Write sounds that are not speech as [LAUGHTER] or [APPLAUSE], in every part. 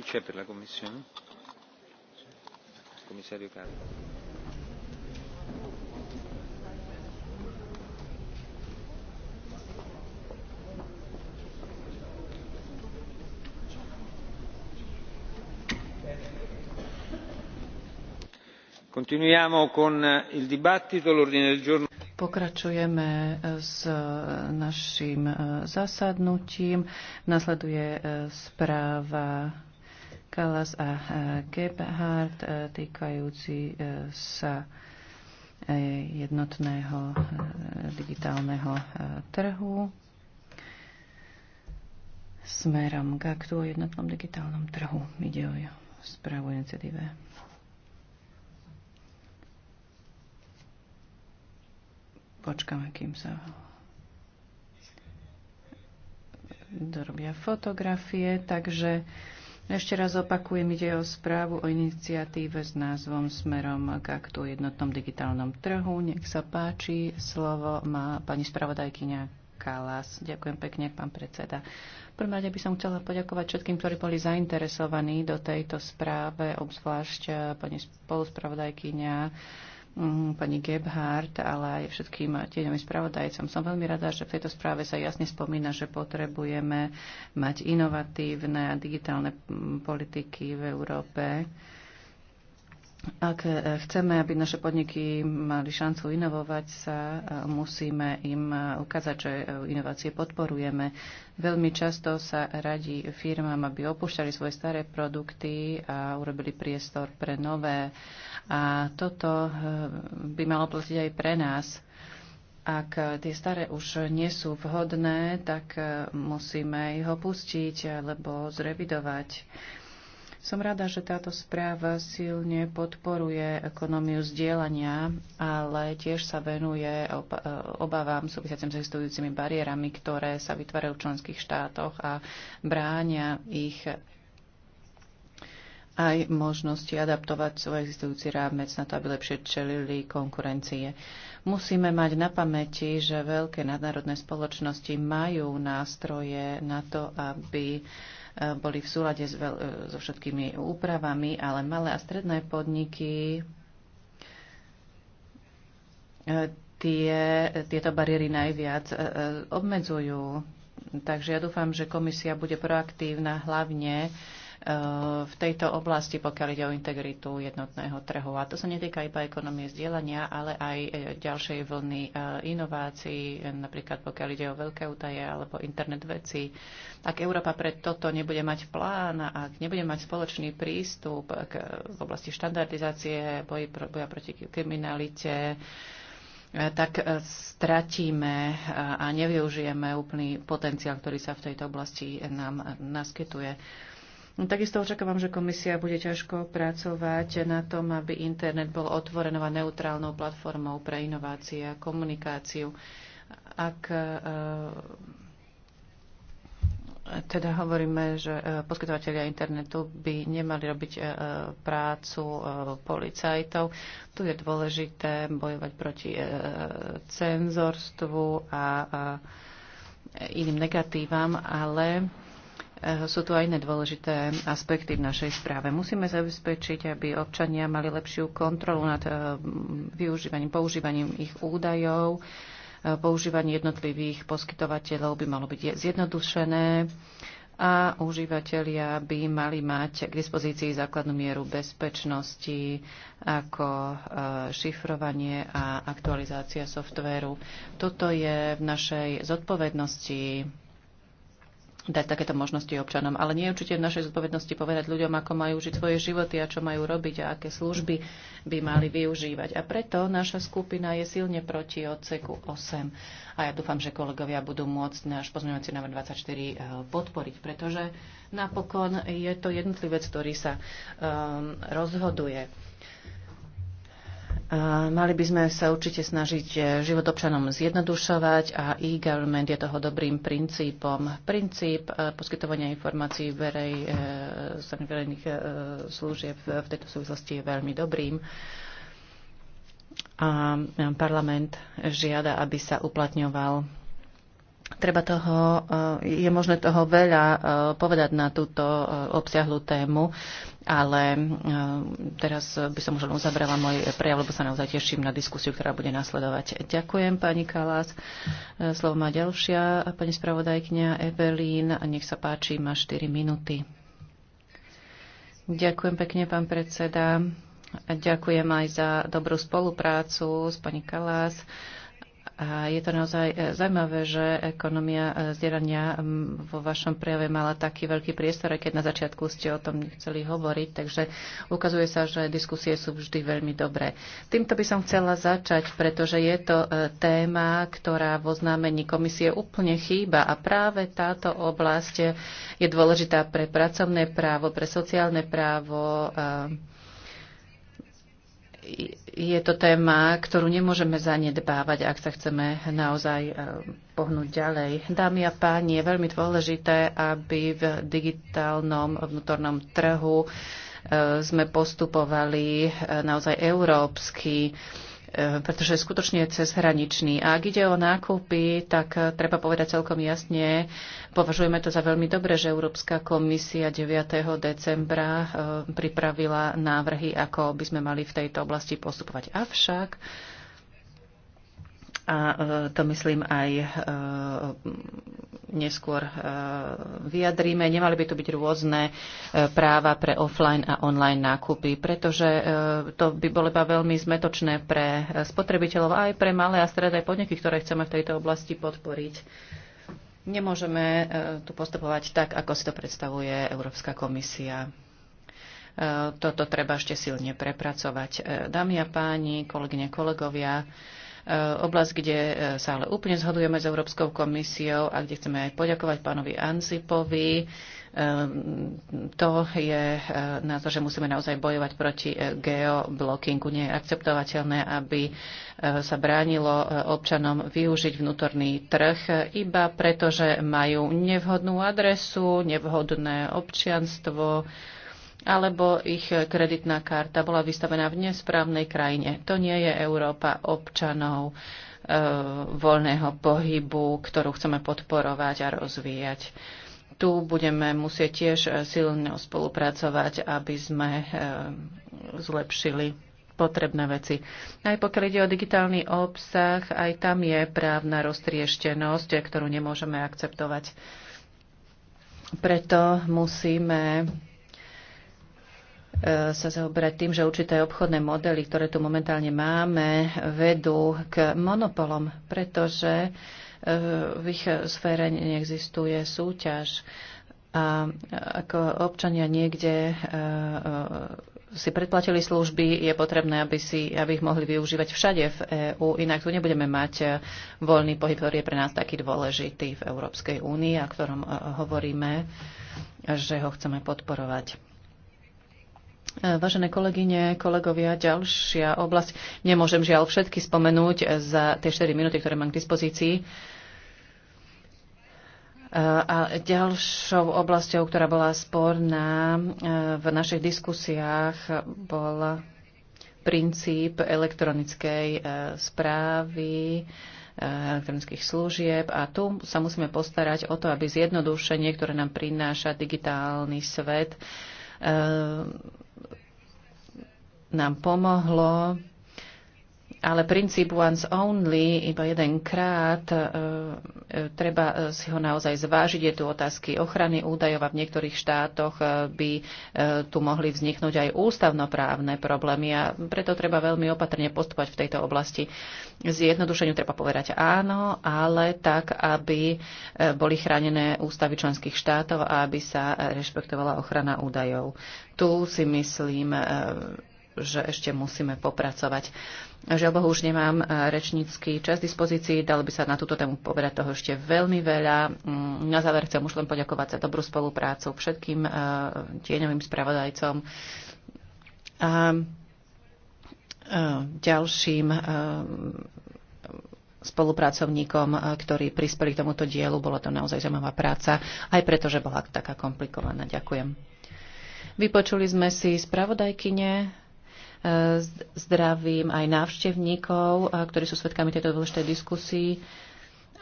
chi c'è per la Continuiamo con il dibattito, l'ordine del giorno Pokračujeme eh, s eh, naším eh, zasadnutím. Nasleduje správa Kalas a Gebhardt e, týkajúci e, sa e, jednotného digitálneho trhu smerom k aktu o jednotnom digitálnom trhu. Ide o správu iniciatíve. Počkáme, kým sa dorobia fotografie, takže ešte raz opakujem, ide o správu o iniciatíve s názvom Smerom k aktu jednotnom digitálnom trhu. Nech sa páči, slovo má pani spravodajkyňa Kalas. Ďakujem pekne, pán predseda. prvom rade by som chcela poďakovať všetkým, ktorí boli zainteresovaní do tejto správe, obzvlášť pani spoluspravodajkyňa Mhm, pani Gebhardt, ale aj všetkým tieňovým spravodajcom. Som veľmi rada, že v tejto správe sa jasne spomína, že potrebujeme mať inovatívne a digitálne politiky v Európe ak eh, chceme, aby naše podniky mali šancu inovovať sa, eh, musíme im eh, ukázať, že inovácie podporujeme. Veľmi často sa radí firmám, aby opúšťali svoje staré produkty a urobili priestor pre nové. A toto by malo platiť aj pre nás. Ak tie staré už nie sú vhodné, tak musíme ich opustiť alebo zrevidovať som rada, že táto správa silne podporuje ekonómiu zdieľania, ale tiež sa venuje e, obavám súvisiacim s existujúcimi bariérami, ktoré sa vytvárajú v členských štátoch a bránia ich aj možnosti adaptovať svoj existujúci rámec na to, aby lepšie čelili konkurencie. Musíme mať na pamäti, že veľké nadnárodné spoločnosti majú nástroje na to, aby uh, E, boli v súlade e, so všetkými úpravami, ale malé a stredné podniky e, tie, tieto bariéry najviac obmedzujú. Takže ja dúfam, že komisia bude proaktívna hlavne E, v tejto oblasti, pokiaľ ide o integritu jednotného trhu. A to sa netýka iba ekonomie zdieľania, ale aj e, ďalšej vlny e, inovácií, napríklad pokiaľ ide o veľké údaje alebo internet veci. Ak Európa pre toto nebude mať plán, ak nebude mať spoločný prístup k, v oblasti štandardizácie, boji, boja proti kriminalite, tak stratíme a nevyužijeme úplný potenciál, ktorý sa v tejto oblasti nám naskytuje. No, takisto očakávam, že komisia bude ťažko pracovať na tom, aby internet bol otvorenou a neutrálnou platformou pre inovácie a komunikáciu. Ak e, teda hovoríme, že e, poskytovateľia internetu by nemali robiť e, prácu policajtov. Tu je dôležité bojovať proti cenzorstvu a iným negatívam, ale sú tu aj iné dôležité aspekty v našej správe. Musíme zabezpečiť, aby občania mali lepšiu kontrolu nad eh, využívaním, používaním ich údajov. Eh, používanie jednotlivých poskytovateľov by malo byť zjednodušené a užívateľia by mali mať k dispozícii základnú mieru bezpečnosti ako eh, šifrovanie a aktualizácia softvéru. Toto je v našej zodpovednosti dať takéto možnosti občanom. Ale nie je určite v našej zodpovednosti povedať ľuďom, ako majú žiť svoje životy a čo majú robiť a aké služby by mali využívať. A preto naša skupina je silne proti odseku 8. A ja dúfam, že kolegovia budú môcť náš pozmeňovací návrh 24 eh, podporiť, pretože napokon je to jednotlivec, ktorý sa um, rozhoduje. Mali by sme sa určite snažiť e, život občanom zjednodušovať a e-government je toho dobrým princípom. Princíp e, poskytovania informácií verej, e, verejných služieb v tejto súvislosti je veľmi dobrým. A parlament žiada, aby sa uplatňoval. Treba toho, je možné toho veľa povedať na túto obsiahlu tému, ale eh, teraz by som už len uzavrela môj prejav, lebo sa naozaj teším na diskusiu, ktorá bude nasledovať. Ďakujem, pani Kalás. Eh, slovo má ďalšia eh, pani spravodajkňa Evelín. Nech sa páči, má 4 minúty. Ďakujem pekne, pán predseda. Ďakujem aj za dobrú spoluprácu s pani Kalás a je to naozaj e, zaujímavé, že ekonomia e, zdierania vo vašom prejave mala taký veľký priestor, keď na začiatku ste o tom nechceli hovoriť, takže ukazuje sa, že diskusie sú vždy veľmi dobré. Týmto by som chcela začať, pretože je to e, téma, ktorá vo známení komisie úplne chýba a práve táto oblasť je dôležitá pre pracovné právo, pre sociálne právo, je to téma, ktorú nemôžeme zanedbávať, ak sa chceme naozaj e, pohnúť ďalej. Dámy a páni, je veľmi dôležité, aby v digitálnom vnútornom trhu e, sme postupovali e, naozaj európsky E, pretože je skutočne cezhraničný. A ak ide o nákupy, tak e, treba povedať celkom jasne, považujeme to za veľmi dobre, že Európska komisia 9. decembra e, pripravila návrhy, ako by sme mali v tejto oblasti postupovať. Avšak a e, to myslím aj e, neskôr e, vyjadríme. Nemali by tu byť rôzne práva pre offline a online nákupy, pretože to by bolo iba veľmi zmetočné pre spotrebiteľov aj pre malé a stredné podniky, ktoré chceme v tejto oblasti podporiť. Nemôžeme tu postupovať tak, ako si to predstavuje Európska komisia. Toto treba ešte silne prepracovať. Dámy a páni, kolegyne, kolegovia, Eh, oblasť, kde eh, sa ale úplne zhodujeme s Európskou komisiou a kde chceme aj poďakovať pánovi Ansipovi. Ehm, to je eh, na to, že musíme naozaj bojovať proti geoblockingu. Nie je akceptovateľné, aby sa bránilo občanom využiť vnútorný trh iba preto, že majú nevhodnú adresu, nevhodné občianstvo, alebo ich kreditná karta bola vystavená v nesprávnej krajine. To nie je Európa občanov e, voľného pohybu, ktorú chceme podporovať a rozvíjať. Tu budeme musieť tiež e, silno spolupracovať, aby sme e, zlepšili potrebné veci. Aj pokiaľ ide o digitálny obsah, aj tam je právna roztrieštenosť, ktorú nemôžeme akceptovať. Preto musíme sa zaoberať tým, že určité obchodné modely, ktoré tu momentálne máme, vedú k monopolom, pretože e, v ich sfére neexistuje súťaž. A ako občania niekde e, e, si predplatili služby, je potrebné, aby, si, aby ich mohli využívať všade v EÚ, inak tu nebudeme mať voľný pohyb, ktorý je pre nás taký dôležitý v Európskej únii, o ktorom hovoríme, že ho chceme podporovať. Vážené kolegyne, kolegovia, ďalšia oblasť. Nemôžem žiaľ všetky spomenúť za tie 4 minúty, ktoré mám k dispozícii. A ďalšou oblasťou, ktorá bola sporná eh, v našich diskusiách, bol princíp elektronickej eh, správy eh, elektronických služieb a tu sa musíme postarať o to, aby zjednodušenie, ktoré nám prináša digitálny svet, Ehm, nám pomohlo ale princíp once only, iba jedenkrát, e, e, treba e, si ho naozaj zvážiť. Je tu otázky ochrany údajov a v niektorých štátoch by tu mohli vzniknúť aj ústavnoprávne problémy a preto treba veľmi opatrne postupovať v tejto oblasti. Zjednodušeniu treba povedať áno, ale tak, aby boli chránené ústavy členských štátov a aby sa rešpektovala ochrana údajov. Tu si myslím, že ešte musíme popracovať. Žiaľ Bohu, už nemám e, rečnícky čas dispozícii, dalo by sa na túto tému povedať toho ešte veľmi veľa. Mm, na záver chcem už len poďakovať za dobrú spoluprácu všetkým e, tieňovým spravodajcom a e, ďalším spolupracovníkom, ktorí prispeli k tomuto dielu. Bola to naozaj zaujímavá práca, aj preto, že bola taká komplikovaná. Ďakujem. Vypočuli sme si spravodajkyne Eh, zdravím aj návštevníkov, eh, ktorí sú svetkami tejto dôležitej diskusii.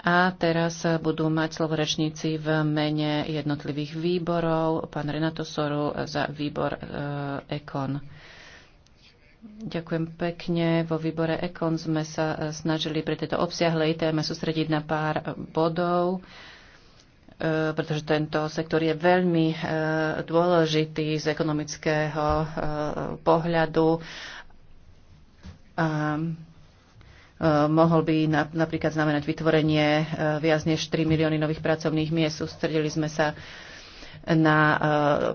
A teraz eh, budú mať slovo rečníci v mene jednotlivých výborov. Pán Renato Soru za výbor EKON. Ďakujem pekne. Vo výbore EKON sme sa snažili pri tejto obsiahlej téme sústrediť na pár bodov. E, pretože tento sektor je veľmi e, dôležitý z ekonomického e, pohľadu. A mohol by napríklad znamenať vytvorenie viac než 3 milióny nových pracovných miest. Sústredili sme sa na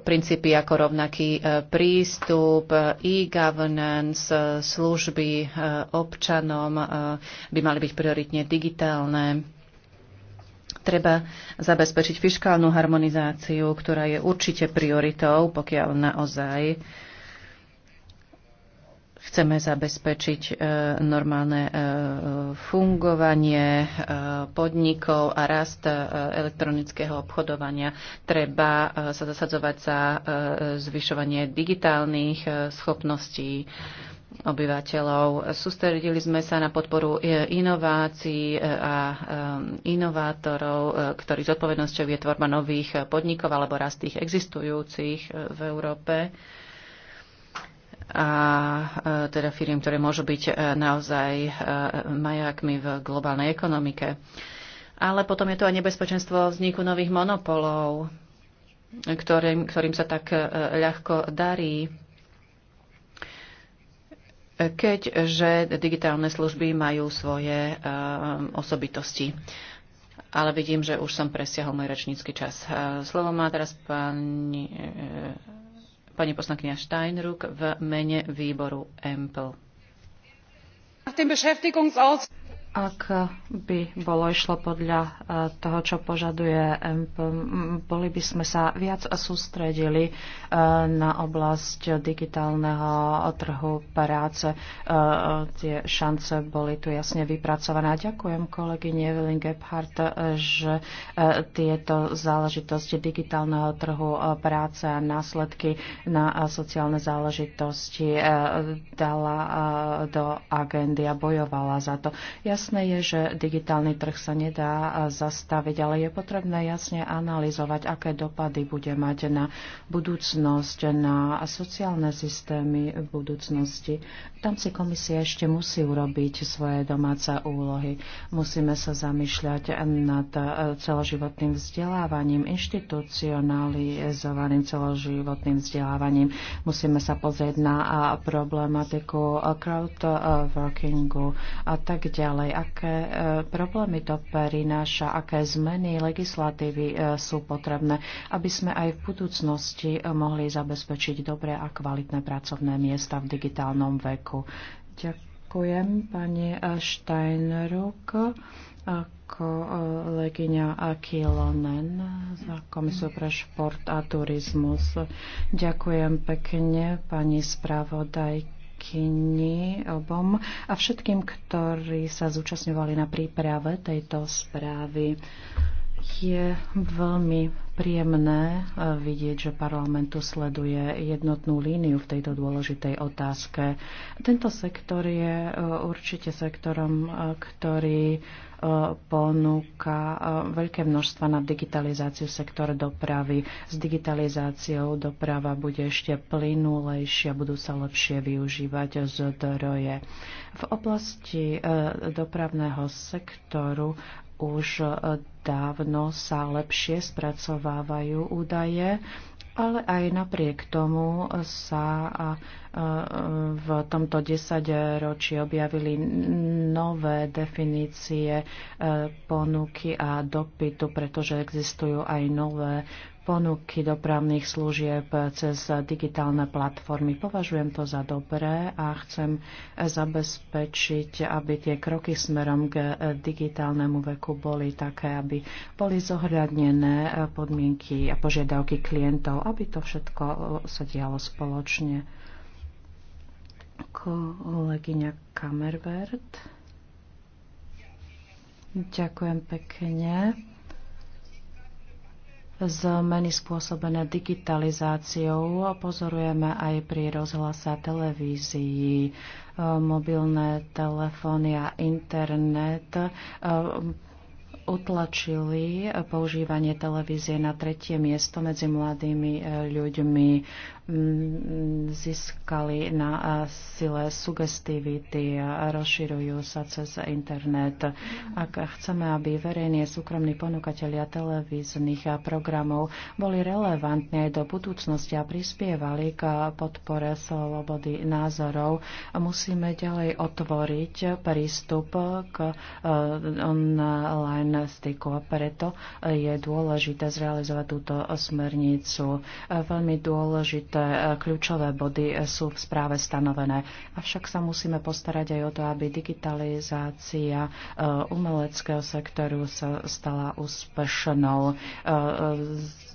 princípy ako rovnaký prístup, e-governance, služby občanom by mali byť prioritne digitálne Treba zabezpečiť fiskálnu harmonizáciu, ktorá je určite prioritou, pokiaľ naozaj chceme zabezpečiť e, normálne e, fungovanie e, podnikov a rast elektronického obchodovania. Treba sa zasadzovať za zvyšovanie digitálnych schopností obyvateľov. Sústredili sme sa na podporu e, inovácií e, a e, inovátorov, ktorých zodpovednosťou je tvorba nových podnikov alebo rast tých existujúcich v Európe a teda firiem, ktoré môžu byť naozaj majákmi v globálnej ekonomike. Ale potom je tu aj nebezpečenstvo vzniku nových monopolov, ktorým, ktorým sa tak ľahko darí keďže digitálne služby majú svoje eh, osobitosti. Ale vidím, že už som presiahol môj rečnícky čas. Eh, slovo má teraz pani, eh, pani poslankyňa Steinruck v mene výboru EMPL. Ak by bolo išlo podľa e, toho, čo požaduje MP, boli by sme sa viac sústredili e, na oblasť digitálneho trhu práce. E, tie šance boli tu jasne vypracované. A ďakujem kolegyne Evelyn Gebhardt, že tieto záležitosti digitálneho trhu práce a následky na sociálne záležitosti dala do agendy a bojovala za to. Ja Jasné je, že digitálny trh sa nedá zastaviť, ale je potrebné jasne analyzovať, aké dopady bude mať na budúcnosť, na sociálne systémy v budúcnosti. Tam si komisia ešte musí urobiť svoje domáce úlohy. Musíme sa zamýšľať nad e, celoživotným vzdelávaním, inštitucionalizovaným celoživotným vzdelávaním. Musíme sa pozrieť na problematiku crowdworkingu a tak ďalej aké e, problémy to prináša, aké zmeny legislatívy e, sú potrebné, aby sme aj v budúcnosti e, mohli zabezpečiť dobré a kvalitné pracovné miesta v digitálnom veku. Ďakujem pani Steinruck ako legyňa Akilonen za Komisiu pre šport a turizmus. Ďakujem pekne pani spravodajka spravodajkyni obom a všetkým, ktorí sa zúčastňovali na príprave tejto správy. Je veľmi príjemné eh, vidieť, že parlamentu sleduje jednotnú líniu v tejto dôležitej otázke. Tento sektor je eh, určite sektorom, eh, ktorý ponúka veľké množstva na digitalizáciu sektor dopravy. S digitalizáciou doprava bude ešte plynulejšia, budú sa lepšie využívať zdroje. V oblasti dopravného sektoru už e, dávno sa lepšie spracovávajú údaje, ale aj napriek tomu sa e, v tomto desaťročí objavili nové definície e, ponuky a dopytu, pretože existujú aj nové ponuky dopravných služieb cez digitálne platformy. Považujem to za dobré a chcem zabezpečiť, aby tie kroky smerom k digitálnemu veku boli také, aby boli zohľadnené podmienky a požiadavky klientov, aby to všetko sa dialo spoločne. Kolegyňa Kamerbert. Ďakujem pekne. Zmeny spôsobené digitalizáciou pozorujeme aj pri rozhlase televízii, e, mobilné telefóny a internet e, utlačili používanie televízie na tretie miesto medzi mladými e, ľuďmi. Mm, získali na sile sugestivity a rozširujú sa cez internet. Ak chceme, aby verejní súkromní ponúkatelia televíznych programov boli relevantní aj do budúcnosti a prispievali k podpore slobody názorov, musíme ďalej otvoriť prístup k e, online styku. A preto je dôležité zrealizovať túto smernicu. Veľmi dôležité dôležité e, kľúčové body e, sú v správe stanovené. Avšak sa musíme postarať aj o to, aby digitalizácia e, umeleckého sektoru sa stala úspešnou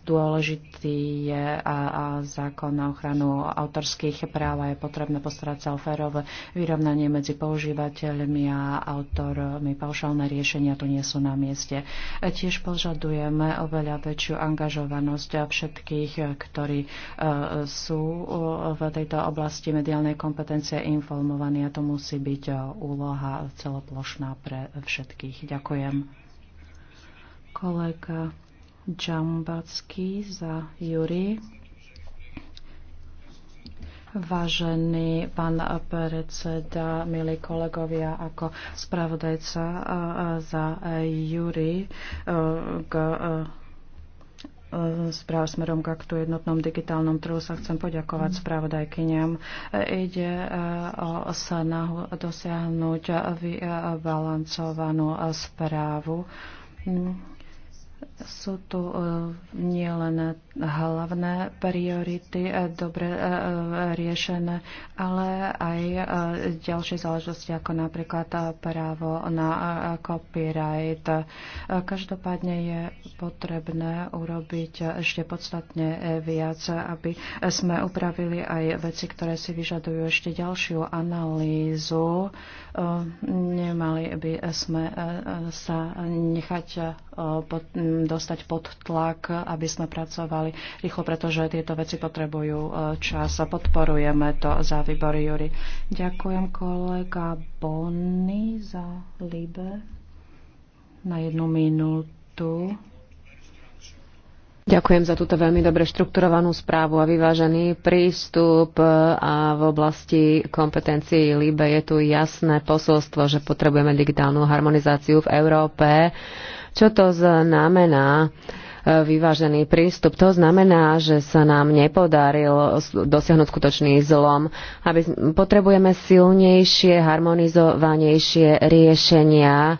Dôležitý je a zákon na ochranu autorských práv a je potrebné postarať sa o férové vyrovnanie medzi používateľmi a autormi. Paušálne riešenia tu nie sú na mieste. Tiež požadujeme oveľa väčšiu angažovanosť všetkých, ktorí e, sú v tejto oblasti mediálnej kompetencie informovaní a to musí byť úloha celoplošná pre všetkých. Ďakujem. Kolega Džambacký za Juri. Vážený pán predseda, milí kolegovia, ako spravodajca e, e, za Juri e, k správ smerom k aktu jednotnom digitálnom trhu sa chcem poďakovať mm. spravodajkyniam. Ide o snahu dosiahnuť vybalancovanú správu mm. Sú tu e, nielen hlavné priority e, dobre e, riešené, ale aj ďalšie záležitosti ako napríklad právo na copyright. Každopádne je potrebné urobiť ešte podstatne viac, aby sme upravili aj veci, ktoré si vyžadujú ešte ďalšiu analýzu. Nemali by sme sa nechať Eh, dostať pod tlak, aby sme pracovali rýchlo, pretože tieto veci potrebujú eh, čas. Podporujeme to za výbory Jury. Ďakujem kolega Bonny za Libe na jednu minútu. Ďakujem za túto veľmi dobre štrukturovanú správu a vyvážený prístup e, a v oblasti kompetencií LIBE je tu jasné posolstvo, že potrebujeme digitálnu harmonizáciu v Európe. Čo to znamená? vyvážený prístup. To znamená, že sa nám nepodarilo dosiahnuť skutočný zlom. Aby potrebujeme silnejšie, harmonizovanejšie riešenia,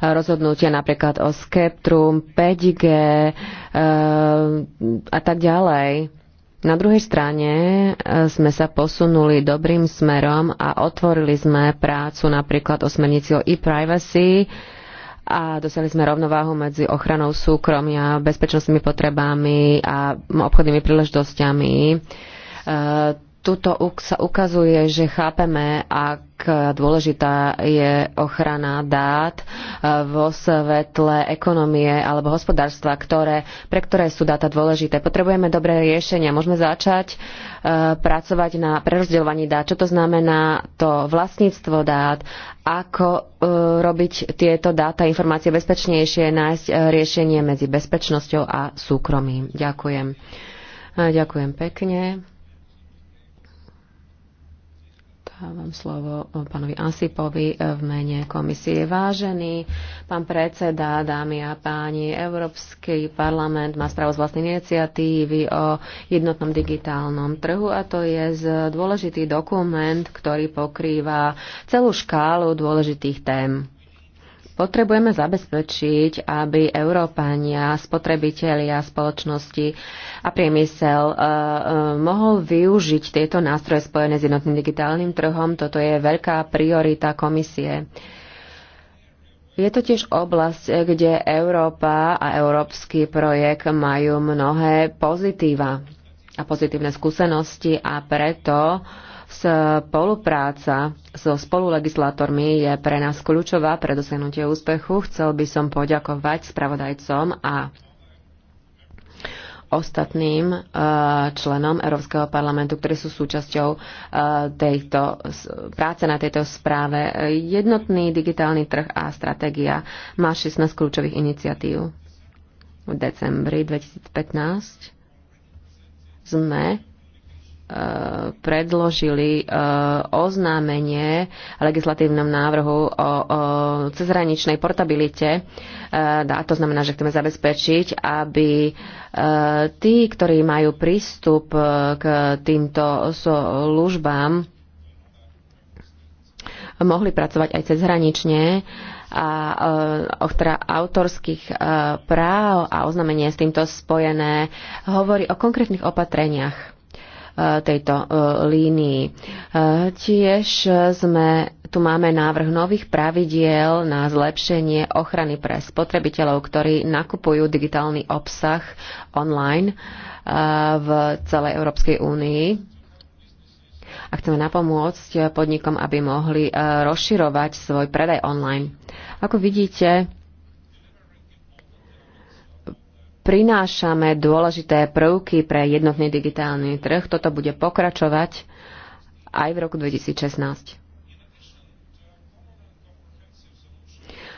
rozhodnutia napríklad o Skeptrum, 5G e, a tak ďalej. Na druhej strane e, sme sa posunuli dobrým smerom a otvorili sme prácu napríklad o smernici o e-privacy, a dosiahli sme rovnováhu medzi ochranou súkromia, bezpečnostnými potrebami a obchodnými príležitosťami e, Tuto sa ukazuje, že chápeme, ak dôležitá je ochrana dát e, vo svetle ekonomie alebo hospodárstva, ktoré, pre ktoré sú dáta dôležité. Potrebujeme dobré riešenia. Môžeme začať e, pracovať na prerozdeľovaní dát. Čo to znamená to vlastníctvo dát? Ako e, robiť tieto dáta informácie bezpečnejšie? Nájsť riešenie medzi bezpečnosťou a súkromím. Ďakujem. Ďakujem pekne. Dávam slovo eh, pánovi Asipovi eh, v mene komisie. Vážený pán predseda, dámy a páni, Európsky parlament má správu z vlastnej iniciatívy o jednotnom digitálnom trhu a to je dôležitý dokument, ktorý pokrýva celú škálu dôležitých tém. Potrebujeme zabezpečiť, aby Európania, spotrebitelia, spoločnosti a priemysel eh, eh, mohol využiť tieto nástroje spojené s jednotným digitálnym trhom. Toto je veľká priorita komisie. Je to tiež oblasť, kde Európa a európsky projekt majú mnohé pozitíva a pozitívne skúsenosti a preto uh, Spolupráca so spolulegislátormi je pre nás kľúčová pre dosiahnutie úspechu. Chcel by som poďakovať spravodajcom a ostatným eh, členom Európskeho parlamentu, ktorí sú súčasťou eh, tejto, práce na tejto správe. Jednotný digitálny trh a stratégia má 16 kľúčových iniciatív. V decembri 2015 sme predložili e, oznámenie legislatívnom návrhu o, cezhraničnej portabilite. A e, to znamená, že chceme zabezpečiť, aby e, tí, ktorí majú prístup k týmto službám, mohli pracovať aj cezhranične a o teda autorských práv a oznámenie s týmto spojené hovorí o konkrétnych opatreniach tejto e, línii. E, tiež sme tu máme návrh nových pravidiel na zlepšenie ochrany pre spotrebiteľov, ktorí nakupujú digitálny obsah online e, v celej Európskej únii a chceme napomôcť podnikom, aby mohli rozširovať svoj predaj online. Ako vidíte, prinášame dôležité prvky pre jednotný digitálny trh. Toto bude pokračovať aj v roku 2016.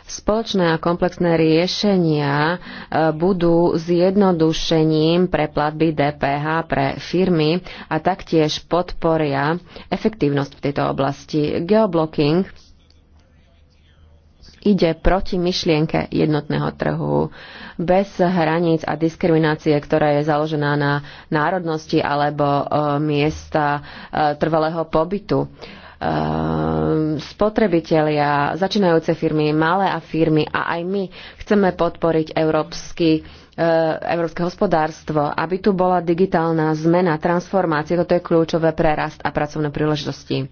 Spoločné a komplexné riešenia e, budú zjednodušením pre platby DPH pre firmy a taktiež podporia efektívnosť v tejto oblasti. Geoblocking ide proti myšlienke jednotného trhu bez hraníc a diskriminácie, ktorá je založená na národnosti alebo e, miesta e, trvalého pobytu e, spotrebitelia, začínajúce firmy, malé a firmy a aj my chceme podporiť európsky európske hospodárstvo, aby tu bola digitálna zmena, transformácia, toto je kľúčové pre rast a pracovné príležitosti.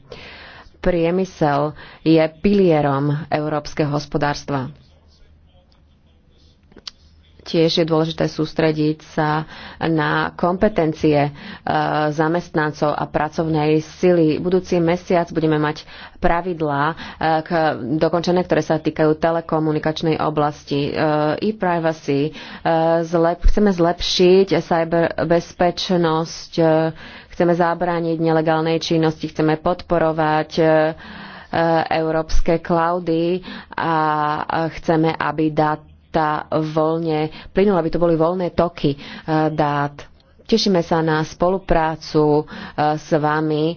Priemysel je pilierom európskeho hospodárstva. Tiež je dôležité sústrediť sa na kompetencie e, zamestnancov a pracovnej sily. Budúci mesiac budeme mať pravidlá e, dokončené, ktoré sa týkajú telekomunikačnej oblasti, e, e-privacy. Zlep, chceme zlepšiť cyberbezpečnosť, chceme zabrániť nelegálnej činnosti, chceme podporovať európske klaudy a chceme, aby dát, data voľne plynula, aby to boli voľné toky eh, dát. Tešíme sa na spoluprácu eh, s vami eh,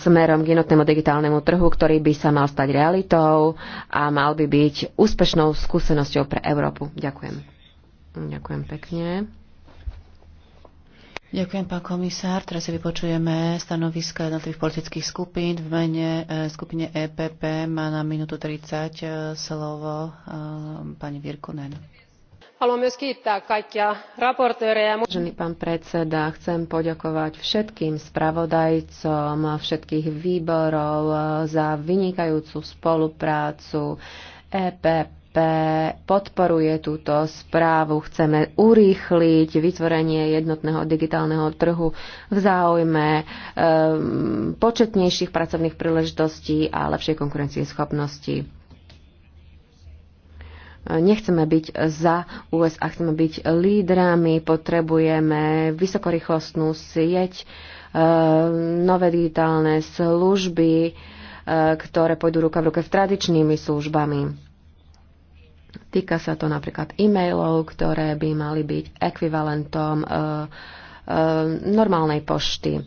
smerom k jednotnému digitálnemu trhu, ktorý by sa mal stať realitou a mal by byť úspešnou skúsenosťou pre Európu. Ďakujem. Ďakujem pekne. Ďakujem, pán komisár. Teraz si vypočujeme stanoviska jednotlivých politických skupín. V mene eh, skupine EPP má na minútu 30 eh, slovo eh, pani Virkunen. Vážený pán predseda, chcem poďakovať všetkým spravodajcom všetkých výborov za vynikajúcu spoluprácu EPP podporuje túto správu. Chceme urýchliť vytvorenie jednotného digitálneho trhu v záujme um, početnejších pracovných príležitostí a lepšej konkurencieschopnosti. Nechceme byť za USA, chceme byť lídrami, potrebujeme vysokorýchlostnú sieť, ehm, nové digitálne služby, ehm, ktoré pôjdu ruka v ruke s tradičnými službami Týka sa to napríklad e-mailov, ktoré by mali byť ekvivalentom e, e normálnej pošty.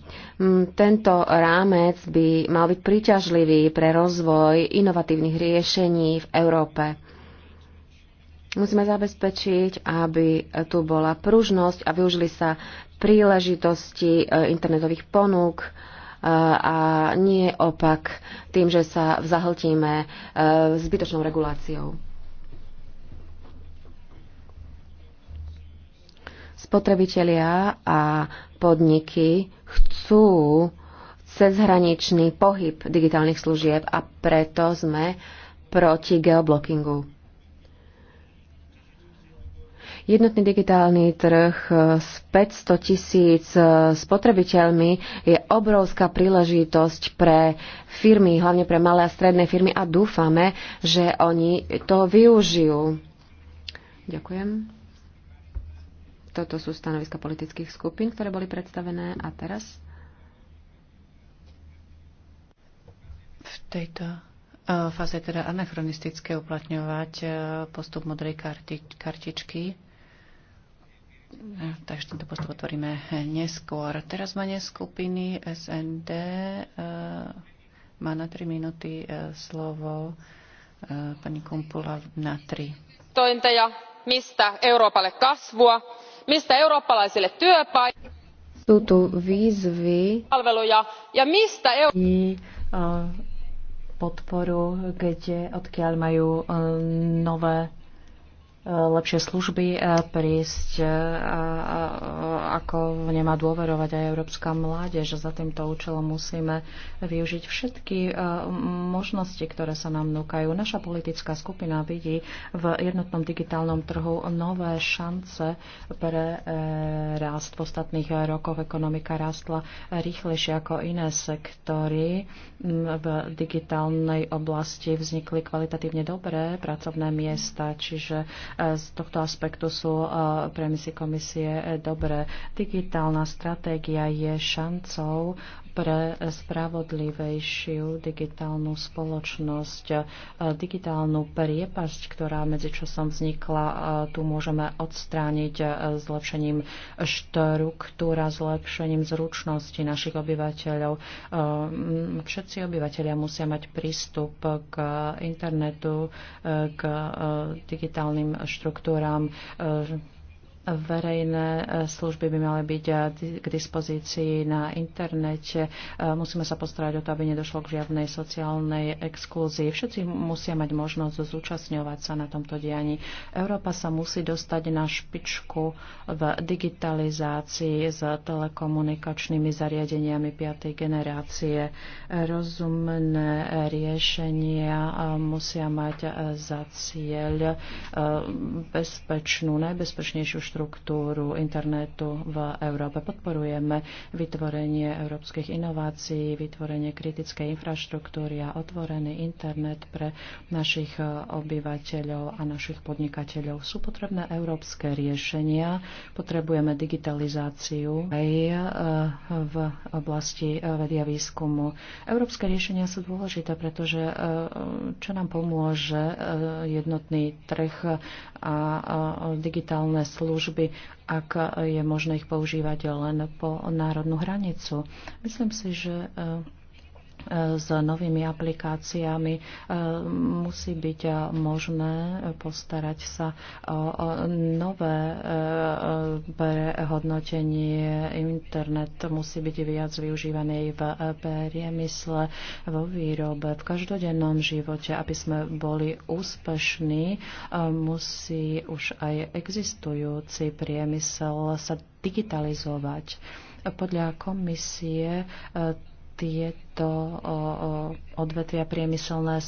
Tento rámec by mal byť príťažlivý pre rozvoj inovatívnych riešení v Európe. Musíme zabezpečiť, aby tu bola pružnosť a využili sa príležitosti e, internetových ponúk e, a nie opak tým, že sa zahltíme zbytočnou reguláciou. Spotrebitelia a podniky chcú cezhraničný pohyb digitálnych služieb a preto sme proti geoblockingu. Jednotný digitálny trh s 500 tisíc spotrebiteľmi je obrovská príležitosť pre firmy, hlavne pre malé a stredné firmy a dúfame, že oni to využijú. Ďakujem. Toto sú stanoviska politických skupín, ktoré boli predstavené a teraz v tejto e, fáze teda anachronistické uplatňovať e, postup modrej karti- kartičky. E, takže tento postup otvoríme neskôr. Teraz mene skupiny SND má na 3 minúty slovo pani Kumpula na 3. Tointeja, mistä Euroopalle kasvua, mistä eurooppalaisille työpaikkoja palveluja ja mistä eu... podporu, kde, odkiaľ majú nové lepšie služby e, prísť, e, ako v nemá dôverovať aj európska mládež. Za týmto účelom musíme využiť všetky e, možnosti, ktoré sa nám núkajú. Naša politická skupina vidí v jednotnom digitálnom trhu nové šance pre rast. V ostatných rokoch ekonomika rástla rýchlejšie ako iné sektory. V digitálnej oblasti vznikli kvalitatívne dobré pracovné miesta, čiže E, z tohto aspektu sú e, premisy komisie e, dobré. Digitálna stratégia je šancou pre spravodlivejšiu digitálnu spoločnosť. Digitálnu priepasť, ktorá medzi časom vznikla, tu môžeme odstrániť zlepšením štruktúra, zlepšením zručnosti našich obyvateľov. Všetci obyvateľia musia mať prístup k internetu, k digitálnym štruktúram Verejné eh, služby by mali byť eh, k dispozícii na internete. Eh, musíme sa postarať o to, aby nedošlo k žiadnej sociálnej exkluzii. Všetci musia mať možnosť zúčastňovať sa na tomto dianí. Európa sa musí dostať na špičku v digitalizácii s telekomunikačnými zariadeniami 5. generácie. Rozumné riešenia musia mať za cieľ bezpečnú, najbezpečnejšiu štruktúru infraštruktúru internetu v Európe. Podporujeme vytvorenie európskych inovácií, vytvorenie kritickej infraštruktúry a otvorený internet pre našich e, obyvateľov a našich podnikateľov. Sú potrebné európske riešenia, potrebujeme digitalizáciu aj e, v oblasti e, vedia výskumu. Európske riešenia sú dôležité, pretože čo nám pomôže jednotný trh a digitálne služby, služby, ak je možné ich používať len po národnú hranicu. Myslím si, že eh, s novými aplikáciami e, musí byť e, možné postarať sa o nové prehodnotenie. E, Internet musí byť viac využívaný v priemysle, vo výrobe, v každodennom živote. Aby sme boli úspešní, musí už aj existujúci priemysel sa digitalizovať. Podľa komisie tieto odvetvia priemyselné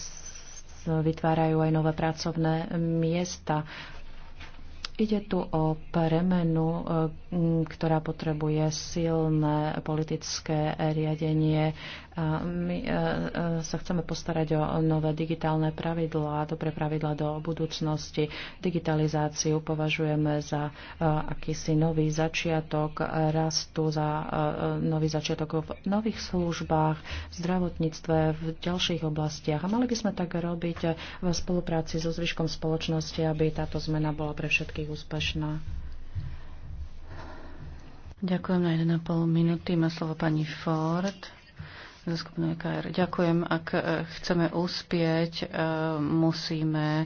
vytvárajú aj nové pracovné miesta. Ide tu o premenu, ktorá potrebuje silné politické riadenie my e, e, sa chceme postarať o nové digitálne pravidlá, dobré pravidlá do budúcnosti. Digitalizáciu považujeme za e, akýsi nový začiatok rastu, za nový začiatok v nových službách, v zdravotníctve, v ďalších oblastiach. A mali by sme tak robiť v spolupráci so zvyškom spoločnosti, aby táto zmena bola pre všetkých úspešná. Ďakujem na 1,5 minúty. Má slovo pani Ford zo skupinu EKR. Ďakujem. Ak e, chceme uspieť, e, musíme e,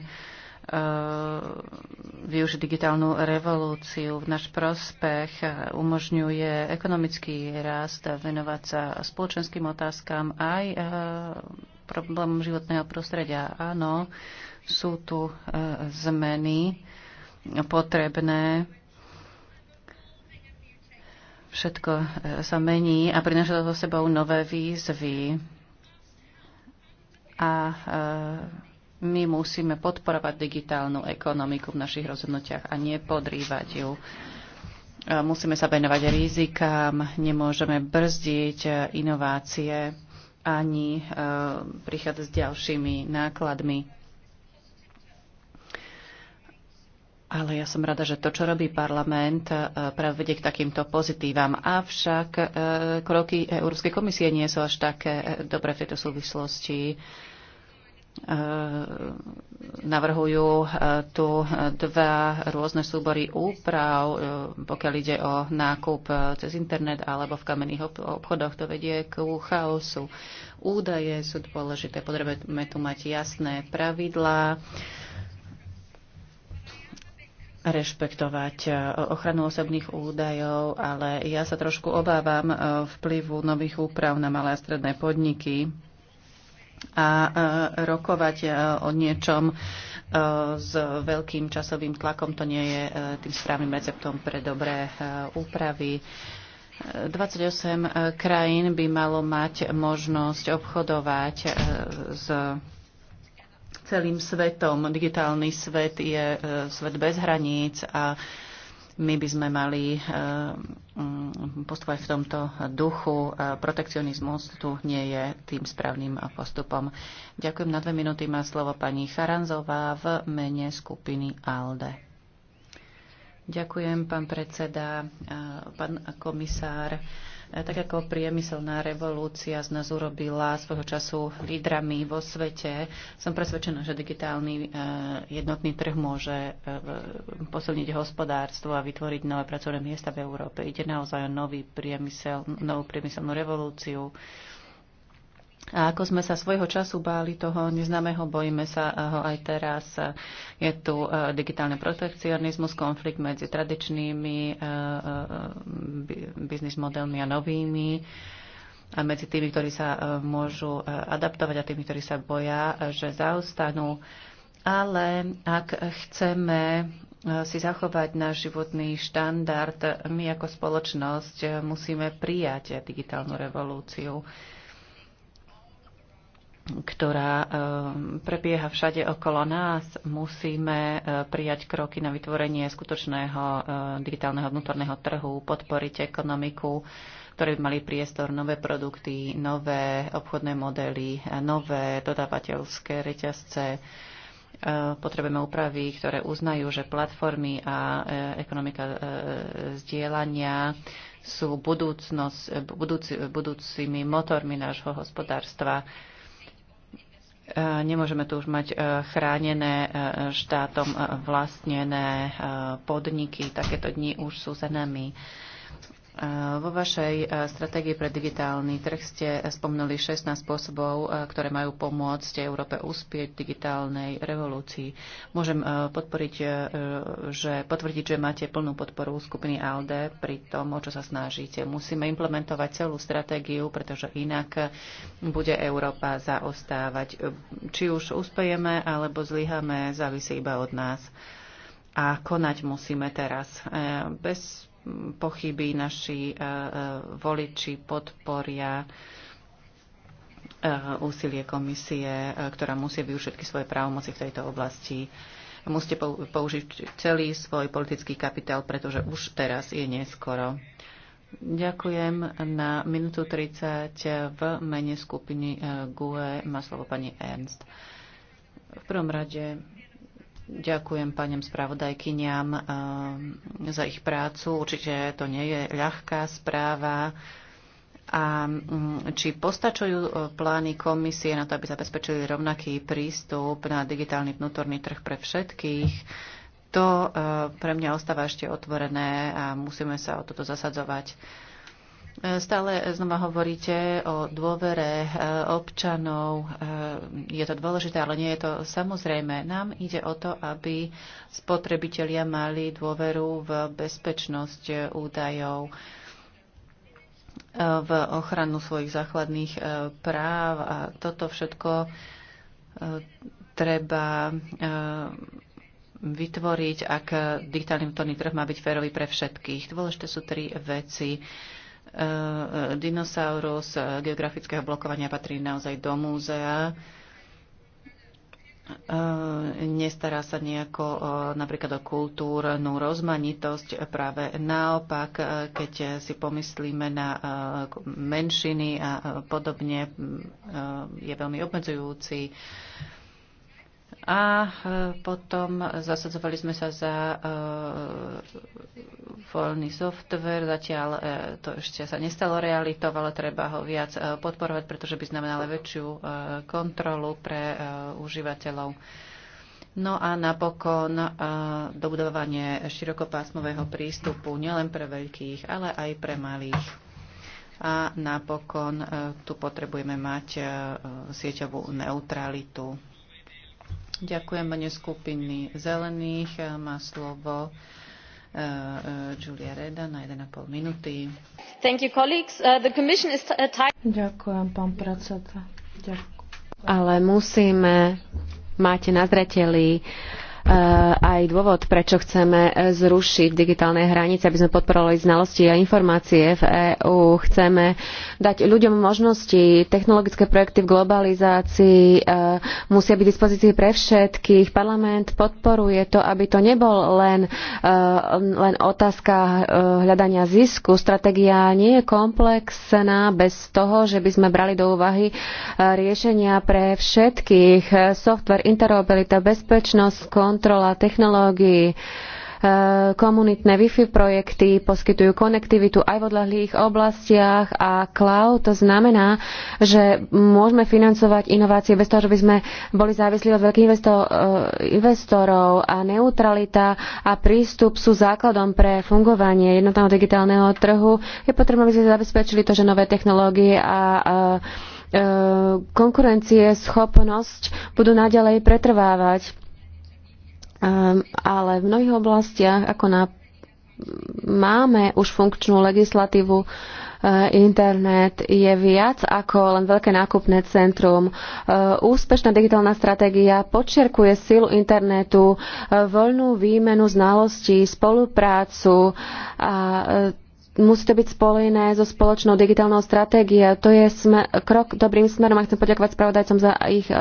využiť digitálnu revolúciu v náš prospech, umožňuje ekonomický rast, venovať sa spoločenským otázkam aj problémom životného prostredia. Áno, sú tu zmeny potrebné Všetko e, sa mení a prináša so sebou nové výzvy. A e, my musíme podporovať digitálnu ekonomiku v našich rozhodnutiach a nepodrývať ju. E, musíme sa venovať rizikám, nemôžeme brzdiť inovácie ani prichádzať s ďalšími nákladmi. Ale ja som rada, že to, čo robí parlament, e, práve vedie k takýmto pozitívam. Avšak e, kroky Európskej komisie nie sú až také e, dobre v tejto súvislosti navrhujú tu dva rôzne súbory úprav, pokiaľ ide o nákup cez internet alebo v kamenných obchodoch. To vedie k chaosu. Údaje sú dôležité, potrebujeme tu mať jasné pravidlá rešpektovať e, ochranu osobných údajov, ale ja sa trošku obávam e, vplyvu nových úprav na malé a stredné podniky a e, rokovať o niečom s veľkým časovým tlakom. To nie je tým správnym receptom pre dobré úpravy. 28 krajín by malo mať možnosť obchodovať s celým svetom. Digitálny svet je e, svet bez hraníc a my by sme mali e, mm, postupovať v tomto duchu. Protekcionizmus tu nie je tým správnym postupom. Ďakujem. Na dve minúty má slovo pani Charanzová v mene skupiny ALDE. Ďakujem, pán predseda, pán komisár. E, tak ako priemyselná revolúcia z nás urobila svojho času lídrami vo svete, som presvedčená, že digitálny e, jednotný trh môže e, posilniť hospodárstvo a vytvoriť nové pracovné miesta v Európe. Ide naozaj o nový priemysel, novú priemyselnú revolúciu, a ako sme sa svojho času báli toho neznámeho, bojíme sa eh, ho aj teraz. Je tu eh, digitálny protekcionizmus, konflikt medzi tradičnými eh, biznis modelmi a novými a medzi tými, ktorí sa môžu adaptovať a tými, ktorí sa boja, že zaostanú. Ale ak chceme si zachovať náš životný štandard, my ako spoločnosť musíme prijať digitálnu revolúciu ktorá e, prebieha všade okolo nás, musíme e, prijať kroky na vytvorenie skutočného e, digitálneho vnútorného trhu, podporiť ekonomiku, ktoré by mali priestor nové produkty, nové obchodné modely, nové dodávateľské reťazce. Potrebujeme úpravy, ktoré uznajú, že platformy a ekonomika zdieľania sú budúcnosť, budúci, budúcimi motormi nášho hospodárstva E, nemôžeme tu už mať e, chránené e, štátom vlastnené podniky. Takéto dni už sú za nami. Vo vašej stratégii pre digitálny trh ste spomnali 16 spôsobov, ktoré majú pomôcť Európe uspieť v digitálnej revolúcii. Môžem podporiť, že, potvrdiť, že máte plnú podporu skupiny ALDE pri tom, o čo sa snažíte. Musíme implementovať celú stratégiu, pretože inak bude Európa zaostávať. Či už uspejeme alebo zlyhame, závisí iba od nás. A konať musíme teraz. E, bez pochyby naši e, e, voliči podporia e, úsilie komisie, ktorá musí využiť všetky svoje právomoci v tejto oblasti. Musíte použiť celý svoj politický kapitál, pretože už teraz je neskoro. Ďakujem. Na minútu 30 v mene skupiny GUE má slovo pani Ernst. V prvom rade Ďakujem pánem spravodajkyniam eh, za ich prácu. Určite to nie je ľahká správa. A mm, či postačujú eh, plány komisie na to, aby zabezpečili rovnaký prístup na digitálny vnútorný trh pre všetkých? To eh, pre mňa ostáva ešte otvorené a musíme sa o toto zasadzovať. E, stále znova hovoríte o dôvere e, občanov. E, je to dôležité, ale nie je to samozrejme. Nám ide o to, aby spotrebitelia mali dôveru v bezpečnosť údajov v ochranu svojich základných práv a toto všetko treba vytvoriť, ak digitálny vnútorný trh má byť férový pre všetkých. Dôležité sú tri veci Eh, dinosaurus eh, geografického blokovania patrí naozaj do múzea. Eh, nestará sa nejako napríklad o kultúrnu rozmanitosť. Práve naopak, keď si pomyslíme na menšiny a podobne, mm, je veľmi obmedzujúci a e, potom zasadzovali sme sa za e, voľný software. Zatiaľ e, to ešte sa nestalo realitou, ale treba ho viac podporovať, pretože by znamenalo väčšiu kontrolu pre užívateľov. No a napokon dobudovanie širokopásmového prístupu nielen pre veľkých, ale aj pre malých a napokon tu potrebujeme mať sieťovú neutralitu. Ďakujem mene skupiny zelených. Má slovo e, e, Julia Reda na 1,5 minúty. Thank you, colleagues. Uh, the commission is uh, Ďakujem, pán predseda. Ďakujem. Ale musíme mať na zreteli uh, Eh, aj dôvod, prečo chceme eh, zrušiť digitálne hranice, aby sme podporovali znalosti a informácie v EÚ. Chceme dať ľuďom možnosti. Technologické projekty v globalizácii eh, musia byť dispozícii pre všetkých. Parlament podporuje to, aby to nebol len, len otázka hľadania zisku. Stratégia nie je komplexná bez toho, že by sme brali do úvahy riešenia pre všetkých. Software, interoperabilita, bezpečnosť, kon- kontrola technológií, e, komunitné Wi-Fi projekty poskytujú konektivitu aj v odlahlých oblastiach a cloud to znamená, že môžeme financovať inovácie bez toho, že by sme boli závislí od veľkých e, investorov a neutralita a prístup sú základom pre fungovanie jednotného digitálneho trhu. Je potrebné, aby sme zabezpečili to, že nové technológie a e, konkurencie, schopnosť budú naďalej pretrvávať Ehm, ale v mnohých oblastiach, ako na máme už funkčnú legislatívu, eh, internet je viac ako len veľké nákupné centrum. Eh, úspešná digitálna stratégia podčerkuje silu internetu, eh, voľnú výmenu znalostí, spoluprácu a musí to byť spojené so spoločnou digitálnou stratégiou. To je sme, krok dobrým smerom a chcem poďakovať spravodajcom za ich e,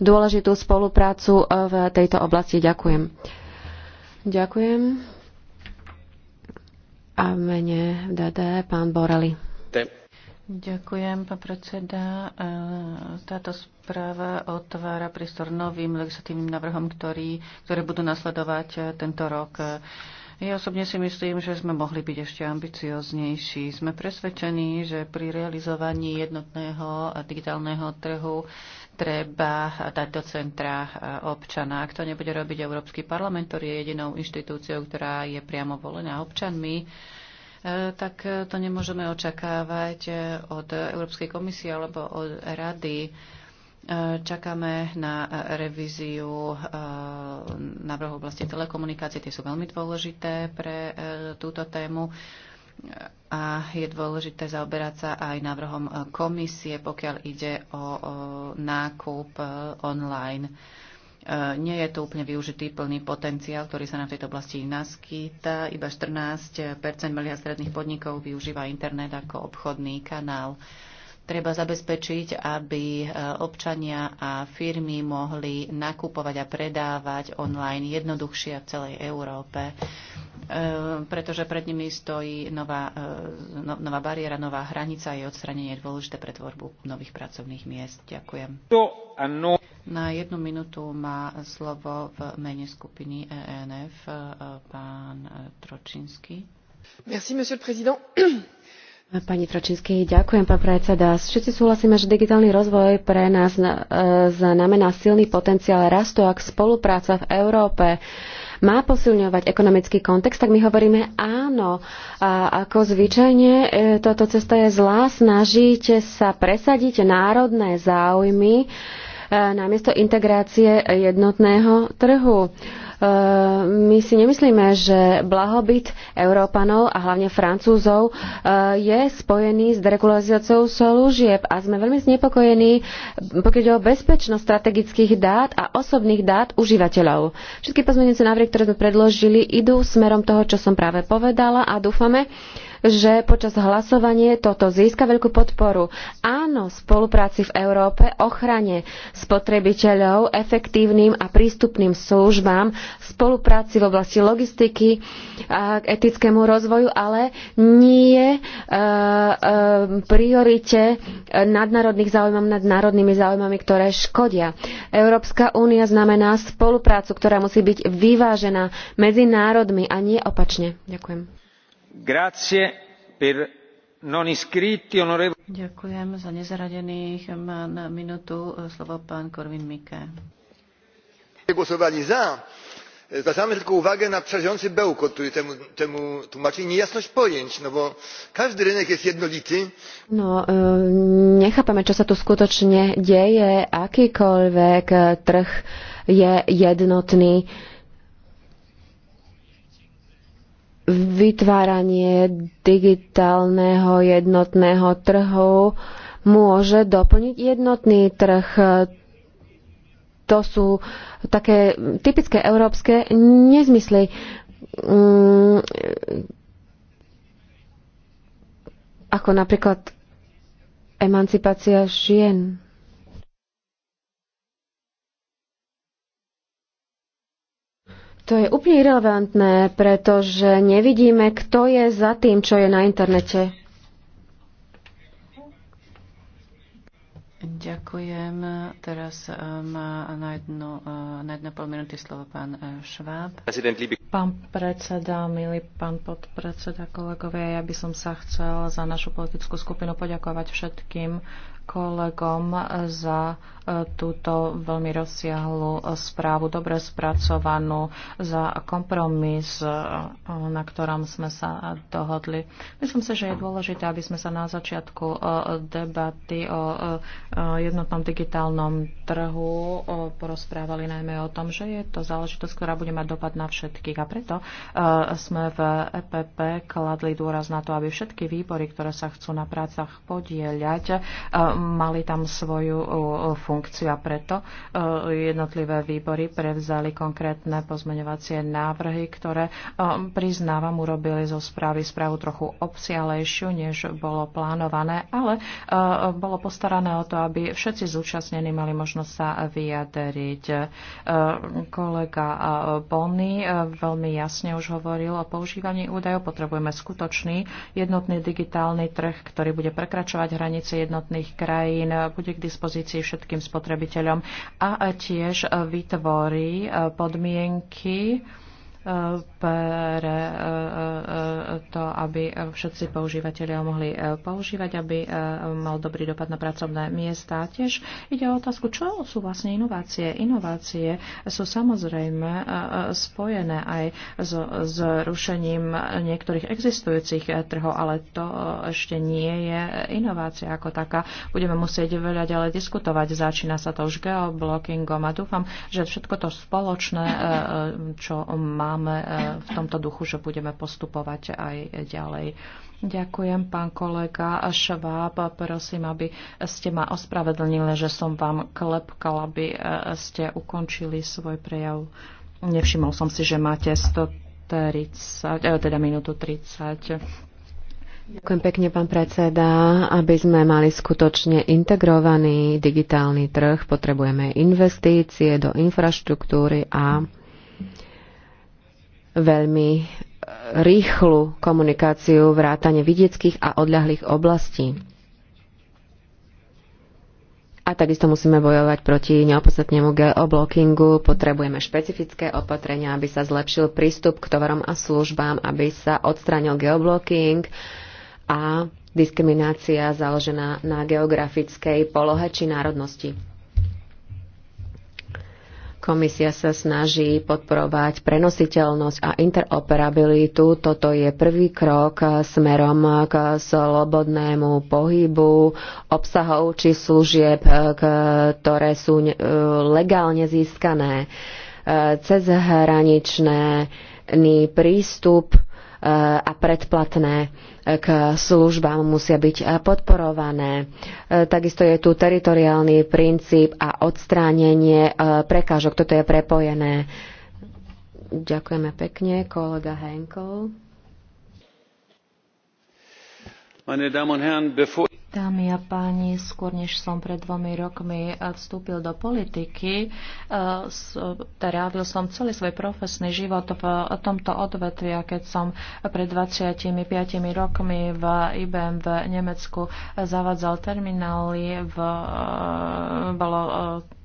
dôležitú spoluprácu e, v tejto oblasti. Ďakujem. Ďakujem. A v mene DD pán Borali. Ďakujem, pán predseda. E, táto správa otvára priestor novým legislatívnym návrhom, ktorý, ktoré budú nasledovať tento rok. Ja osobne si myslím, že sme mohli byť ešte ambicioznejší. Sme presvedčení, že pri realizovaní jednotného digitálneho trhu treba dať do centra občana. Ak to nebude robiť Európsky parlament, ktorý je jedinou inštitúciou, ktorá je priamo volená občanmi, e, tak to nemôžeme očakávať od Európskej komisie alebo od rady E, čakáme na e, revíziu e, návrhu oblasti telekomunikácie. Tie sú veľmi dôležité pre túto tému a je dôležité zaoberať sa aj návrhom komisie, pokiaľ ide o, nákup online. Nie je to úplne využitý plný potenciál, ktorý sa nám v tejto oblasti naskýta. Iba 14 malých a stredných podnikov využíva internet ako obchodný kanál. Treba zabezpečiť, aby e, občania a firmy mohli nakupovať a predávať online jednoduchšie v celej Európe, e, pretože pred nimi stojí nová, e, no, nová bariéra, nová hranica a jej odstranenie je dôležité pre tvorbu nových pracovných miest. Ďakujem. No- Na jednu minútu má slovo v mene skupiny ENF pán Tročinsky. Merci, monsieur le président. Pani Tročinský, ďakujem, pán predseda. Všetci súhlasíme, že digitálny rozvoj pre nás e, znamená silný potenciál rastu, ak spolupráca v Európe má posilňovať ekonomický kontext, tak my hovoríme áno. A ako zvyčajne e, toto cesta je zlá, snažíte sa presadiť národné záujmy, E, namiesto integrácie jednotného trhu. E, my si nemyslíme, že blahobyt Európanov a hlavne Francúzov e, je spojený s deregulizáciou služieb a sme veľmi znepokojení, pokiaľ ide o bezpečnosť strategických dát a osobných dát užívateľov. Všetky pozmeňujúce návrhy, ktoré sme predložili, idú smerom toho, čo som práve povedala a dúfame, že počas hlasovania toto získa veľkú podporu. Áno, spolupráci v Európe, ochrane spotrebiteľov, efektívnym a prístupným službám, spolupráci v oblasti logistiky, a k etickému rozvoju, ale nie e, e, priorite nadnárodných záujmov nad národnými záujmami, ktoré škodia. Európska únia znamená spoluprácu, ktorá musí byť vyvážená medzi národmi a nie opačne. Ďakujem. Iscritti, Ďakujem za nezaradených. Má na minútu eh, slovo pán Korwin Mikke. Głosowali za. Zwracamy tylko uwagę na przerażający bełkot, który temu, temu tłumaczy niejasność pojęć, no bo każdy rynek jest jednolity. No, e, nechápame, čo sa tu skutočne deje. Akýkoľvek e, trh je jednotný vytváranie digitálneho jednotného trhu môže doplniť jednotný trh. To sú také typické európske nezmysly. Mm, ako napríklad emancipácia žien. To je úplne irrelevantné, pretože nevidíme, kto je za tým, čo je na internete. Ďakujem. Teraz eh, má na jedno, eh, na jedno pol minúty slovo pán eh, Šváb. Pán predseda, milý pán podpredseda, kolegovia, ja by som sa chcel za našu politickú skupinu poďakovať všetkým, kolegom za e, túto veľmi rozsiahlu správu, dobre spracovanú, za kompromis, e, na ktorom sme sa dohodli. Myslím si, že je dôležité, aby sme sa na začiatku e, debaty o jednotnom digitálnom trhu porozprávali najmä o tom, že je to záležitosť, ktorá bude mať dopad na všetkých. A preto sme v EPP kladli dôraz na to, aby všetky výbory, ktoré sa chcú na prácach podieľať, mali tam svoju uh, funkciu a preto uh, jednotlivé výbory prevzali konkrétne pozmeňovacie návrhy, ktoré um, priznávam urobili zo správy správu trochu obsialejšiu, než bolo plánované, ale uh, bolo postarané o to, aby všetci zúčastnení mali možnosť sa vyjadriť. Kolega Bonny veľmi jasne už hovoril o používaní údajov. Potrebujeme skutočný jednotný digitálny trh, ktorý bude prekračovať hranice jednotných krajín e, bude k dispozícii všetkým spotrebiteľom a tiež vytvorí e, podmienky pre e, e, e, to, aby všetci používateľia mohli používať, aby mal dobrý dopad na pracovné miesta. Tiež ide o otázku, čo sú vlastne inovácie. Inovácie sú samozrejme spojené aj s zrušením niektorých existujúcich trhov, ale to ešte nie je inovácia ako taká. Budeme musieť veľa ďalej diskutovať. Začína sa to už geoblockingom a dúfam, že všetko to spoločné, čo má máme e, v tomto duchu, že budeme postupovať aj ďalej. Ďakujem, pán kolega Šváb. Prosím, aby ste ma ospravedlnili, že som vám klepkal, aby e, ste ukončili svoj prejav. Nevšimol som si, že máte 130, e, teda minútu 30. Ďakujem pekne, pán predseda. Aby sme mali skutočne integrovaný digitálny trh, potrebujeme investície do infraštruktúry a veľmi e, rýchlu komunikáciu vrátane vidieckých a odľahlých oblastí. A takisto musíme bojovať proti neopodstatnému geoblockingu. Potrebujeme špecifické opatrenia, aby sa zlepšil prístup k tovarom a službám, aby sa odstránil geoblocking a diskriminácia založená na geografickej polohe či národnosti. Komisia sa snaží podporovať prenositeľnosť a interoperabilitu. Toto je prvý krok e, smerom k slobodnému pohybu obsahov či služieb, e, ktoré sú e, legálne získané hraničný prístup a predplatné k službám musia byť eh, podporované. Eh, takisto je tu teritoriálny princíp a odstránenie eh, prekážok. Toto je prepojené. Ďakujeme pekne, kolega Henkel. Dámy a páni, skôr než som pred dvomi rokmi eh, vstúpil do politiky, eh, trávil teda som celý svoj profesný život v tomto odvetvi a keď som pred 25 rokmi v IBM v Nemecku eh, zavadzal terminály, v, bolo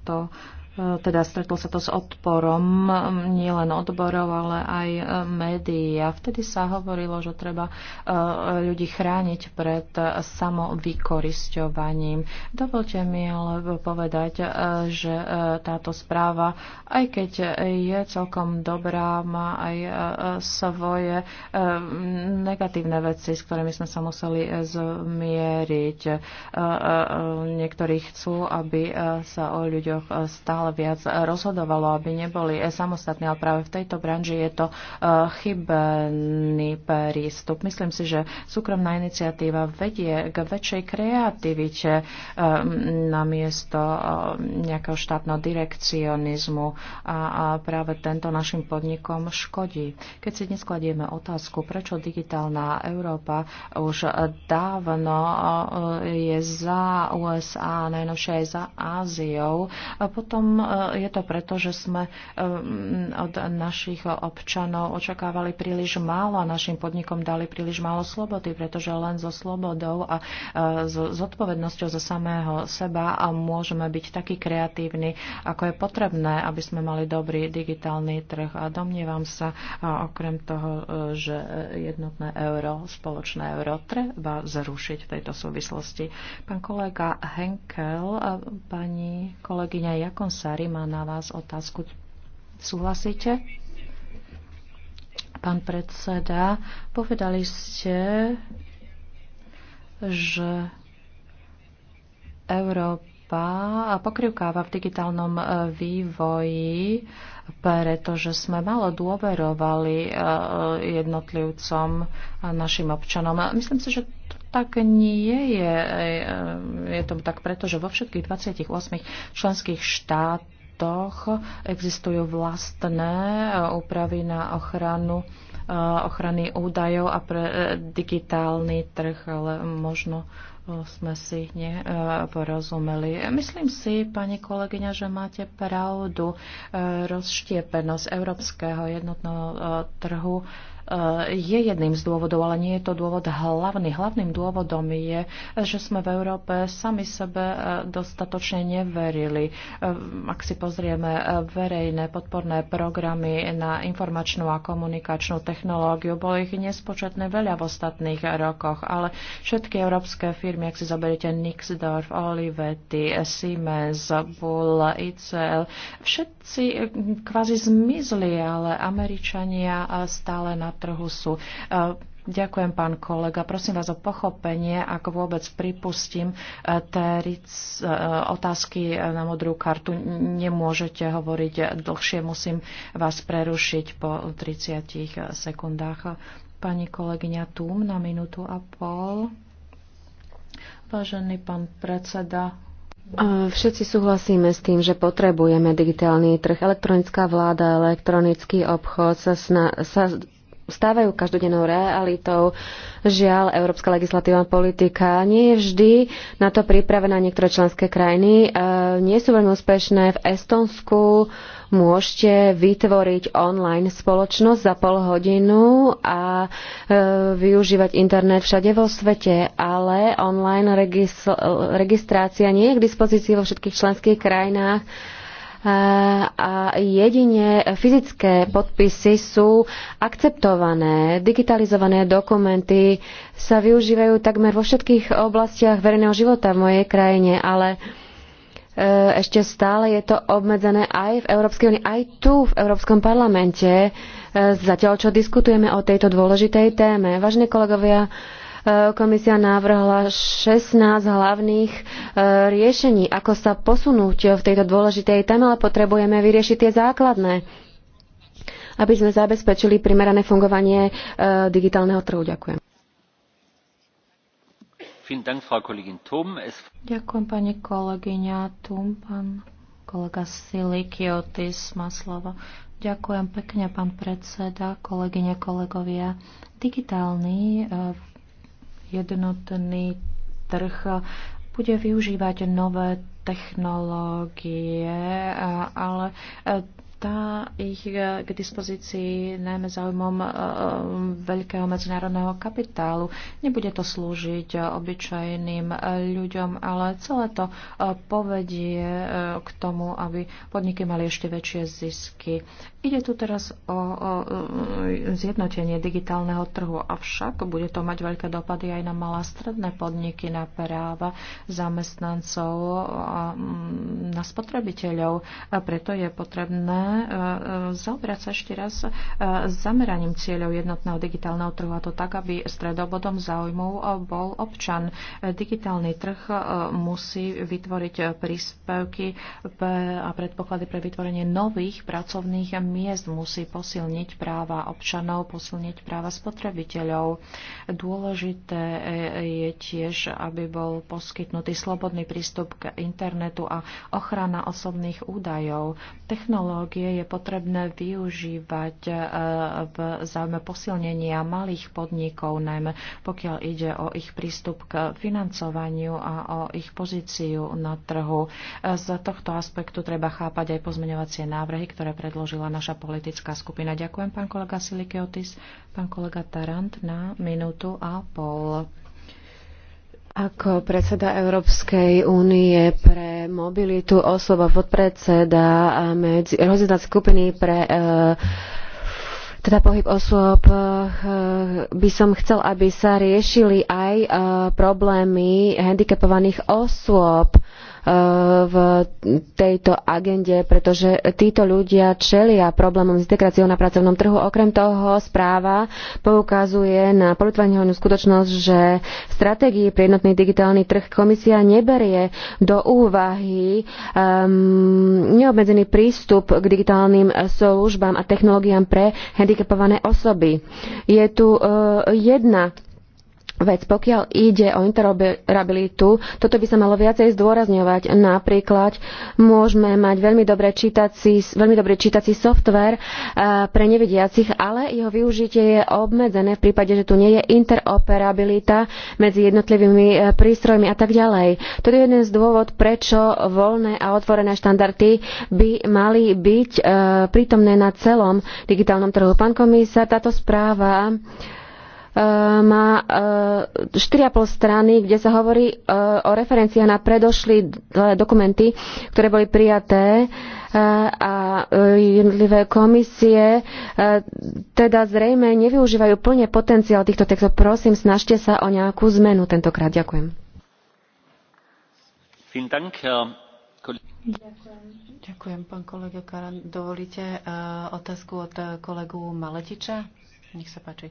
to Eh, teda stretlo sa to s odporom mm, nielen odborov, ale aj eh, médií. A vtedy sa hovorilo, že treba eh, ľudí chrániť pred samovykorisťovaním. Dovolte mi ale povedať, že táto správa, aj keď je celkom dobrá, má aj svoje negatívne veci, s ktorými sme sa museli zmieriť. Niektorí chcú, aby sa o ľuďoch stále stále viac rozhodovalo, aby neboli samostatní, ale práve v tejto branži je to e, chybný prístup. Myslím si, že súkromná iniciatíva vedie k väčšej kreativite e, namiesto e, nejakého štátneho direkcionizmu a práve tento našim podnikom škodí. Keď si dnes kladieme otázku, prečo digitálna Európa už dávno je za USA, najnovšie aj za Áziou, potom E, je to preto, že sme e, od našich občanov očakávali príliš málo a našim podnikom dali príliš málo slobody, pretože len so slobodou a e, s zodpovednosťou za samého seba a môžeme byť takí kreatívni, ako je potrebné, aby sme mali dobrý digitálny trh. A domnievam sa, a okrem toho, že jednotné euro, spoločné euro treba zrušiť v tejto súvislosti. Pán kolega Henkel, pani kolegyňa Jakonsa, Sari má na vás otázku. Súhlasíte? Pán predseda, povedali ste, že Európa pokrivkáva v digitálnom e, vývoji, pretože sme málo dôverovali e, jednotlivcom, našim občanom. Myslím si, že to tak nie je. Eh, je to tak preto, že vo všetkých 28 členských štátoch existujú vlastné eh, úpravy na ochranu eh, ochrany údajov a pre digitálny trh, ale možno sme si neporozumeli. Myslím si, pani kolegyňa, že máte pravdu. Rozštiepenosť európskeho jednotného trhu Eh, je jedným z dôvodov, ale nie je to dôvod hlavný. Hlavným dôvodom je, že sme v Európe sami sebe eh, dostatočne neverili. Eh, ak si pozrieme verejné podporné programy na informačnú a komunikačnú technológiu, bolo ich nespočetné veľa v ostatných rokoch, ale všetky európske firmy, ak si zoberiete Nixdorf, Olivetti, Siemens, Bull, ICL, všetci kvázi zmizli, ale Američania stále na trhu sú. E, ďakujem, pán kolega. Prosím vás o pochopenie, ak vôbec pripustím e, té e, otázky na modrú kartu. Nemôžete hovoriť dlhšie, musím vás prerušiť po 30 sekundách. Pani kolegyňa Tum na minútu a pol. Vážený pán predseda, Všetci súhlasíme s tým, že potrebujeme digitálny trh. Elektronická vláda, elektronický obchod sa, sna- sa stávajú každodennou realitou. Žiaľ, európska legislatíva a politika nie je vždy na to pripravená. Niektoré členské krajiny e, nie sú veľmi úspešné. V Estonsku môžete vytvoriť online spoločnosť za pol hodinu a e, využívať internet všade vo svete, ale online registr registrácia nie je k dispozícii vo všetkých členských krajinách a jedine fyzické podpisy sú akceptované. Digitalizované dokumenty sa využívajú takmer vo všetkých oblastiach verejného života v mojej krajine, ale e, ešte stále je to obmedzené aj v Európskej únii, aj tu v Európskom parlamente, e, zatiaľ čo diskutujeme o tejto dôležitej téme. Vážne kolegovia, E, komisia navrhla 16 hlavných e, riešení, ako sa posunúť v tejto dôležitej téme, ale potrebujeme vyriešiť tie základné, aby sme zabezpečili primerané fungovanie e, digitálneho trhu. Ďakujem. Ďakujem pani kolegyňa Tum. Pán kolega Silikiotis má slovo. Ďakujem pekne, pán predseda, kolegyne, kolegovia. Digitálny jednotný trh bude využívať nové technológie, ale e, tá ich e, k dispozícii najmä záujmom e, e, veľkého medzinárodného kapitálu. Nebude to slúžiť obyčajným ľuďom, ale celé to povedie k tomu, aby podniky mali ešte väčšie zisky. Ide tu teraz o zjednotenie digitálneho trhu, avšak bude to mať veľké dopady aj na malá stredné podniky, na práva zamestnancov a mm, na spotrebiteľov. A preto je potrebné E, e, zaobrať sa ešte raz e, zameraním cieľov jednotného digitálneho trhu a to tak, aby stredobodom záujmov bol občan. Digitálny trh musí vytvoriť príspevky a predpoklady pre vytvorenie nových pracovných miest. Musí posilniť práva občanov, posilniť práva spotrebiteľov. Dôležité je tiež, aby bol poskytnutý slobodný prístup k internetu a ochrana osobných údajov. Technológie energie je potrebné využívať e, v záujme posilnenia malých podnikov, najmä pokiaľ ide o ich prístup k financovaniu a o ich pozíciu na trhu. E, z tohto aspektu treba chápať aj pozmeňovacie návrhy, ktoré predložila naša politická skupina. Ďakujem, pán kolega Silikeotis, pán kolega Tarant na minútu a pol. Ako predseda Európskej únie pre mobilitu osoba podpredseda medzi, rozdielna skupiny pre e, teda pohyb osôb e, by som chcel, aby sa riešili aj e, problémy handicapovaných osôb. E, E, v tejto agende, pretože títo ľudia čelia problémom s integráciou na pracovnom trhu. Okrem toho správa poukazuje na polutvaňovanú skutočnosť, že v stratégii pre jednotný digitálny trh komisia neberie do úvahy um, neobmedzený prístup k digitálnym službám a technológiám pre handicapované osoby. Je tu uh, jedna vec. Pokiaľ ide o interoperabilitu, toto by sa malo viacej zdôrazňovať. Napríklad môžeme mať veľmi dobré čítací, veľmi dobrý čítací software eh, pre nevidiacich, ale jeho využitie je obmedzené v prípade, že tu nie je interoperabilita medzi jednotlivými eh, prístrojmi a tak ďalej. Toto je jeden z dôvod, prečo voľné a otvorené štandardy by mali byť eh, prítomné na celom digitálnom trhu. Pán komisár, táto správa E, má 4,5 e, strany, kde sa hovorí e, o referenciách na predošli dokumenty, ktoré boli prijaté a jednotlivé komisie teda zrejme nevyužívajú plne potenciál týchto textov. Prosím, snažte sa o nejakú zmenu tentokrát. Ďakujem. Ďakujem. Ďakujem, pán kolega Karan. Dovolíte otázku od kolegu Maletiča? Nech sa páči.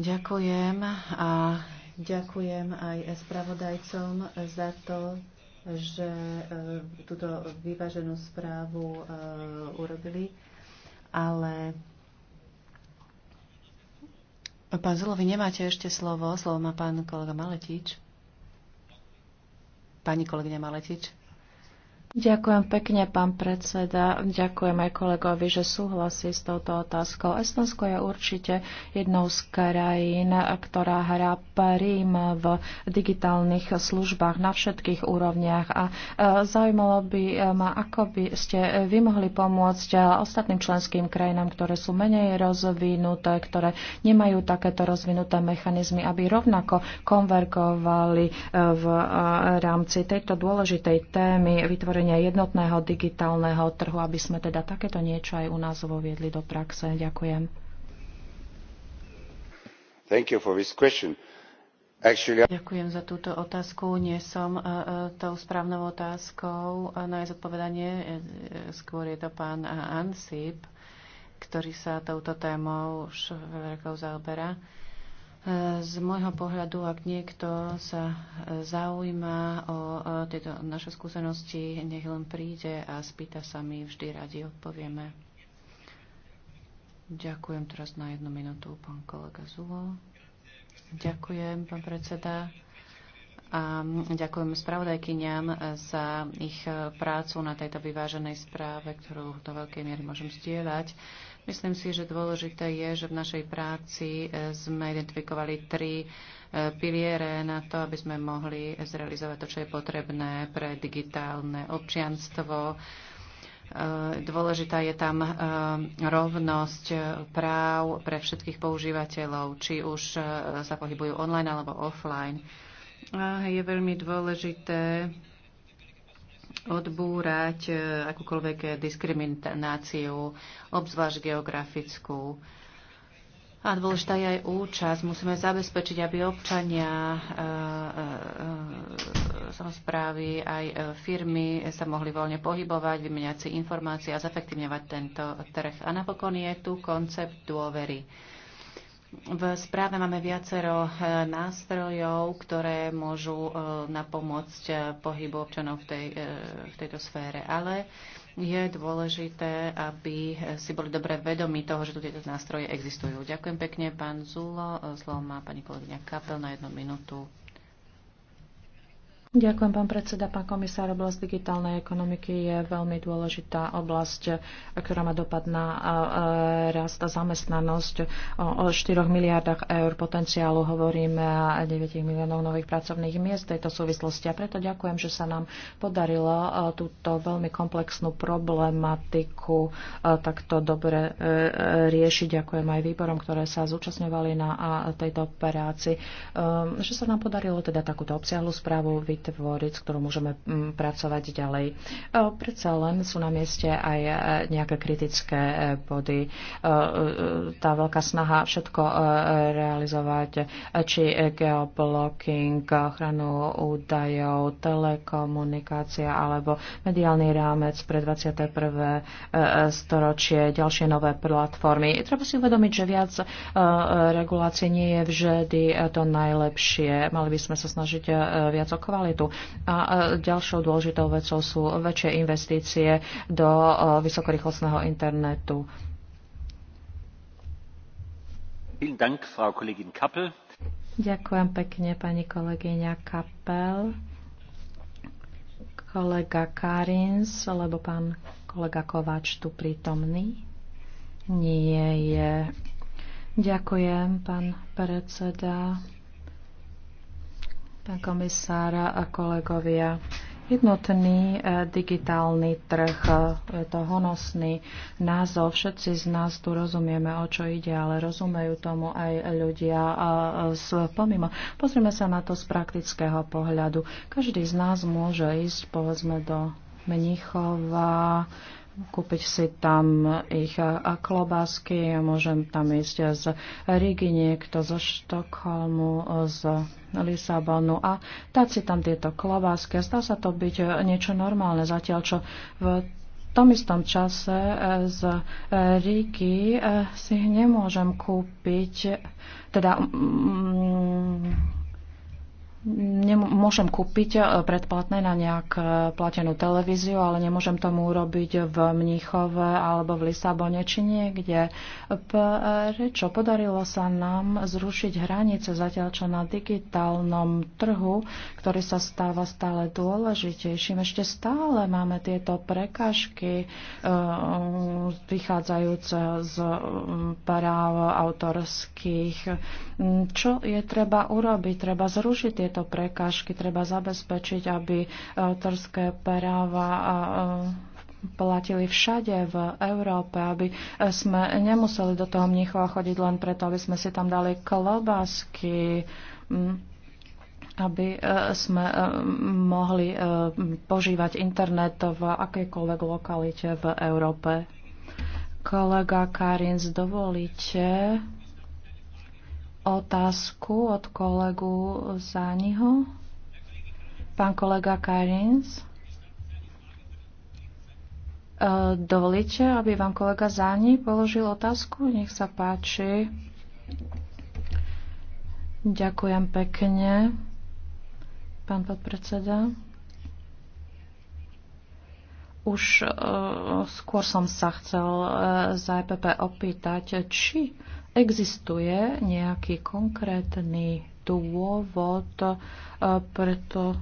Ďakujem a ďakujem aj spravodajcom za to, že e, túto vyváženú správu e, urobili, ale pán Zulovi, nemáte ešte slovo. Slovo má pán kolega Maletič. Pani kolegyňa Maletič. Ďakujem pekne, pán predseda. Ďakujem aj kolegovi, že súhlasí s touto otázkou. Estonsko je určite jednou z krajín, ktorá hrá prím v digitálnych službách na všetkých úrovniach. A e, zaujímalo by e, ma, ako by ste e, vy mohli pomôcť ostatným členským krajinám, ktoré sú menej rozvinuté, ktoré nemajú takéto rozvinuté mechanizmy, aby rovnako konvergovali v rámci tejto dôležitej témy vytvorenia vytvorenia jednotného digitálneho trhu, aby sme teda takéto niečo aj u nás voviedli do praxe. Ďakujem. Thank you for this question. Actually... Ďakujem za túto otázku. Nie som e, e, tou správnou otázkou na jej zodpovedanie. E, skôr je to pán Ansip, ktorý sa touto témou už veľkou zaoberá. Z môjho pohľadu, ak niekto sa e, zaujíma o e, tieto naše skúsenosti, nech len príde a spýta sa my, vždy radi odpovieme. Ďakujem teraz na jednu minútu, pán kolega Zulo. Ďakujem, pán predseda. A ďakujem spravodajkyňam e, za ich prácu na tejto vyváženej správe, ktorú do veľkej miery môžem stieľať. Myslím si, že dôležité je, že v našej práci e, sme identifikovali tri e, piliere na to, aby sme mohli zrealizovať to, čo je potrebné pre digitálne občianstvo. E, dôležitá je tam rovnosť práv pre všetkých používateľov, či už sa pohybujú online alebo offline. Je veľmi dôležité odbúrať eh, akúkoľvek eh, diskrimináciu, obzvlášť geografickú. A dôležitá je aj účasť. Musíme zabezpečiť, aby občania, eh, samozprávy, aj firmy sa mohli voľne pohybovať, vymeniať si informácie a zefektívňovať tento trh. A napokon je tu koncept dôvery. V správe máme viacero eh, nástrojov, ktoré môžu eh, napomôcť eh, pohybu občanov v, tej, v tejto sfére, ale je dôležité, aby si boli dobre vedomi toho, že tu tieto nástroje existujú. Ďakujem pekne, pán Zulo. Slovo má pani kolegyňa Kapel na jednu minútu. Ďakujem, pán predseda. Pán komisár, oblasť digitálnej ekonomiky je veľmi dôležitá oblasť, ktorá má dopad na rast a zamestnanosť. O 4 miliardách eur potenciálu hovoríme a 9 miliónov nových pracovných miest v tejto súvislosti. A preto ďakujem, že sa nám podarilo túto veľmi komplexnú problematiku takto dobre e, e, riešiť. Ďakujem aj výborom, ktoré sa zúčastňovali na tejto operácii. E, že sa nám podarilo teda takúto obsiahlu správu vytvoriť vytvoriť, ktorou môžeme mm, pracovať ďalej. E, predsa len sú na mieste aj e, nejaké kritické e, body. Tá veľká snaha všetko realizovať, či geoblocking, ochranu údajov, telekomunikácia alebo mediálny rámec pre 21. storočie, ďalšie nové platformy. Treba si uvedomiť, že viac regulácie nie je vždy to najlepšie. Mali by sme sa snažiť viac o kvalitu kvalitu. A ďalšou dôležitou vecou sú väčšie investície do vysokorýchlostného internetu. Ďakujem pekne, pani kolegyňa Kapel. Kolega Karins, lebo pán kolega Kováč tu prítomný? Nie je. Ďakujem, pán predseda pán komisára a kolegovia. Jednotný e, digitálny trh, e, je to honosný názov, všetci z nás tu rozumieme, o čo ide, ale rozumejú tomu aj ľudia e, z pomimo. Pozrime sa na to z praktického pohľadu. Každý z nás môže ísť, povedzme, do Mnichova, kúpiť si tam ich klobásky, môžem tam ísť z Rigi, niekto zo Štokholmu, z Lisabonu a dať si tam tieto klobásky. Zdá sa to byť niečo normálne, zatiaľ čo v tom istom čase z Rigi eh, si nemôžem kúpiť, teda mm, Môžem kúpiť e, predplatné na nejak e, platenú televíziu, ale nemôžem tomu urobiť v Mníchove alebo v Lisabone či niekde. Prečo? Podarilo sa nám zrušiť hranice zatiaľ čo na digitálnom trhu, ktorý sa stáva stále dôležitejším. Ešte stále máme tieto prekažky e, vychádzajúce z práv autorských. Čo je treba urobiť? Treba zrušiť tieto tieto prekážky treba zabezpečiť, aby e, trské práva e, platili všade v Európe, aby e, sme nemuseli do toho mnichova chodiť len preto, aby sme si tam dali klobásky aby sme mohli požívať internet v akejkoľvek lokalite v Európe. Kolega Karin, dovolíte? otázku od kolegu Zániho. Pán kolega Karins. E, dovolíte, aby vám kolega Záni položil otázku? Nech sa páči. Ďakujem pekne, pán podpredseda. Už uh, skôr som sa chcel uh, za EPP opýtať, či uh, existuje nejaký konkrétny dôvod, e, preto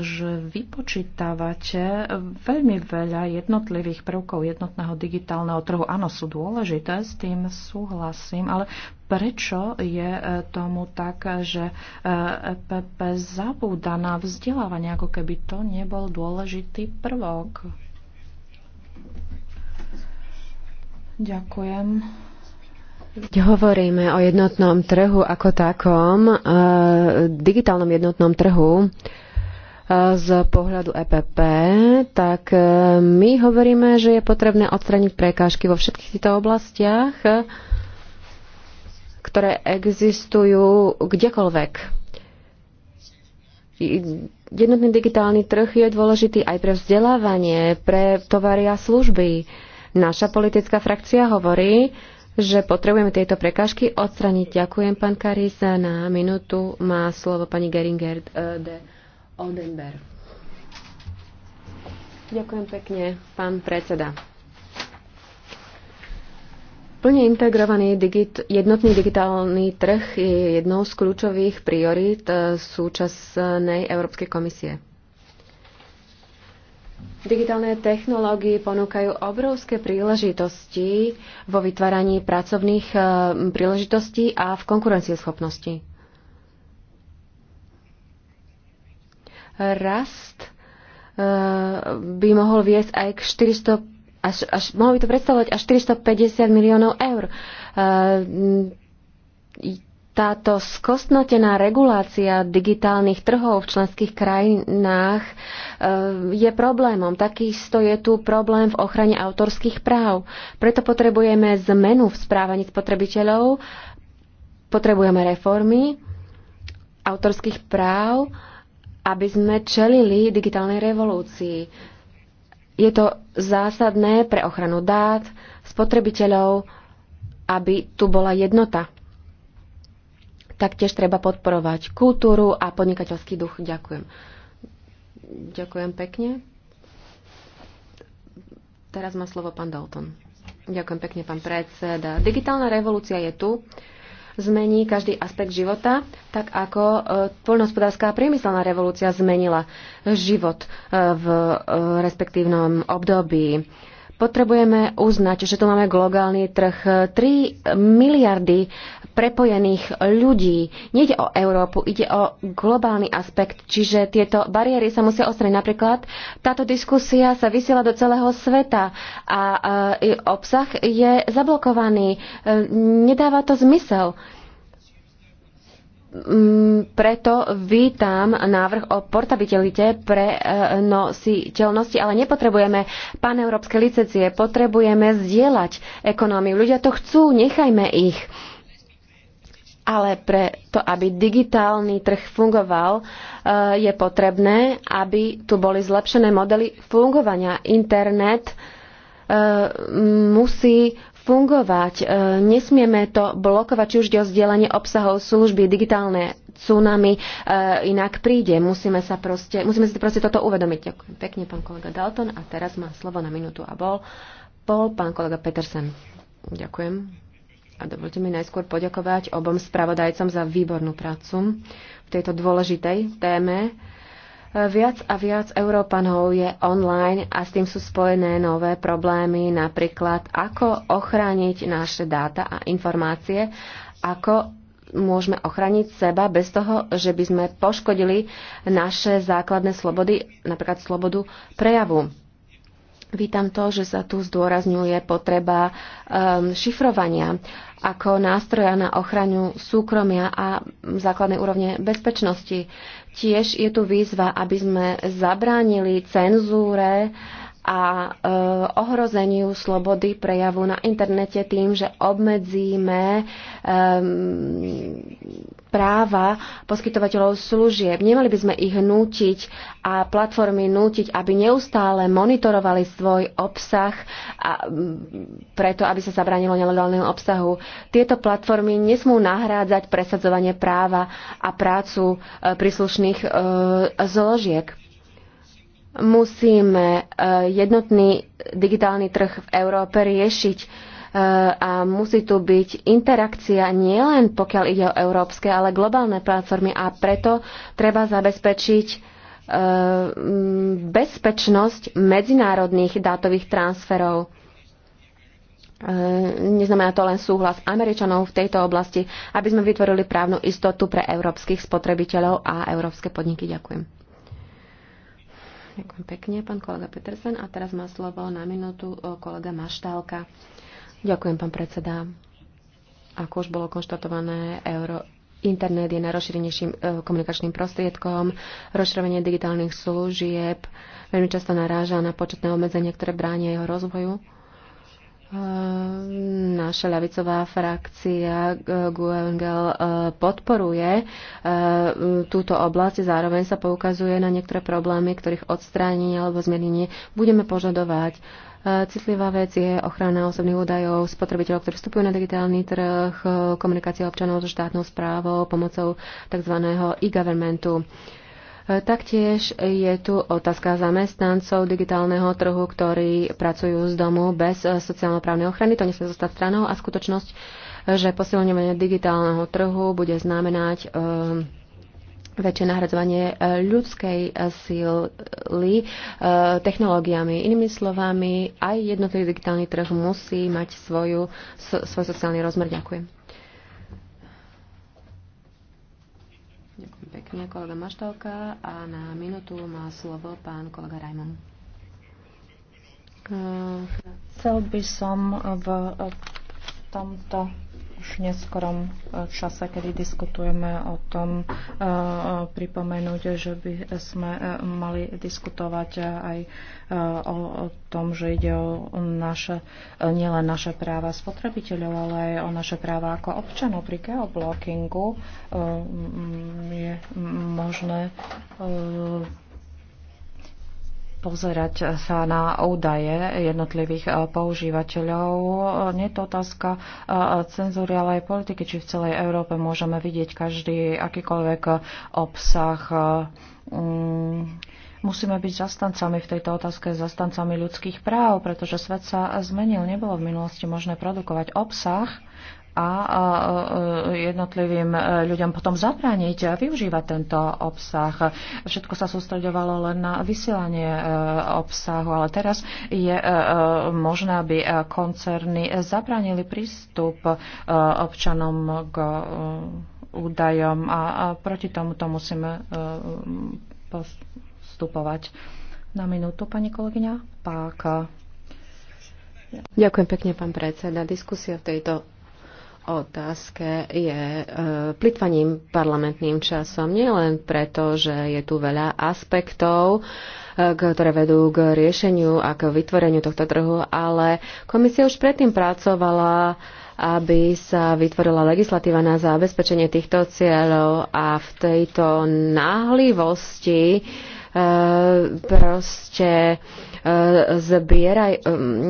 že vypočítavate veľmi veľa jednotlivých prvkov jednotného digitálneho trhu. Áno, sú dôležité, s tým súhlasím, ale prečo je e, tomu tak, že EPP e zabúda na vzdelávanie, ako keby to nebol dôležitý prvok? Ďakujem. Keď hovoríme o jednotnom trhu ako takom, e, digitálnom jednotnom trhu, e, z pohľadu EPP, tak e, my hovoríme, že je potrebné odstraniť prekážky vo všetkých týchto oblastiach, ktoré existujú kdekoľvek. Jednotný digitálny trh je dôležitý aj pre vzdelávanie, pre tovary a služby. Naša politická frakcia hovorí, že potrebujeme tieto prekážky odstraniť. Ďakujem, pán Karis. Na minútu má slovo pani Geringer eh, de Oldenberg. Ďakujem pekne, pán predseda. Plne integrovaný digit, jednotný digitálny trh je jednou z kľúčových priorít eh, súčasnej Európskej komisie. Digitálne technológie ponúkajú obrovské príležitosti vo vytváraní pracovných eh, príležitostí a v konkurencieschopnosti. Rast eh, by mohol viesť aj k 400 až, až, mohol by to predstavovať až 450 miliónov eur. Eh, táto skostnotená regulácia digitálnych trhov v členských krajinách eh, je problémom. Takisto je tu problém v ochrane autorských práv. Preto potrebujeme zmenu v správaní spotrebiteľov, potrebujeme reformy autorských práv, aby sme čelili digitálnej revolúcii. Je to zásadné pre ochranu dát, spotrebiteľov, aby tu bola jednota Taktiež treba podporovať kultúru a podnikateľský duch. Ďakujem. Ďakujem pekne. Teraz má slovo pán Dalton. Ďakujem pekne, pán predseda. Digitálna revolúcia je tu zmení každý aspekt života, tak ako e, poľnohospodárska a priemyselná revolúcia zmenila život e, v e, respektívnom období. Potrebujeme uznať, že tu máme globálny trh. 3 miliardy prepojených ľudí. Nejde o Európu, ide o globálny aspekt, čiže tieto bariéry sa musia ostrieť. Napríklad táto diskusia sa vysiela do celého sveta a obsah je zablokovaný. E, nedáva to zmysel. Mm, preto vítam návrh o portabilite pre e, nositeľnosti, ale nepotrebujeme paneurópske licencie, potrebujeme zdieľať ekonómiu. Ľudia to chcú, nechajme ich. Ale pre to, aby digitálny trh fungoval, e, je potrebné, aby tu boli zlepšené modely fungovania. Internet e, musí fungovať. E, nesmieme to blokovať, či už ide o vzdielanie obsahov služby, digitálne tsunami, e, inak príde. Musíme, sa proste, musíme si proste toto uvedomiť. Ďakujem pekne, pán kolega Dalton. A teraz má slovo na minútu a bol. Pol, pán kolega Petersen. Ďakujem. A dovolte mi najskôr poďakovať obom spravodajcom za výbornú prácu v tejto dôležitej téme Viac a viac Európanov je online a s tým sú spojené nové problémy, napríklad ako ochrániť naše dáta a informácie, ako môžeme ochrániť seba bez toho, že by sme poškodili naše základné slobody, napríklad slobodu prejavu. Vítam to, že sa tu zdôrazňuje potreba um, šifrovania ako nástroja na ochranu súkromia a základnej úrovne bezpečnosti. Tiež je tu výzva, aby sme zabránili cenzúre uh, a e, ohrozeniu slobody prejavu na internete tým, že obmedzíme práva poskytovateľov služieb. Nemali by sme ich nútiť a platformy nútiť, aby neustále monitorovali svoj obsah a preto, aby sa zabránilo nelegálnemu obsahu. Tieto platformy nesmú nahrádzať presadzovanie práva a prácu e, príslušných e, zložiek musíme e, jednotný digitálny trh v Európe riešiť e, a musí tu byť interakcia nielen pokiaľ ide o európske, ale globálne platformy a preto treba zabezpečiť e, bezpečnosť medzinárodných dátových transferov. Neznamená to len súhlas Američanov v tejto oblasti, aby sme vytvorili právnu istotu pre európskych spotrebiteľov a európske podniky. Ďakujem. Ďakujem pekne, pán kolega Petersen. A teraz má slovo na minútu kolega Maštálka. Ďakujem, pán predseda. Ako už bolo konštatované, euro, internet je najrozšírenejším e, komunikačným prostriedkom. Rozširovanie digitálnych služieb veľmi často naráža na početné obmedzenia, ktoré bránia jeho rozvoju Ehm, naša ľavicová frakcia eh, Guengel eh, podporuje eh, túto oblasť, zároveň sa poukazuje na niektoré problémy, ktorých odstránenie alebo zmenenie budeme požadovať. Citlivá vec je ochrana osobných údajov spotrebiteľov, ktorí vstupujú na digitálny trh, komunikácia občanov so štátnou správou pomocou tzv. e-governmentu. Taktiež je tu otázka zamestnancov digitálneho trhu, ktorí pracujú z domu bez sociálno-právnej ochrany. To nesmie zostať stranou a skutočnosť, že posilňovanie digitálneho trhu bude znamenať eh, väčšie nahradzovanie eh, ľudskej eh, síly technológiami. Inými slovami, aj jednotlivý digitálny trh musí mať svoju, svoj sociálny rozmer. Ďakujem. pekne kolega Maštalka a na minutu má slovo pán kolega Rajmon. Chcel by som v tomto už neskorom e, čase, kedy diskutujeme o tom, e, pripomenúť, že by sme e, mali diskutovať aj o tom, že ide o naše, nielen naše práva spotrebiteľov, ale aj o naše práva ako občanov pri geoblockingu. Je možné pozerať sa na údaje jednotlivých eh, používateľov. Nie je to otázka eh, cenzúry, ale aj politiky, či v celej Európe môžeme vidieť každý akýkoľvek eh, obsah mm, musíme byť zastancami v tejto otázke, zastancami ľudských práv, pretože svet sa zmenil. Nebolo v minulosti možné produkovať obsah, a jednotlivým e, ľuďom potom zabrániť a využívať tento obsah. Všetko sa sústredovalo len na vysielanie e, obsahu, ale teraz je e, možné, aby koncerny zabránili prístup občanom k údajom a proti tomuto musíme postupovať. Na minútu, pani kolegyňa Páka. Ďakujem pekne, pán predseda. Diskusia v tejto otázke je e, plitvaním parlamentným časom. Nielen preto, že je tu veľa aspektov, e, ktoré vedú k riešeniu a k vytvoreniu tohto trhu, ale komisia už predtým pracovala aby sa vytvorila legislatíva na zabezpečenie týchto cieľov a v tejto náhlivosti e, proste zbieraj,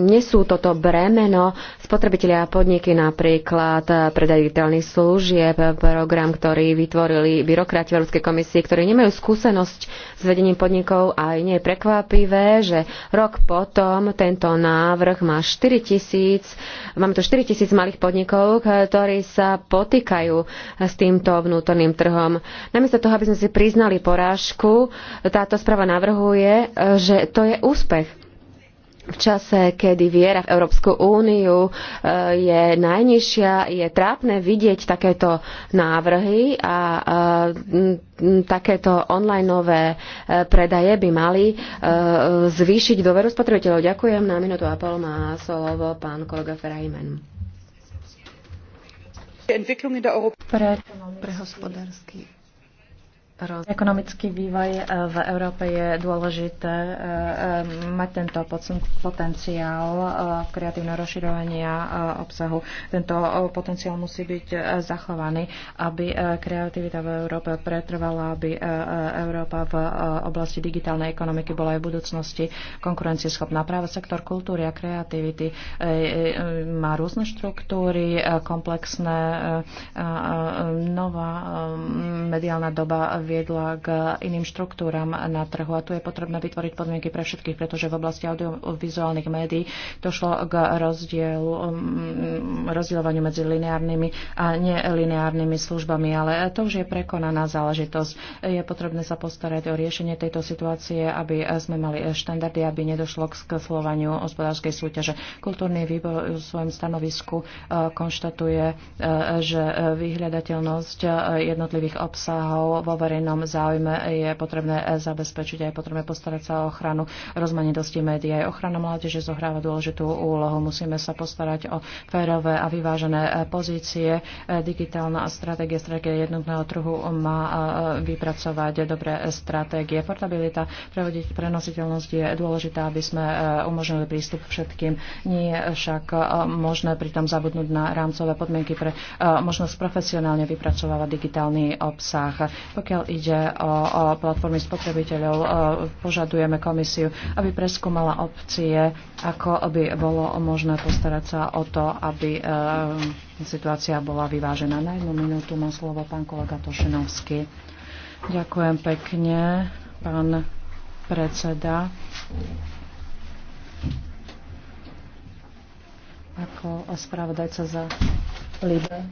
nesú toto bremeno Spotrebitelia a podniky napríklad eh, predaj digitálnych služieb, eh, program, ktorý vytvorili byrokrati v Európskej komisie, ktorí nemajú skúsenosť s vedením podnikov a nie je prekvapivé, že rok potom tento návrh má 4 tisíc, máme tu 4 tisíc malých podnikov, ktorí sa potýkajú s týmto vnútorným trhom. Namiesto toho, aby sme si priznali porážku, táto správa navrhuje, eh, že to je úspech v čase, kedy viera v Európsku úniu e, je najnižšia, je trápne vidieť takéto návrhy a e, takéto online e, predaje by mali zvýšiť doveru spotrebiteľov. Ďakujem. Na minútu a pol má slovo pán kolega Ferajmen. Pre, pre hospodársky roz... Ekonomický vývoj e, v Európe je dôležité e, e, mať tento potenciál kreatívneho rozširovania obsahu. Tento potenciál musí byť zachovaný, aby kreativita v Európe pretrvala, aby Európa v oblasti digitálnej ekonomiky bola aj v budúcnosti konkurencieschopná. Práve sektor kultúry a kreativity má rôzne štruktúry, komplexné, nová mediálna doba viedla k iným štruktúram na trhu. A tu je potrebné vytvoriť podmienky pre všetkých, pretože v oblasti audiovizuálnych médií došlo k rozdielu, mm, rozdielovaniu medzi lineárnymi a nelineárnymi službami, ale to už je prekonaná záležitosť. Je potrebné sa postarať o riešenie tejto situácie, aby sme mali štandardy, aby nedošlo k skreslovaniu hospodárskej súťaže. Kultúrny výbor v svojom stanovisku e, konštatuje, e, že e, vyhľadateľnosť jednotlivých obsahov vo verejnosti verejnom záujme je potrebné eh, zabezpečiť, aj potrebné postarať sa o ochranu rozmanitosti médií. Aj ochrana mládeže zohráva dôležitú úlohu. Musíme sa postarať o férové a vyvážené eh, pozície. Eh, digitálna stratégia, stratégia jednotného trhu má vypracovať dobré stratégie. Portabilita, prenositeľnosť je dôležitá, aby sme umožnili prístup všetkým. Nie je však možné pritom zabudnúť na rámcové podmienky pre možnosť profesionálne vypracovávať digitálny obsah. Pokiaľ ide o, o platformy spotrebiteľov, požadujeme komisiu, aby preskúmala opcie, ako by bolo možné postarať sa o to, aby e, situácia bola vyvážená. Na jednu minútu má slovo pán kolega Tošinovský. Ďakujem pekne, pán predseda. Ako spravodajca za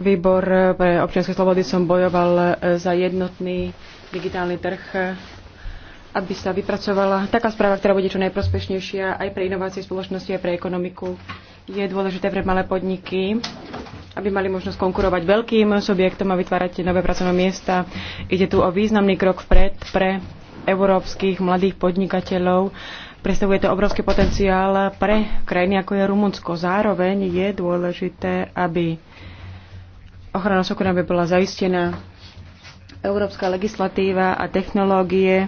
Výbor pre občianske slobody som bojoval e, za jednotný digitálny trh, e, aby sa vypracovala taká správa, ktorá bude čo najprospešnejšia aj pre inovácie spoločnosti, aj pre ekonomiku. Je dôležité pre malé podniky, aby mali možnosť konkurovať veľkým subjektom a vytvárať nové pracovné miesta. Ide tu o významný krok vpred pre európskych mladých podnikateľov. Predstavuje to obrovský potenciál pre krajiny, ako je Rumunsko. Zároveň je dôležité, aby ochrana súkromia by bola zaistená. Európska legislatíva a technológie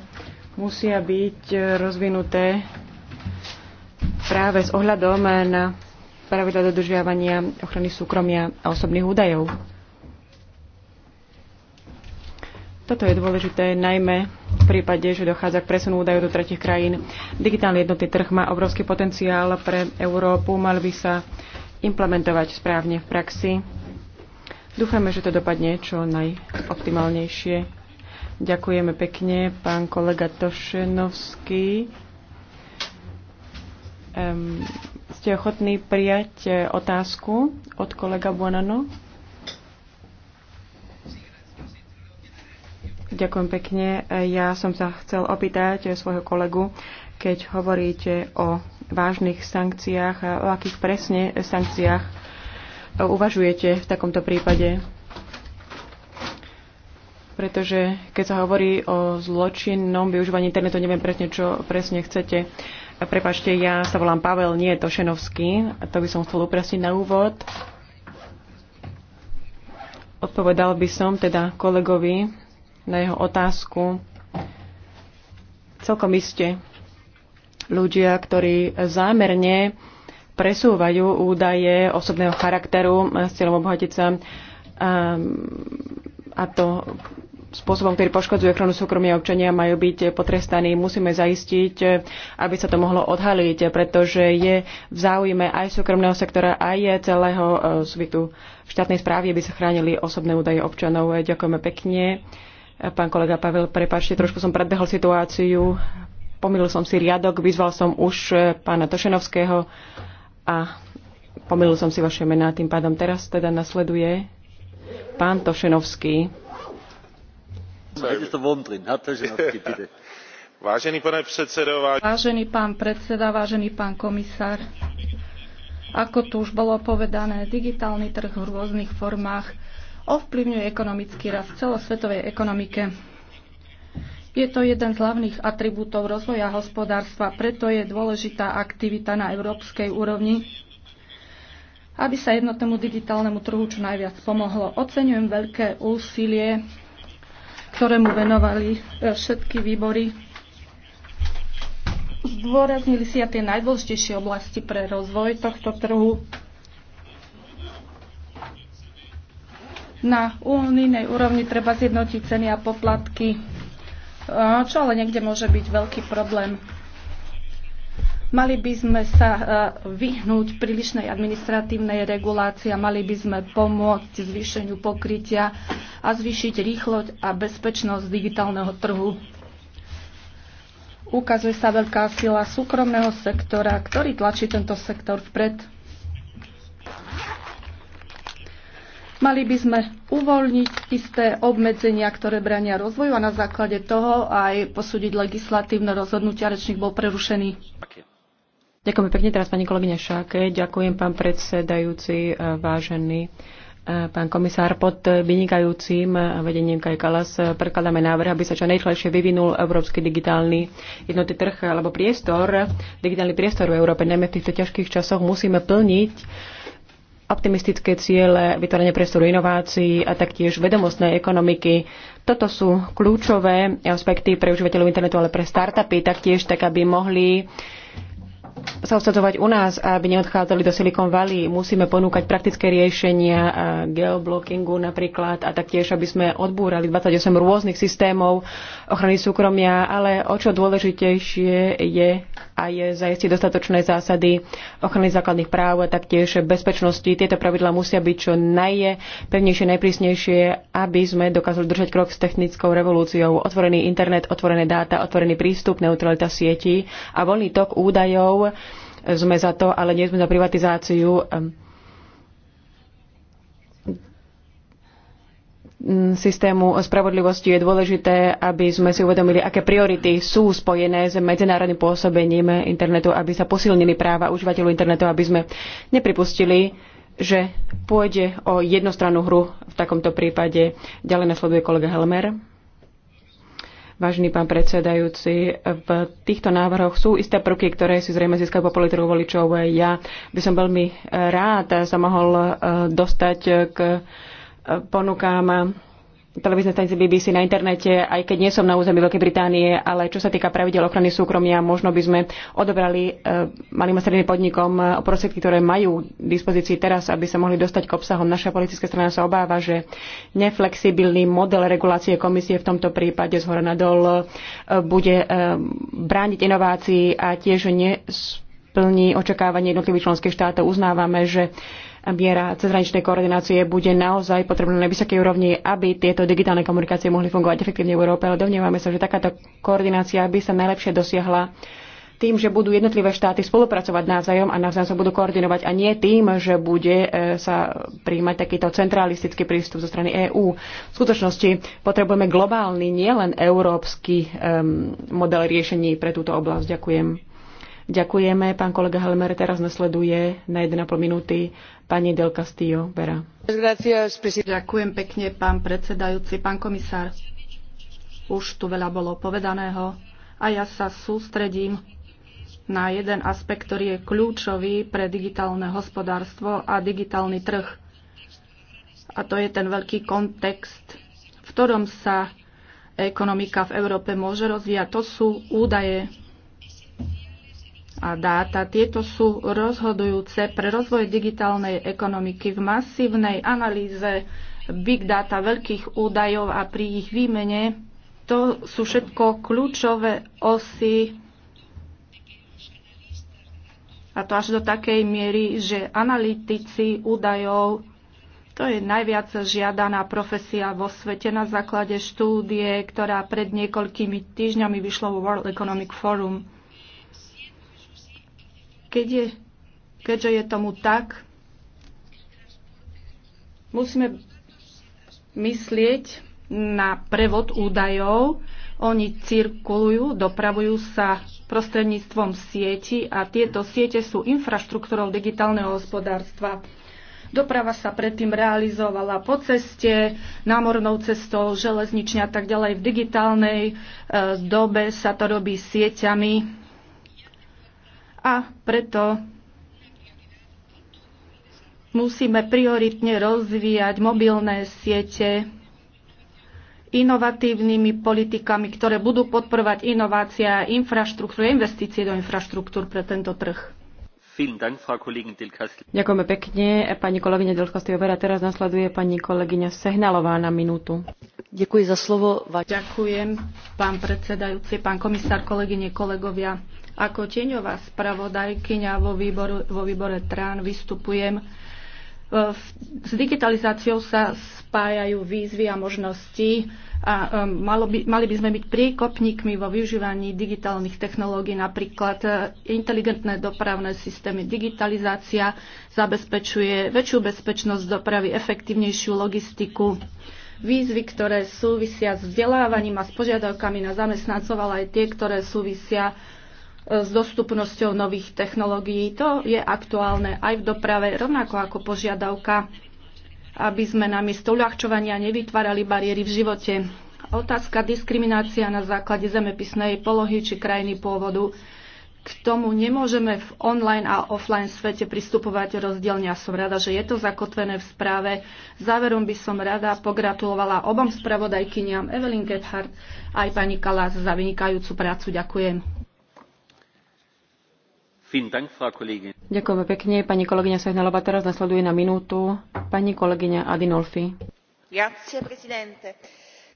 musia byť e, rozvinuté práve s ohľadom na pravidla dodržiavania ochrany súkromia a osobných údajov. Toto je dôležité najmä v prípade, že dochádza k presunu údajov do tretich krajín. Digitálny jednotný trh má obrovský potenciál pre Európu, mal by sa implementovať správne v praxi Dúfame, že to dopadne čo najoptimálnejšie. Ďakujeme pekne, pán kolega Tošenovský. Um, ste ochotní prijať e, otázku od kolega Buonano? Ďakujem pekne. E, ja som sa chcel opýtať e, svojho kolegu, keď hovoríte o vážnych sankciách, o akých presne sankciách uvažujete v takomto prípade? Pretože keď sa hovorí o zločinnom využívaní internetu, neviem presne, čo presne chcete. Prepačte, ja sa volám Pavel, nie je to Šenovský. To by som chcel upresniť na úvod. Odpovedal by som teda kolegovi na jeho otázku. Celkom iste ľudia, ktorí zámerne presúvajú údaje osobného charakteru s cieľom obohatiť sa ehm, a to spôsobom, ktorý poškodzuje ochranu súkromia občania, majú byť potrestaní. Musíme zaistiť, aby sa to mohlo odhaliť, pretože je v záujme aj súkromného sektora, aj celého eh, svitu štátnej správy, aby sa chránili osobné údaje občanov. Ďakujeme pekne. Pán kolega Pavel, prepáčte, trošku som predbehol situáciu. Pomýlil som si riadok, vyzval som už eh, pána Tošenovského a pomýlil som si vaše mená, tým pádom teraz teda nasleduje pán Tošenovský. [LAUGHS] Vážený, pane predsedo, váž... vážený pán predseda, vážený pán komisár, ako tu už bolo povedané, digitálny trh v rôznych formách ovplyvňuje ekonomický rast celosvetovej ekonomike. Je to jeden z hlavných atribútov rozvoja hospodárstva, preto je dôležitá aktivita na európskej úrovni, aby sa jednotnému digitálnemu trhu čo najviac pomohlo. Oceňujem veľké úsilie, ktorému venovali e, všetky výbory. Zdôraznili si aj tie najdôležitejšie oblasti pre rozvoj tohto trhu. Na únijnej úrovni treba zjednotiť ceny a poplatky čo ale niekde môže byť veľký problém. Mali by sme sa e, vyhnúť prílišnej administratívnej regulácii a mali by sme pomôcť zvýšeniu pokrytia a zvýšiť rýchlosť a bezpečnosť digitálneho trhu. Ukazuje sa veľká sila súkromného sektora, ktorý tlačí tento sektor vpred. Mali by sme uvoľniť isté obmedzenia, ktoré brania rozvoju a na základe toho aj posúdiť legislatívne rozhodnutia. Rečník bol prerušený. Ďakujem pekne teraz pani kolegyňa Šáke. Ďakujem pán predsedajúci, eh, vážený eh, pán komisár. Pod vynikajúcim eh, vedením Kaj Kalas prekladáme návrh, aby sa čo najrýchlejšie vyvinul európsky digitálny jednotný trh alebo priestor, digitálny priestor v Európe. Najmä v týchto ťažkých časoch musíme plniť optimistické ciele, vytvorenie priestoru inovácií a taktiež vedomostnej ekonomiky. Toto sú kľúčové aspekty pre užívateľov internetu, ale pre startupy taktiež, tak aby mohli uh, sa osadzovať u nás, aby neodchádzali do Silicon Valley. Musíme ponúkať praktické riešenia geoblockingu napríklad a taktiež, aby sme odbúrali 28 rôznych systémov ochrany súkromia, ale o čo dôležitejšie je je zajistiť dostatočné zásady ochrany základných práv a taktiež bezpečnosti. Tieto pravidla musia byť čo najpevnejšie, najprísnejšie, aby sme dokázali držať krok s technickou revolúciou. Otvorený internet, otvorené dáta, otvorený prístup, neutralita sietí a voľný tok údajov sme za to, ale nie sme za privatizáciu ehm, systému spravodlivosti je dôležité, aby sme si uvedomili, aké priority sú spojené s medzinárodným pôsobením internetu, aby sa posilnili práva užívateľov internetu, aby sme nepripustili, že pôjde o jednostrannú hru v takomto prípade. Ďalej nasleduje kolega Helmer. Vážený pán predsedajúci, v týchto návrhoch sú isté prvky, ktoré si zrejme získajú popularitu voličov. Ja by som veľmi rád sa mohol e, dostať k e, ponukám televíznej stanice BBC na internete, aj keď nie som na území Veľkej Británie, ale čo sa týka pravidel ochrany súkromia, možno by sme odobrali e, malým a stredným podnikom e, prostriedky, ktoré majú v dispozícii teraz, aby sa mohli dostať k obsahom. Naša politická strana sa obáva, že neflexibilný model regulácie komisie v tomto prípade z hora na dol e, bude brániť inovácii a tiež nesplní očakávanie jednotlivých členských štátov. Uznávame, že miera cezhraničnej koordinácie bude naozaj potrebná na vysokej úrovni, aby tieto digitálne komunikácie mohli fungovať efektívne v Európe. Ale domnievame sa, že takáto koordinácia by sa najlepšie dosiahla tým, že budú jednotlivé štáty spolupracovať navzájom a navzájom sa budú koordinovať a nie tým, že bude e, sa príjmať takýto centralistický prístup zo strany EÚ. V skutočnosti potrebujeme globálny, nielen európsky um, model riešení pre túto oblasť. Ďakujem. Ďakujeme. Pán kolega Helmer teraz nasleduje na 1,5 minúty pani Del Castillo Vera. Ďakujem pekne, pán predsedajúci, pán komisár. Už tu veľa bolo povedaného a ja sa sústredím na jeden aspekt, ktorý je kľúčový pre digitálne hospodárstvo a digitálny trh. A to je ten veľký kontext, v ktorom sa ekonomika v Európe môže rozvíjať. To sú údaje a dáta. Tieto sú rozhodujúce pre rozvoj digitálnej ekonomiky v masívnej analýze big data, veľkých údajov a pri ich výmene. To sú všetko kľúčové osy a to až do takej miery, že analytici údajov to je najviac žiadaná profesia vo svete na základe štúdie, ktorá pred niekoľkými týždňami vyšla vo World Economic Forum. Keď je, keďže je tomu tak, musíme myslieť na prevod údajov. Oni cirkulujú, dopravujú sa prostredníctvom sieti a tieto siete sú infraštruktúrou digitálneho hospodárstva. Doprava sa predtým realizovala po ceste, námornou cestou, železnične a tak ďalej. V digitálnej eh, dobe sa to robí sieťami a preto musíme prioritne rozvíjať mobilné siete inovatívnymi politikami, ktoré budú podporovať inovácia a infraštruktúru, investície do infraštruktúr pre tento trh. Ďakujeme pekne. Pani kolegyňa Delkostiovera, teraz nasleduje pani kolegyňa Sehnalová na minútu. Ďakujem za slovo. Ďakujem, pán predsedajúci, pán komisár, kolegyne, kolegovia. Ako tieňová spravodajkyňa vo, výboru, vo výbore TRAN vystupujem. E, s digitalizáciou sa spájajú výzvy a možnosti a e, malo by, mali by sme byť priekopníkmi vo využívaní digitálnych technológií, napríklad e, inteligentné dopravné systémy. Digitalizácia zabezpečuje väčšiu bezpečnosť dopravy, efektívnejšiu logistiku výzvy, ktoré súvisia s vzdelávaním a s požiadavkami na zamestnancov, ale aj tie, ktoré súvisia s dostupnosťou nových technológií. To je aktuálne aj v doprave, rovnako ako požiadavka, aby sme namiesto uľahčovania nevytvárali bariéry v živote. Otázka diskriminácia na základe zemepisnej polohy či krajiny pôvodu. K tomu nemôžeme v online a offline svete pristupovať rozdielne a som rada, že je to zakotvené v správe. Záverom by som rada pogratulovala obom spravodajkyniam Evelyn Gebhardt aj pani Kalas za vynikajúcu prácu. Ďakujem. Ďakujeme pekne. Pani kolegyňa Sehnalová teraz nasleduje na minútu. Pani kolegyňa Adinolfi.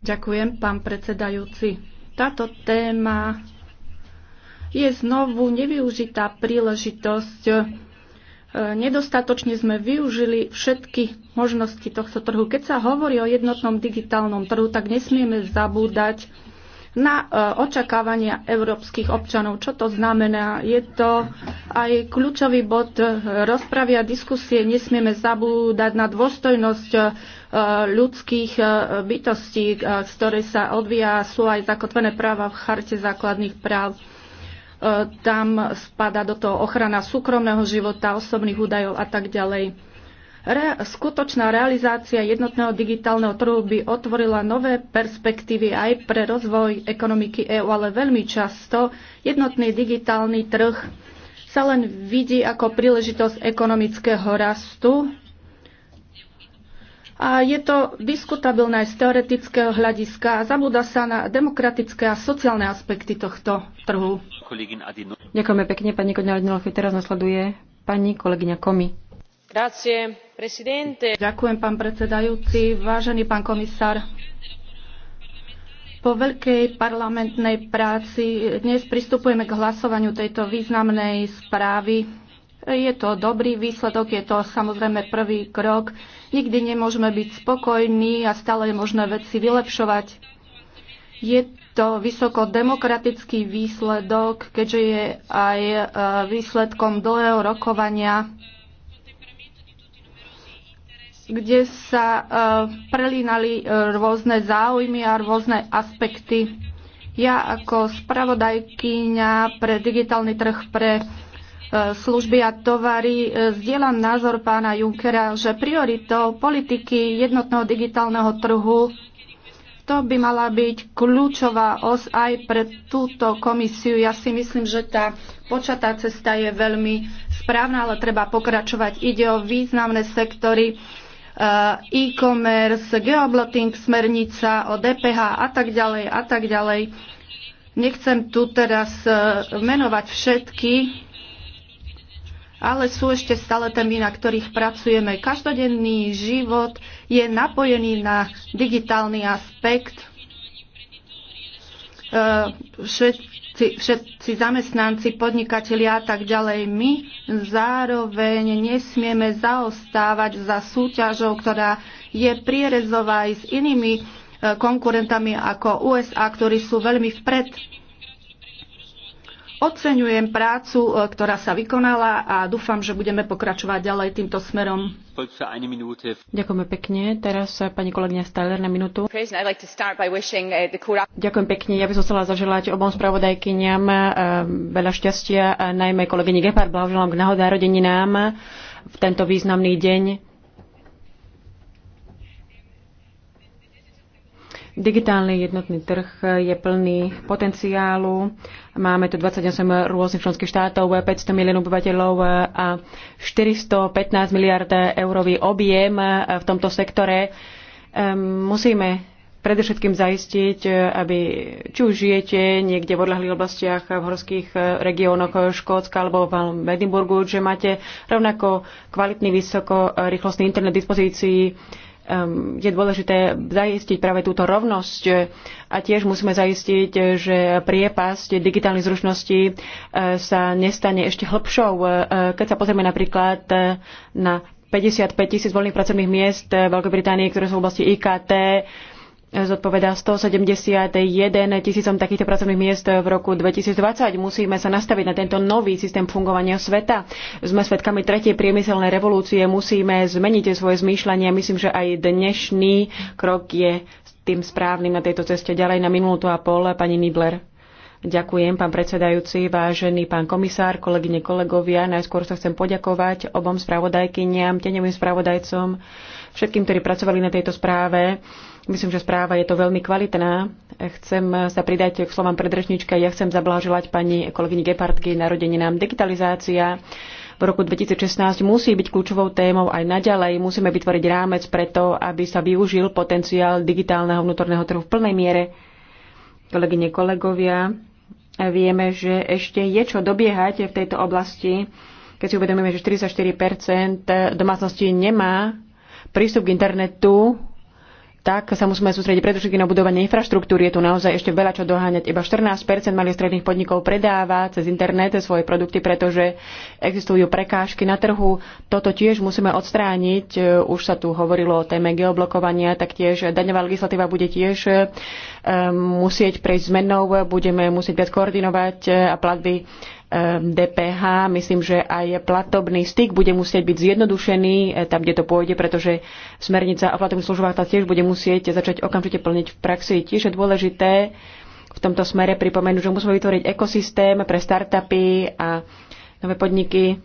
Ďakujem, pán predsedajúci. Táto téma je znovu nevyužitá príležitosť. E, nedostatočne sme využili všetky možnosti tohto trhu. Keď sa hovorí o jednotnom digitálnom trhu, tak nesmieme zabúdať na e, očakávania európskych občanov. Čo to znamená? Je to aj kľúčový bod rozpravy a diskusie. Nesmieme zabúdať na dôstojnosť e, ľudských e, bytostí, z ktorej sa odvíja, sú aj zakotvené práva v charte základných práv tam spada do toho ochrana súkromného života, osobných údajov a tak ďalej. Re, skutočná realizácia jednotného digitálneho trhu by otvorila nové perspektívy aj pre rozvoj ekonomiky EÚ, ale veľmi často jednotný digitálny trh sa len vidí ako príležitosť ekonomického rastu a je to diskutabilné aj z teoretického hľadiska a zabúda sa na demokratické a sociálne aspekty tohto trhu. Ďakujeme pekne, pani Kodňa Teraz nasleduje pani kolegyňa Komi. Ďakujem, pán predsedajúci. Vážený pán komisár, po veľkej parlamentnej práci dnes pristupujeme k hlasovaniu tejto významnej správy. Je to dobrý výsledok, je to samozrejme prvý krok. Nikdy nemôžeme byť spokojní a stále je možné veci vylepšovať. Je to vysoko demokratický výsledok, keďže je aj e, výsledkom dlhého rokovania kde sa eh, prelínali eh, rôzne záujmy a rôzne aspekty. Ja ako spravodajkyňa pre digitálny trh pre eh, služby a tovary. Zdieľam názor pána Junkera, že prioritou politiky jednotného digitálneho trhu to by mala byť kľúčová os aj pre túto komisiu. Ja si myslím, že tá počatá cesta je veľmi správna, ale treba pokračovať. Ide o významné sektory, Eh, e-commerce, geoblocking, smernica o DPH a tak ďalej a tak ďalej. Nechcem tu teraz eh, menovať všetky, ale sú ešte stále témy, na ktorých pracujeme. Každodenný život je napojený na digitálny aspekt. Eh, všetci zamestnanci, podnikatelia a tak ďalej. My zároveň nesmieme zaostávať za súťažou, ktorá je prierezová aj s inými e, konkurentami ako USA, ktorí sú veľmi vpred Oceňujem prácu, e, ktorá sa vykonala a dúfam, že budeme pokračovať ďalej týmto smerom. Ďakujeme pekne. Teraz e, pani kolegyňa Styler na minútu. E, Ďakujem pekne. Ja by som chcela zaželať obom spravodajkyniam veľa šťastia, najmä kolegyni Gepard. Blahoželám k nám v tento významný deň Digitálny jednotný trh je plný potenciálu. Máme tu 28 rôznych členských štátov, 500 miliónov obyvateľov a 415 miliard eurový objem v tomto sektore. Ehm, musíme predovšetkým zaistiť, aby či už žijete niekde v odľahlých oblastiach, v horských regiónoch Škótska alebo v Edinburgu, že máte rovnako kvalitný, vysoko rýchlostný internet dispozícii, Ehm, je dôležité zaistiť práve túto rovnosť eh, a tiež musíme zaistiť, eh, že priepasť digitálnych zručností eh, sa nestane ešte hlbšou. Keď sa pozrieme napríklad na 55 tisíc voľných pracovných miest v Veľkej Británii, ktoré sú v oblasti IKT, zodpovedá 171 tisícom takýchto pracovných miest v roku 2020. Musíme sa nastaviť na tento nový systém fungovania sveta. Sme svetkami tretej priemyselnej revolúcie, musíme zmeniť svoje zmýšľanie. Myslím, že aj dnešný krok je tým správnym na tejto ceste. Ďalej na minútu a pol, pani Nibler. Ďakujem, pán predsedajúci, vážený pán komisár, kolegyne, kolegovia. Najskôr sa chcem poďakovať obom spravodajkyniam, tenevým spravodajcom, všetkým, ktorí pracovali na tejto správe. Myslím, že správa je to veľmi kvalitná. Chcem sa pridať k slovám predrečnička. Ja chcem zablážovať pani kolegyni Gepardky nám. Digitalizácia v roku 2016 musí byť kľúčovou témou aj naďalej. Musíme vytvoriť rámec preto, aby sa využil potenciál digitálneho vnútorného trhu v plnej miere. Kolegyne, kolegovia, vieme, že ešte je čo dobiehať v tejto oblasti, keď si uvedomíme, že 44 domácností nemá prístup k internetu tak sa musíme sústrediť predovšetkým na budovanie infraštruktúry. Je tu naozaj ešte veľa čo doháňať. Iba 14 malých stredných podnikov predáva cez internet svoje produkty, pretože existujú prekážky na trhu. Toto tiež musíme odstrániť. Už sa tu hovorilo o téme geoblokovania, tak tiež daňová legislatíva bude tiež e, musieť prejsť zmenou, budeme musieť viac koordinovať e, a platby DPH. Myslím, že aj platobný styk bude musieť byť zjednodušený e, tam, kde to pôjde, pretože smernica o platobných službách tá tiež bude musieť začať okamžite plniť v praxi. Tiež je dôležité v tomto smere pripomenúť, že musíme vytvoriť ekosystém pre startupy a nové podniky.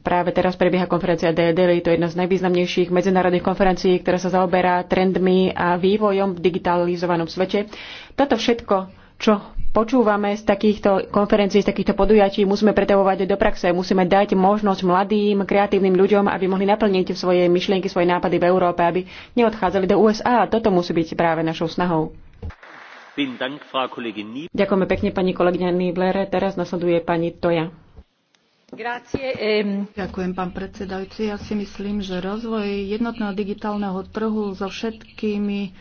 Práve teraz prebieha konferencia DDL, e to je jedna z najvýznamnejších medzinárodných konferencií, ktorá sa zaoberá trendmi a vývojom v digitalizovanom svete. Toto všetko čo počúvame z takýchto konferencií, z takýchto podujatí, musíme pretavovať do praxe. Musíme dať možnosť mladým, kreatívnym ľuďom, aby mohli naplniť svoje myšlienky, svoje nápady v Európe, aby neodchádzali do USA. Toto musí byť práve našou snahou. Ďakujeme pekne pani kolegyňa Niblere. Teraz nasleduje pani Toja. Ehm. Ďakujem, pán predsedajúci. Ja si myslím, že rozvoj jednotného digitálneho trhu so všetkými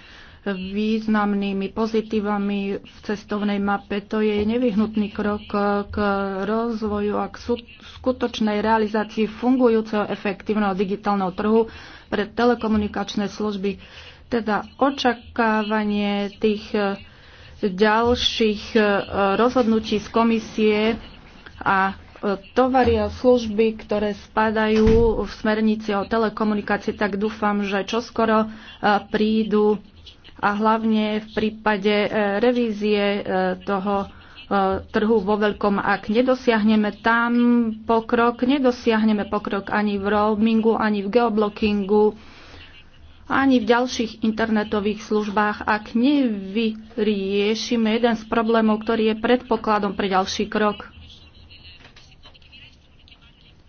významnými pozitívami v cestovnej mape. To je nevyhnutný krok k rozvoju a k skutočnej realizácii fungujúceho efektívneho digitálneho trhu pre telekomunikačné služby. Teda očakávanie tých eh, ďalších eh, rozhodnutí z komisie a eh, tovary a služby, ktoré spadajú v smernici o telekomunikácii, tak dúfam, že čoskoro prídu a hlavne v prípade e, revízie e, toho e, trhu vo veľkom, ak nedosiahneme tam pokrok, nedosiahneme pokrok ani v roamingu, ani v geoblockingu, ani v ďalších internetových službách, ak nevyriešime jeden z problémov, ktorý je predpokladom pre ďalší krok.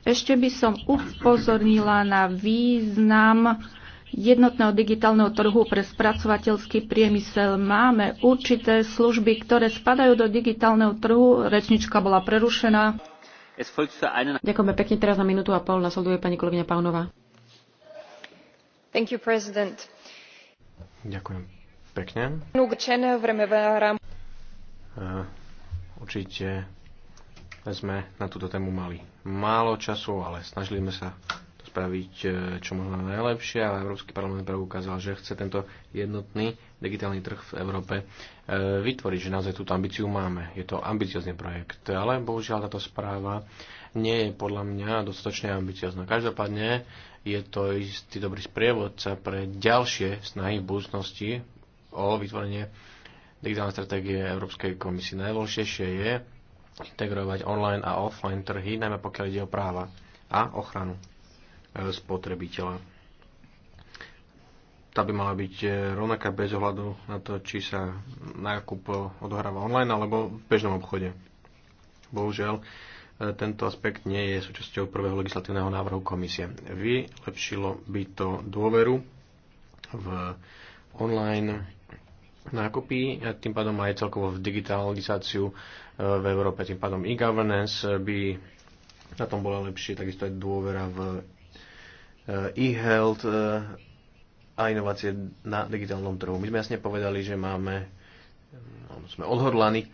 Ešte by som upozornila na význam jednotného digitálneho trhu pre spracovateľský priemysel. Máme určité služby, ktoré spadajú do digitálneho trhu. Rečnička bola prerušená. Ďakujeme pekne. Teraz na minútu a pol nasleduje pani kolegyňa Paunová. Thank you, president. Ďakujem pekne. Eh, určite sme na túto tému mali málo času, ale snažili sme sa spraviť e, čo možno najlepšie ale Európsky parlament ukázal, že chce tento jednotný digitálny trh v Európe e, vytvoriť, že naozaj túto ambíciu máme. Je to ambiciozný projekt, ale bohužiaľ táto správa nie je podľa mňa dostatočne ambiciozná. Každopádne je to istý dobrý sprievodca pre ďalšie snahy v budúcnosti o vytvorenie digitálnej stratégie Európskej komisie. Najdôležitejšie je integrovať online a offline trhy, najmä pokiaľ ide o práva a ochranu spotrebiteľa. Tá by mala byť e, rovnaká bez ohľadu na to, či sa nákup odohráva online alebo v bežnom obchode. Bohužiaľ, e, tento aspekt nie je súčasťou prvého legislatívneho návrhu komisie. Vylepšilo by to dôveru v online nákupy, a tým pádom aj celkovo v digitalizáciu e, v Európe, tým pádom e-governance by na tom bola lepšie, takisto aj dôvera v Eh, e-health eh, a inovácie na digitálnom trhu. My sme jasne povedali, že máme, eh, no, sme odhodlani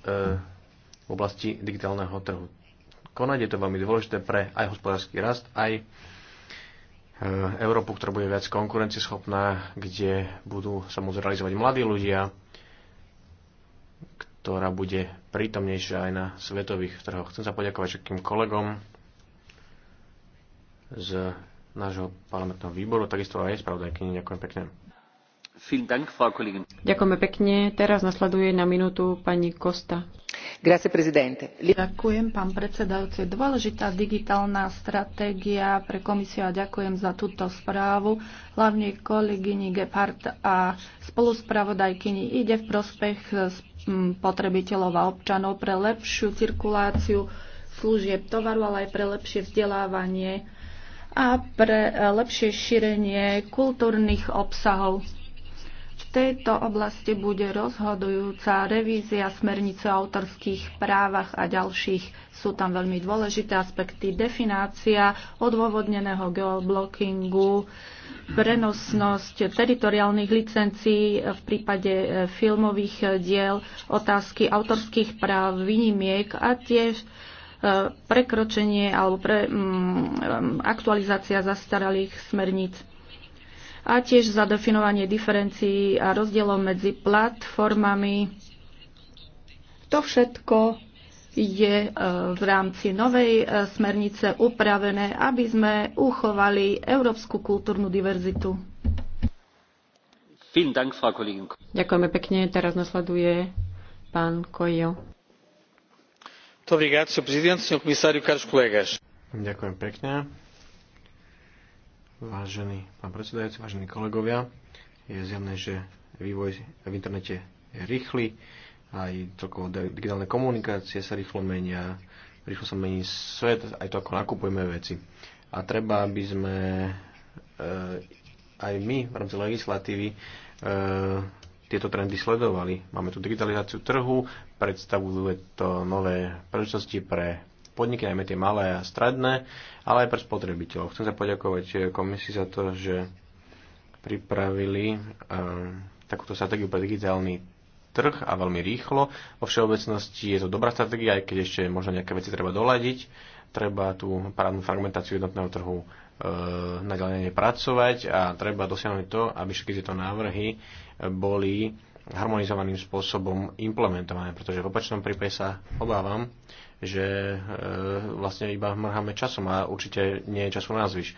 v oblasti digitálneho trhu. Konať je to veľmi dôležité pre aj hospodársky rast, aj Európu, ktorá bude viac konkurencieschopná, kde budú sa môcť realizovať mladí ľudia, ktorá bude prítomnejšia aj na svetových trhoch. Chcem sa poďakovať všetkým kolegom z nášho parlamentného výboru, takisto aj spravodajkyni. Ďakujem pekne. Ďakujeme pekne. Teraz nasleduje na minútu pani Kosta. Ďakujem, pán predsedajúci. Dôležitá digitálna stratégia pre komisiu a ďakujem za túto správu. Hlavne kolegyni Gepard a spoluspravodajkyni ide v prospech spotrebiteľov a občanov pre lepšiu cirkuláciu služieb tovaru, ale aj pre lepšie vzdelávanie a pre e, lepšie šírenie kultúrnych obsahov. V tejto oblasti bude rozhodujúca revízia smernice o autorských právach a ďalších. Sú tam veľmi dôležité aspekty definácia odôvodneného geoblockingu, prenosnosť teritoriálnych licencií v prípade e, filmových diel, otázky autorských práv, výnimiek a tiež prekročenie alebo pre, um, aktualizácia zastaralých smerníc a tiež za definovanie diferencií a rozdielov medzi platformami. To všetko je e, v rámci novej e, smernice upravené, aby sme uchovali európsku kultúrnu diverzitu. Ďakujeme pekne. Teraz nasleduje pán Kojo. Ďakujem pekne. Vážený pán predsedajúci, vážení kolegovia, je zjavné, že vývoj v internete je rýchly, aj celkovo digitálne komunikácie sa rýchlo menia, rýchlo sa mení svet, aj to, ako nakupujeme veci. A treba, aby sme e, aj my v rámci legislatívy e, tieto trendy sledovali. Máme tu digitalizáciu trhu, predstavuje to nové príležitosti pre podniky, najmä tie malé a stredné, ale aj pre spotrebiteľov. Chcem sa poďakovať komisii za to, že pripravili um, takúto stratégiu pre digitálny trh a veľmi rýchlo. Vo všeobecnosti je to dobrá stratégia, aj keď ešte možno nejaké veci treba doladiť. Treba tú právnu fragmentáciu jednotného trhu E, naďalej pracovať a treba dosiahnuť to, aby všetky tieto návrhy boli harmonizovaným spôsobom implementované, pretože v opačnom prípade sa obávam, že e, vlastne iba mrháme časom a určite nie je času na zvyš.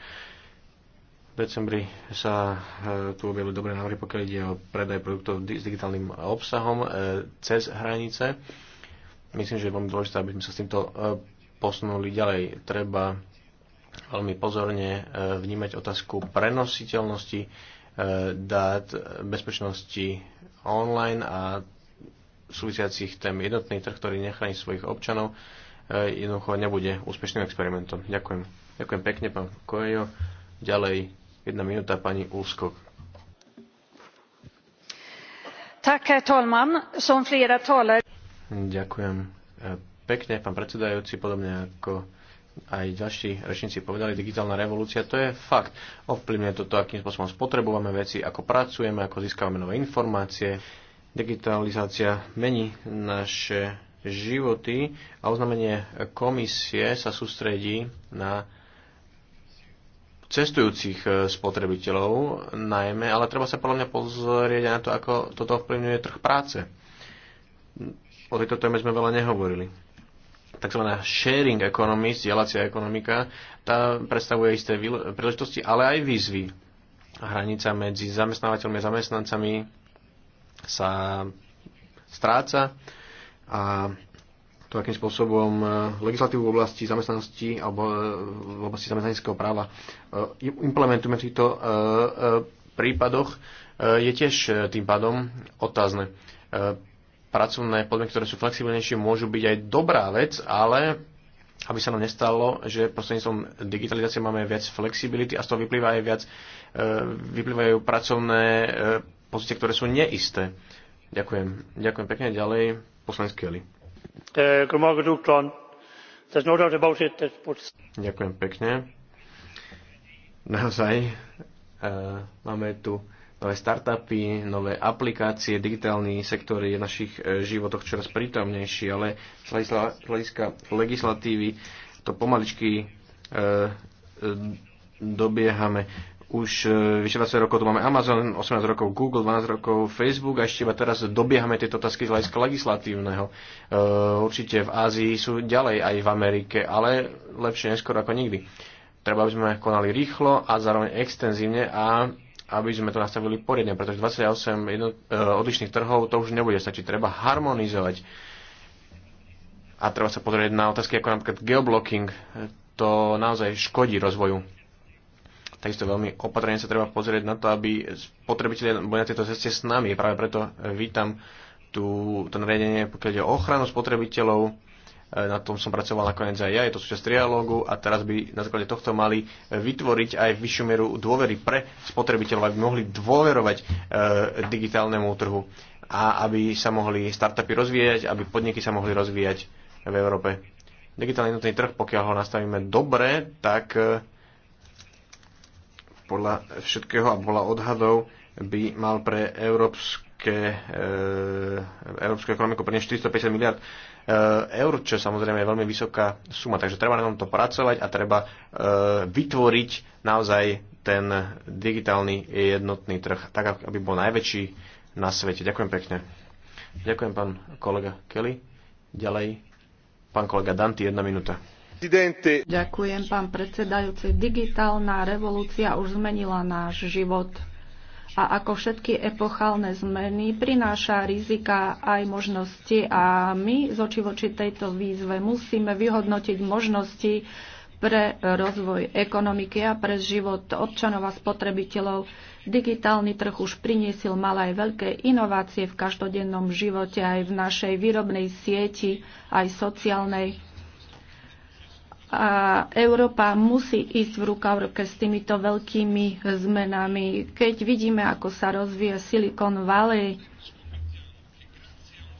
V decembri sa e, tu objavili dobré návrhy, pokiaľ ide o predaj produktov s digitálnym obsahom cez hranice. Myslím, že je veľmi dôležité, aby sme sa s týmto posunuli ďalej. Treba veľmi pozorne e, vnímať otázku prenositeľnosti e, dát, bezpečnosti online a súvisiacich tém. Jednotný trh, ktorý nechráni svojich občanov, e, jednoducho nebude úspešným experimentom. Ďakujem. Ďakujem pekne, pán Kojo. Ďalej, jedna minúta, pani Úskok. Tak, som flera Ďakujem pekne, pán predsedajúci, podobne ako aj ďalší rečníci povedali, digitálna revolúcia, to je fakt. Ovplyvňuje to to, akým spôsobom spotrebujeme veci, ako pracujeme, ako získavame nové informácie. Digitalizácia mení naše životy a oznámenie komisie sa sústredí na cestujúcich e, spotrebiteľov najmä, ale treba sa podľa mňa pozrieť aj na to, ako toto ovplyvňuje trh práce. O tejto téme sme veľa nehovorili tzv. sharing economy, zdieľacia ekonomika, tá predstavuje isté príležitosti, ale aj výzvy. Hranica medzi zamestnávateľmi a zamestnancami sa stráca a to, akým spôsobom e, legislatívu v oblasti zamestnanosti alebo e, v oblasti zamestnanického práva e, implementujeme v týchto prípadoch, je tiež tým pádom otázne pracovné podmienky, ktoré sú flexibilnejšie, môžu byť aj dobrá vec, ale aby sa nám nestalo, že prostredníctvom digitalizácie máme viac flexibility a z toho vyplýva aj viac, e, vyplývajú pracovné e, pozície, ktoré sú neisté. Ďakujem. Ďakujem pekne. Ďalej, poslanec Kelly. E, no Ďakujem pekne. Naozaj máme tu nové startupy, nové aplikácie, digitálny sektor je v našich e, životoch čoraz prítomnejší, ale z hľadiska legislatívy to pomaličky e, e dobiehame. Už e, vyše 20 rokov tu máme Amazon, 18 rokov Google, 12 rokov Facebook a ešte iba teraz dobiehame tieto otázky z hľadiska legislatívneho. E, určite v Ázii sú ďalej aj v Amerike, ale lepšie neskôr ako nikdy. Treba, aby sme konali rýchlo a zároveň extenzívne a aby sme to nastavili poriadne, pretože 28 jedno, e, odlišných trhov to už nebude stačiť. Treba harmonizovať a treba sa pozrieť na otázky ako napríklad geoblocking. E, to naozaj škodí rozvoju. Takisto veľmi opatrne sa treba pozrieť na to, aby spotrebitelia boli na tejto ceste s nami. Práve preto vítam tú, to nariadenie, pokiaľ ide o ochranu spotrebiteľov, E, na tom som pracoval nakoniec aj ja, je to súčasť trialógu a teraz by na základe tohto mali vytvoriť aj vyššiu mieru dôvery pre spotrebiteľov, aby mohli dôverovať e, digitálnemu trhu a aby sa mohli startupy rozvíjať, aby podniky sa mohli rozvíjať v Európe. Digitálny jednotný trh, pokiaľ ho nastavíme dobre, tak e, podľa všetkého a bola odhadov by mal pre Európsku európske, e, európsku ekonomiku priniesť 450 miliard e, eur, čo samozrejme je veľmi vysoká suma. Takže treba na tomto pracovať a treba e, vytvoriť naozaj ten digitálny jednotný trh, tak aby bol najväčší na svete. Ďakujem pekne. Ďakujem pán kolega Kelly. Ďalej pán kolega Danti, jedna minúta. Ďakujem pán predsedajúci. Digitálna revolúcia už zmenila náš život a ako všetky epochálne zmeny prináša rizika aj možnosti a my z oči voči tejto výzve musíme vyhodnotiť možnosti pre rozvoj ekonomiky a pre život občanov a spotrebiteľov. Digitálny trh už priniesil malé aj veľké inovácie v každodennom živote aj v našej výrobnej sieti, aj sociálnej a Európa musí ísť v ruka v ruke s týmito veľkými zmenami. Keď vidíme, ako sa rozvíja Silicon Valley,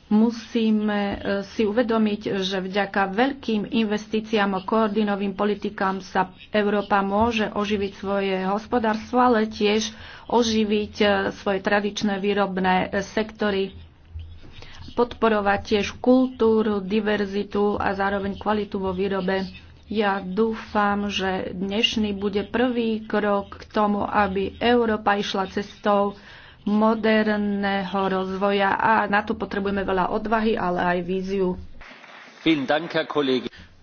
musíme e, si uvedomiť, že vďaka veľkým investíciám a koordinovým politikám sa Európa môže oživiť svoje hospodárstvo, ale tiež oživiť e, svoje tradičné výrobné e, sektory podporovať tiež kultúru, diverzitu a zároveň kvalitu vo výrobe ja dúfam, že dnešný bude prvý krok k tomu, aby Európa išla cestou moderného rozvoja a na to potrebujeme veľa odvahy, ale aj víziu.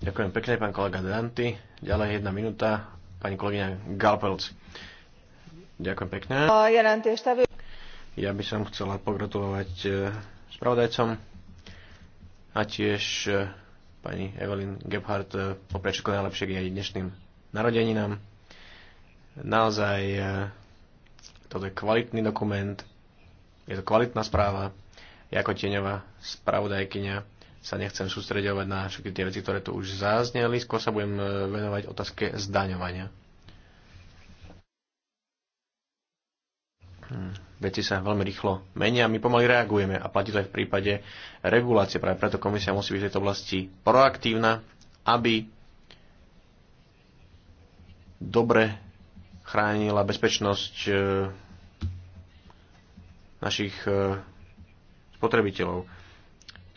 Ďakujem pekne, pán kolega Danty. Ďalej jedna minúta, pani kolegyňa Galpelc. Ďakujem pekne. Ja by som chcela pogratulovať eh, spravodajcom a tiež eh, pani Evelyn Gebhardt eh, popred všetko najlepšie k jej dnešným narodeninám. Naozaj eh, toto je kvalitný dokument, je to kvalitná správa. Ja ako tieňová spravodajkyňa sa nechcem sústredovať na všetky tie veci, ktoré tu už zazneli, skôr sa budem eh, venovať otázke zdaňovania. Hmm veci sa veľmi rýchlo menia a my pomaly reagujeme a platí to aj v prípade regulácie. Práve preto komisia musí byť v tejto oblasti proaktívna, aby dobre chránila bezpečnosť e, našich e, spotrebiteľov.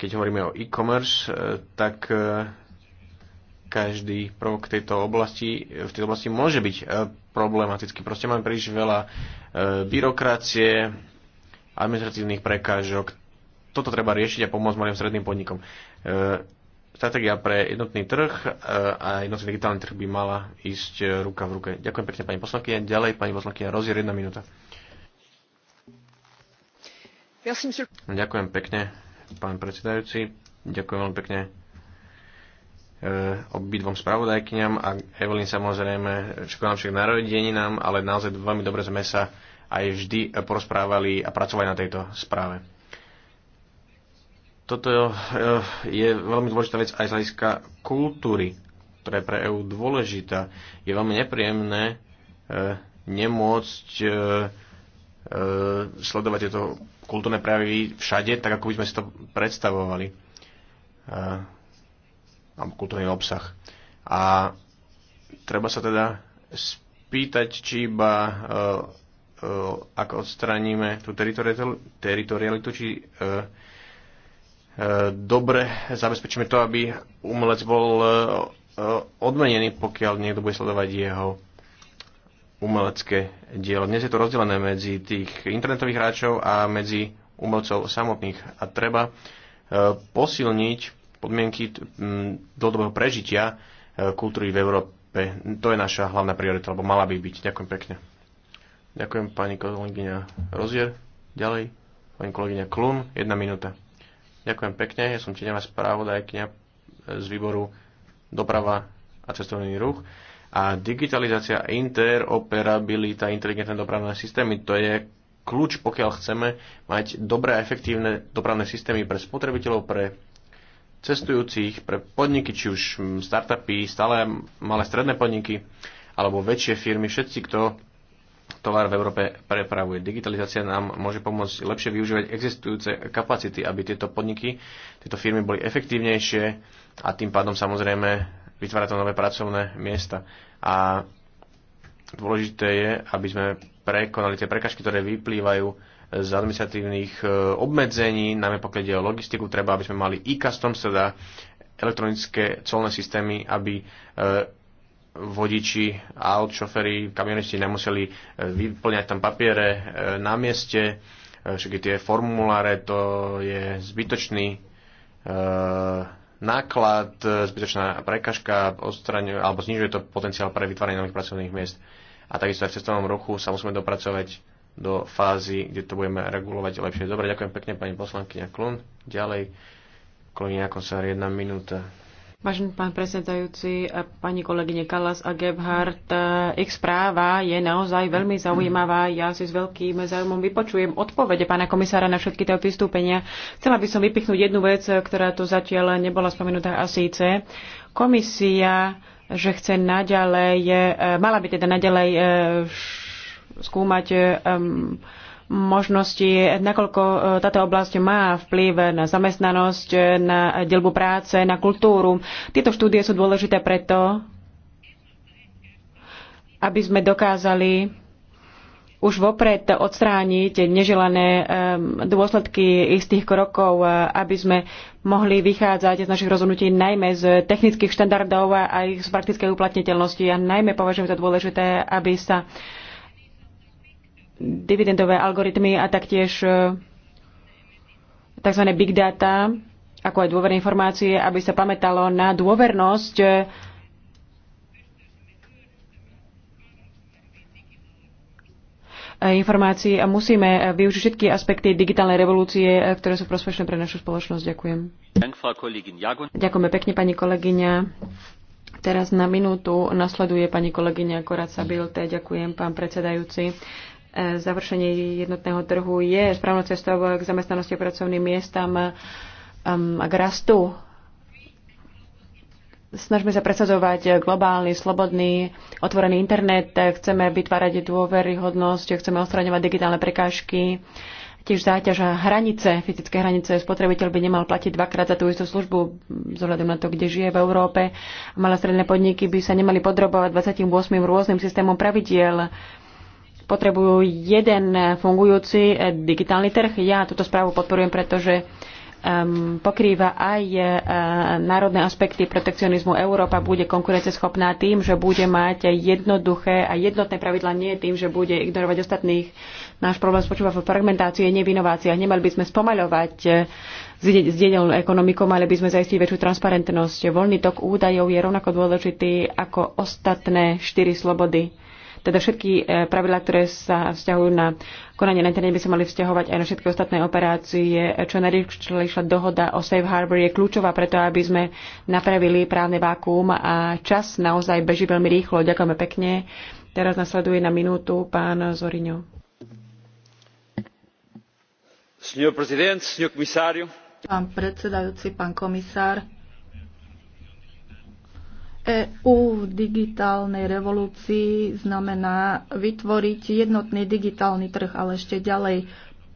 Keď hovoríme o e-commerce, e, tak každý prvok tejto oblasti, v tejto oblasti môže byť e, problematický. Proste máme príliš veľa e, byrokracie, administratívnych prekážok. Toto treba riešiť a pomôcť malým stredným podnikom. E, stratégia pre jednotný trh a jednotný digitálny trh by mala ísť ruka v ruke. Ďakujem pekne pani poslankyne. Ďalej pani poslankyňa Rozier, jedna minúta. Ďakujem pekne, pán predsedajúci. Ďakujem veľmi pekne Eh, obidvom spravodajkyňam a Evelyn samozrejme všetko však nám, ale naozaj veľmi dobre sme sa aj vždy porozprávali a pracovali na tejto správe. Toto eh, je veľmi dôležitá vec aj z hľadiska kultúry, ktorá je pre EÚ dôležitá. Je veľmi nepríjemné eh, nemôcť sledovať tieto kultúrne prejavy všade, tak ako by sme si to predstavovali alebo kultúrny obsah. A treba sa teda spýtať, či iba uh, uh, ak odstraníme tú teritorialitu, či uh, dobre zabezpečíme to, aby umelec bol odmenený, pokiaľ niekto bude sledovať jeho umelecké dielo. Dnes je to rozdelené medzi tých internetových hráčov a medzi umelcov samotných a treba posilniť podmienky dlhodobého prežitia e, kultúry v Európe. To je naša hlavná priorita, alebo mala by byť. Ďakujem pekne. Ďakujem pani kolegyňa Rozier. Ďalej, pani kolegyňa Klun, jedna minúta. Ďakujem pekne, ja som tieňová správodajkňa z výboru doprava a cestovný ruch. A digitalizácia, interoperabilita, inteligentné dopravné systémy, to je kľúč, pokiaľ chceme mať dobré a efektívne dopravné systémy pre spotrebiteľov, pre cestujúcich, pre podniky, či už startupy, stále malé stredné podniky alebo väčšie firmy, všetci, kto tovar v Európe prepravuje. Digitalizácia nám môže pomôcť lepšie využívať existujúce kapacity, aby tieto podniky, tieto firmy boli efektívnejšie a tým pádom samozrejme vytvára to nové pracovné miesta. A dôležité je, aby sme prekonali tie prekažky, ktoré vyplývajú z administratívnych e, obmedzení, najmä pokiaľ ide o logistiku, treba, aby sme mali e-customs, teda elektronické colné systémy, aby e, vodiči, aut, šoferi, kamionisti nemuseli e, vyplňať tam papiere na mieste, všetky tie formuláre, to je zbytočný náklad, zbytočná prekažka, odstraňuje, alebo znižuje to potenciál pre vytváranie nových pracovných miest. A takisto aj v cestovnom ruchu sa musíme dopracovať do fázy, kde to budeme regulovať lepšie. Dobre, ďakujem pekne pani poslankyňa Klun. Ďalej, kolegyňa Konsár, jedna minúta. Vážený pán predsedajúci, pani kolegyne Kalas a Gebhardt, ich správa je naozaj veľmi zaujímavá. Ja si s veľkým záujmom vypočujem odpovede pána komisára na všetky tie vystúpenia. Chcela by som vypichnúť jednu vec, ktorá tu zatiaľ nebola spomenutá a síce komisia že chce naďalej, mala by teda naďalej eh, skúmať možnosti, nakoľko e, táto oblasť má vplyv na zamestnanosť, e, na delbu práce, na kultúru. Tieto štúdie sú dôležité preto, aby sme dokázali už vopred odstrániť neželané dôsledky istých krokov, aby sme mohli vychádzať z našich rozhodnutí najmä z technických štandardov a ich z praktickej uplatniteľnosti. A najmä považujem za dôležité, aby sa dividendové algoritmy a taktiež e, tzv. big data, ako aj dôverné informácie, aby sa pamätalo na dôvernosť e, informácií a musíme využiť všetky aspekty digitálnej revolúcie, e, ktoré sú prospešné pre našu spoločnosť. Ďakujem. Ďakujeme pekne, pani kolegyňa. Teraz na minútu nasleduje pani kolegyňa Koraca Bilte. Ďakujem, pán predsedajúci završenie jednotného trhu je správnou cestou k zamestnanosti a pracovným miestam um, a k rastu. Snažme sa presadzovať globálny, slobodný, otvorený internet. Chceme vytvárať dôveryhodnosť, chceme odstraňovať digitálne prekážky tiež záťaž hranice, fyzické hranice. Spotrebiteľ by nemal platiť dvakrát za tú istú službu, vzhľadom mm, na to, kde žije v Európe. Malé stredné podniky by sa nemali podrobovať 28 rôznym systémom pravidiel potrebujú jeden fungujúci eh, digitálny trh. Ja túto správu podporujem, pretože um, pokrýva aj uh, národné aspekty protekcionizmu. Európa bude konkurenceschopná tým, že bude mať jednoduché a jednotné pravidla, nie tým, že bude ignorovať ostatných. Náš problém spočíva v fragmentácii, nie v inováciách. Nemali by sme spomaľovať s eh, ekonomikou, mali by sme zaistiť väčšiu transparentnosť. Voľný tok údajov je rovnako dôležitý ako ostatné štyri slobody. Teda všetky e, pravidlá, ktoré sa vzťahujú na konanie na internete, by sa mali vzťahovať aj na všetky ostatné operácie. E, čo najrychlejšia dohoda o Safe Harbor je kľúčová preto, aby sme napravili právne vákuum a čas naozaj beží veľmi rýchlo. Ďakujeme pekne. Teraz nasleduje na minútu pán Zoriňo. Pán predsedajúci, pán komisár, EU v digitálnej revolúcii znamená vytvoriť jednotný digitálny trh, ale ešte ďalej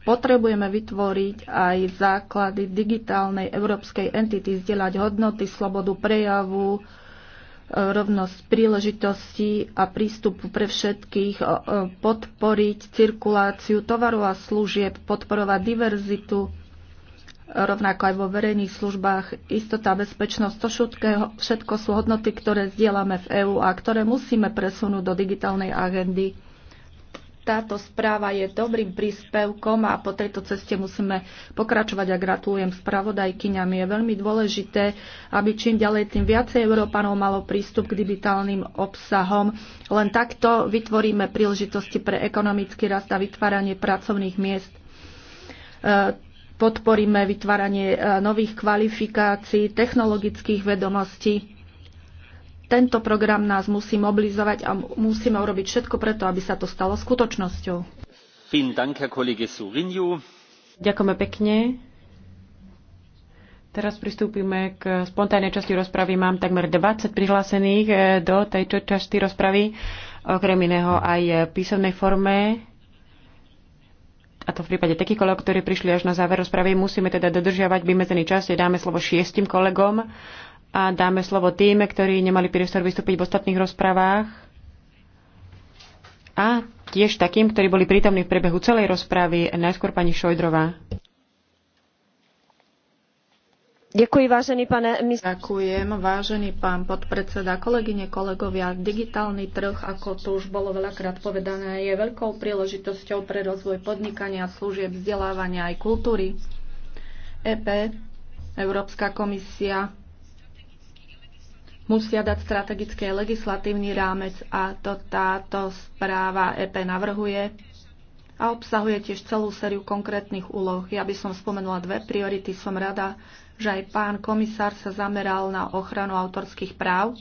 potrebujeme vytvoriť aj základy digitálnej európskej entity, zdieľať hodnoty, slobodu prejavu, e, rovnosť príležitostí a prístupu pre všetkých, e, podporiť cirkuláciu tovaru a služieb, podporovať diverzitu rovnako aj vo verejných službách, istota, bezpečnosť, to všetkého, všetko sú hodnoty, ktoré zdieľame v EÚ a ktoré musíme presunúť do digitálnej agendy. Táto správa je dobrým príspevkom a po tejto ceste musíme pokračovať a gratulujem spravodajkyňam. Je veľmi dôležité, aby čím ďalej tým viacej Európanov malo prístup k digitálnym obsahom. Len takto vytvoríme príležitosti pre ekonomický rast a vytváranie pracovných miest e, podporíme vytváranie e, nových kvalifikácií, technologických vedomostí. Tento program nás musí mobilizovať a musíme urobiť všetko preto, aby sa to stalo skutočnosťou. Ďakujeme pekne. Teraz pristúpime k spontánnej časti rozpravy. Mám takmer 20 prihlásených e, do tejto časti rozpravy, okrem iného aj v písomnej forme a to v prípade takých kolegov, ktorí prišli až na záver rozpravy, musíme teda dodržiavať vymedzený čas. Dáme slovo šiestim kolegom a dáme slovo tým, ktorí nemali priestor vystúpiť v ostatných rozprávách a tiež takým, ktorí boli prítomní v priebehu celej rozpravy, najskôr pani Šojdrová. Ďakujem, vážený, pán podpredseda, kolegyne, kolegovia. Digitálny trh, ako to už bolo veľakrát povedané, je veľkou príležitosťou pre rozvoj podnikania, služieb, vzdelávania aj kultúry. EP, Európska komisia, musia dať strategický legislatívny rámec a to táto správa EP navrhuje a obsahuje tiež celú sériu konkrétnych úloh. Ja by som spomenula dve priority. Som rada, že aj pán komisár sa zameral na ochranu autorských práv,